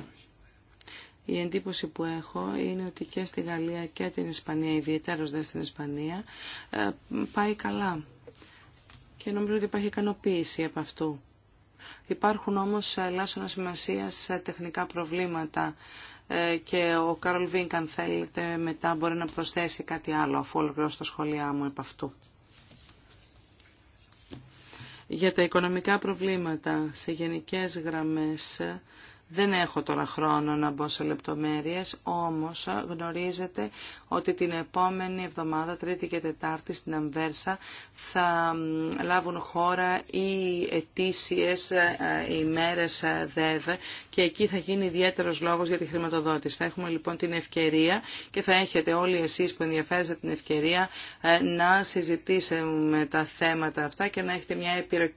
η εντύπωση που έχω είναι ότι και στη Γαλλία και την Ισπανία, ιδιαίτερα δε στην Ισπανία, ε, πάει καλά και νομίζω ότι υπάρχει ικανοποίηση από αυτού. Υπάρχουν όμως ελάσσονα σημασία τεχνικά προβλήματα ε, και ο Κάρολ Βίνκ αν θέλετε μετά μπορεί να προσθέσει κάτι άλλο αφού ολοκληρώσω τα σχόλιά μου από αυτού. Για τα οικονομικά προβλήματα σε γενικές γραμμές δεν έχω τώρα χρόνο να μπω σε λεπτομέρειες, όμως ε, γνωρίζετε ότι την επόμενη εβδομάδα, Τρίτη και Τετάρτη στην Αμβέρσα, θα λάβουν χώρα οι ετήσιες ε, ε, ημέρες ε, ΔΕΔ και εκεί θα γίνει ιδιαίτερο λόγος για τη χρηματοδότηση. Θα έχουμε λοιπόν την ευκαιρία και θα έχετε όλοι εσείς που ενδιαφέρεστε την ευκαιρία να συζητήσουμε τα θέματα αυτά και να έχετε μια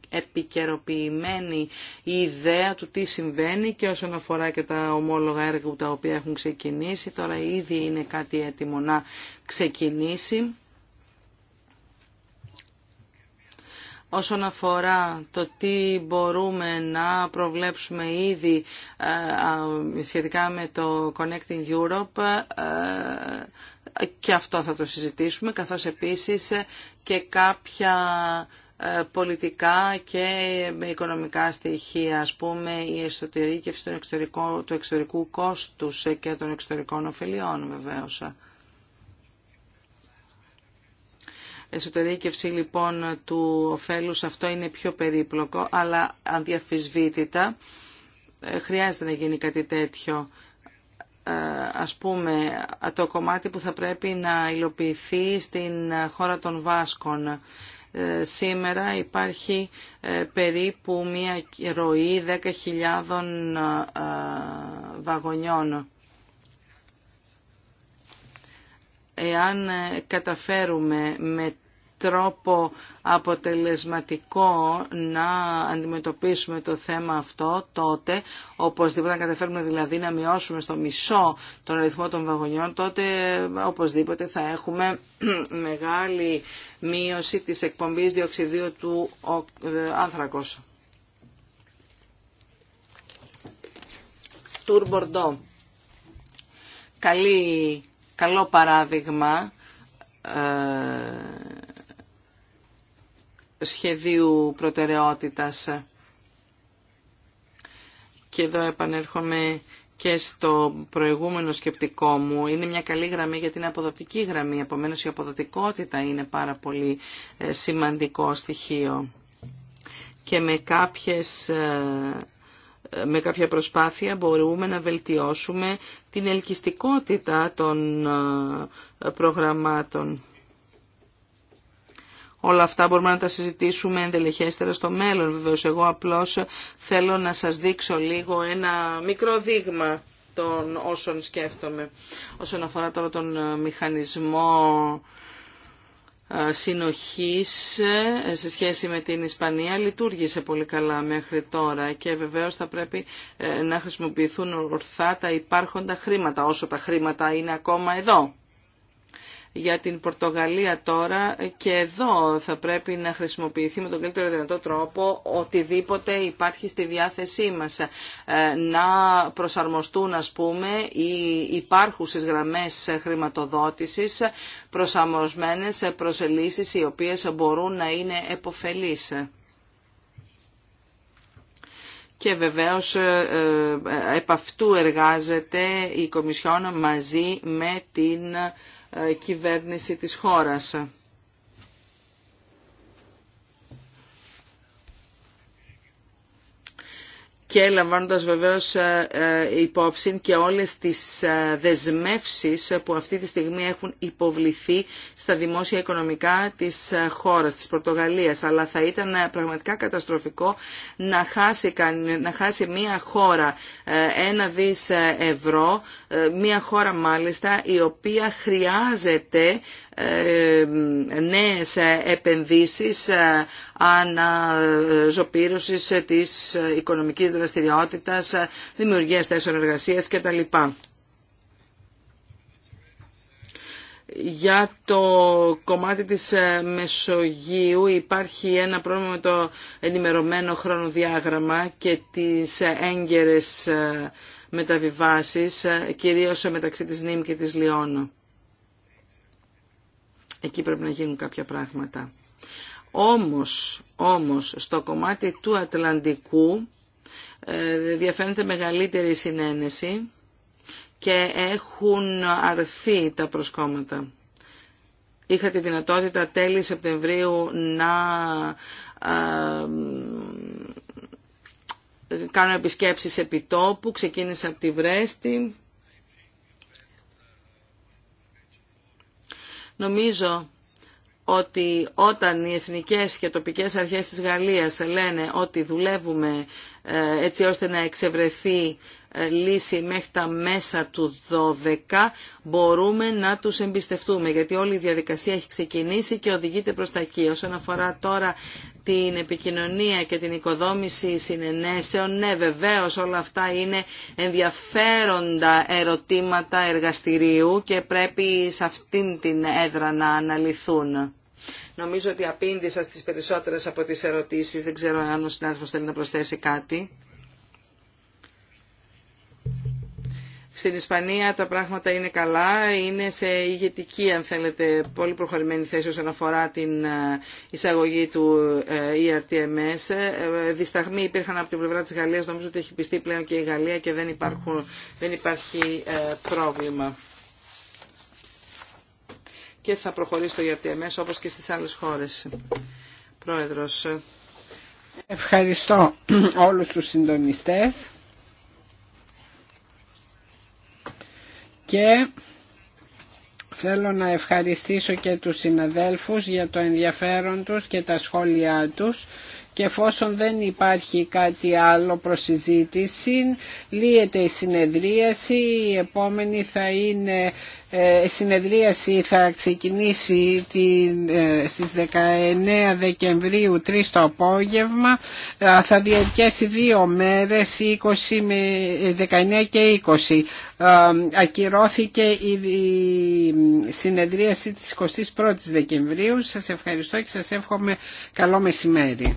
επικαιροποιημένη ιδέα του τι συμβαίνει και όσον αφορά και τα ομόλογα έργα τα οποία έχουν ξεκινήσει. Τώρα ήδη είναι κάτι έτοιμο να ξεκινήσει. όσον αφορά το τι μπορούμε να προβλέψουμε ήδη ε, σχετικά με το Connecting Europe ε, και αυτό θα το συζητήσουμε καθώς επίσης και κάποια ε, πολιτικά και με οικονομικά στοιχεία, ας πούμε η εσωτερήκευση του εξωτερικού κόστους και των εξωτερικών ωφελιών βεβαίως. εσωτερήκευση λοιπόν του ωφέλους αυτό είναι πιο περίπλοκο, αλλά αδιαφυσβήτητα ε, χρειάζεται να γίνει κάτι τέτοιο. Ε, ας πούμε, το κομμάτι που θα πρέπει να υλοποιηθεί στην χώρα των Βάσκων. Ε, σήμερα υπάρχει περίπου μία ροή 10.000 βαγονιών. Εάν καταφέρουμε με τρόπο αποτελεσματικό να αντιμετωπίσουμε το θέμα αυτό τότε, οπωσδήποτε να καταφέρουμε δηλαδή να μειώσουμε στο μισό τον αριθμό των βαγονιών, τότε οπωσδήποτε θα έχουμε μεγάλη μείωση της εκπομπής διοξιδίου του άνθρακος. Τουρ Μπορντό. καλό παράδειγμα ε, σχεδίου προτεραιότητας. Και εδώ επανέρχομαι και στο προηγούμενο σκεπτικό μου. Είναι μια καλή γραμμή γιατί είναι αποδοτική γραμμή. Επομένως η αποδοτικότητα είναι πάρα πολύ ε, σημαντικό στοιχείο. Και με κάποιες ε, ε, με κάποια προσπάθεια μπορούμε να βελτιώσουμε την ελκυστικότητα των προγραμμάτων. Όλα αυτά μπορούμε να τα συζητήσουμε εντελεχέστερα στο μέλλον βεβαίως. Εγώ απλώς θέλω να σας δείξω λίγο ένα μικρό δείγμα των όσων σκέφτομαι. Όσον αφορά τώρα τον ε, μηχανισμό ε, συνοχής ε, σε σχέση με την Ισπανία λειτουργήσε πολύ καλά μέχρι τώρα και βεβαίως θα πρέπει να χρησιμοποιηθούν ορθά τα υπάρχοντα χρήματα όσο τα χρήματα είναι ακόμα εδώ για την Πορτογαλία τώρα και εδώ θα πρέπει να χρησιμοποιηθεί με τον καλύτερο δυνατό τρόπο οτιδήποτε υπάρχει στη διάθεσή μας. Ε, να προσαρμοστούν ας πούμε οι υπάρχουσες γραμμές χρηματοδότησης προσαρμοσμένες προσελήσεις οι οποίες μπορούν να είναι εποφελείς και βεβαίως ε, ε, επ' αυτού εργάζεται η Κομισιόν μαζί με την ε, κυβέρνηση της χώρας. και λαμβάνοντας βεβαίως ε, ε, υπόψη και όλες τις δεσμεύσεις που αυτή τη στιγμή έχουν υποβληθεί στα δημόσια οικονομικά της χώρας, της Πορτογαλίας. Αλλά θα ήταν πραγματικά καταστροφικό να χάσει, να χάσει μια χώρα ένα δις ευρώ ε, μια χώρα μάλιστα η οποία χρειάζεται ε, νέες επενδύσεις ε, αναζωπήρωσης της οικονομικής δραστηριότητας, δημιουργίας θέσεων εργασίας κτλ. για το κομμάτι της Μεσογείου υπάρχει ένα πρόβλημα με το ενημερωμένο χρονοδιάγραμμα και τις έγκαιρες μεταβιβάσεις, ε, κυρίως μεταξύ της Νίμ και της Λιώνα. Εκεί πρέπει να γίνουν κάποια πράγματα. Όμως, όμως στο κομμάτι του Ατλαντικού ε, διαφαίνεται μεγαλύτερη συνένεση και έχουν αρθεί τα προσκόμματα. Είχα τη δυνατότητα τέλη Σεπτεμβρίου να ε, κάνω επισκέψεις τόπου. ξεκίνησα από τη Βρέστη. Νομίζω ότι όταν οι εθνικές και τοπικές αρχές της Γαλλίας λένε ότι δουλεύουμε ε, έτσι ώστε να εξευρεθεί ε, λύση μέχρι τα μέσα του 12 μπορούμε να τους εμπιστευτούμε γιατί όλη η διαδικασία έχει ξεκινήσει και οδηγείται προς τα εκεί. Όσον αφορά τώρα την επικοινωνία και την οικοδόμηση συνενέσεων, ναι βεβαίως όλα αυτά είναι ενδιαφέροντα ερωτήματα εργαστηρίου και πρέπει σε αυτήν την έδρα να αναλυθούν. Νομίζω ότι απήντησα στις περισσότερες από τις ερωτήσεις, δεν ξέρω αν ο συνάδελφος θέλει να προσθέσει κάτι. Στην Ισπανία τα πράγματα είναι καλά, είναι σε ηγετική αν θέλετε πολύ προχωρημένη θέση όσον αφορά την ε, εισαγωγή του ε, ERTMS. Ε, δισταγμοί υπήρχαν από την πλευρά της Γαλλίας, νομίζω ότι έχει πιστεί πλέον και η Γαλλία και δεν, υπάρχουν, δεν υπάρχει πρόβλημα. Και θα προχωρήσει το ERTMS όπως και στις άλλες χώρες. Πρόεδρος. Ευχαριστώ όλους τους συντονιστές. και θέλω να ευχαριστήσω και τους συναδέλφους για το ενδιαφέρον τους και τα σχόλιά τους και εφόσον δεν υπάρχει κάτι άλλο προς συζήτηση, λύεται η συνεδρίαση, η επόμενη θα είναι ε, συνεδρίαση θα ξεκινήσει την, ε, στις 19 Δεκεμβρίου 3 το απόγευμα ε, θα διαρκέσει δύο μέρες 20 με, 19 και 20 ακυρώθηκε η συνεδρίαση της 21ης Δεκεμβρίου σας ευχαριστώ και σας εύχομαι καλό μεσημέρι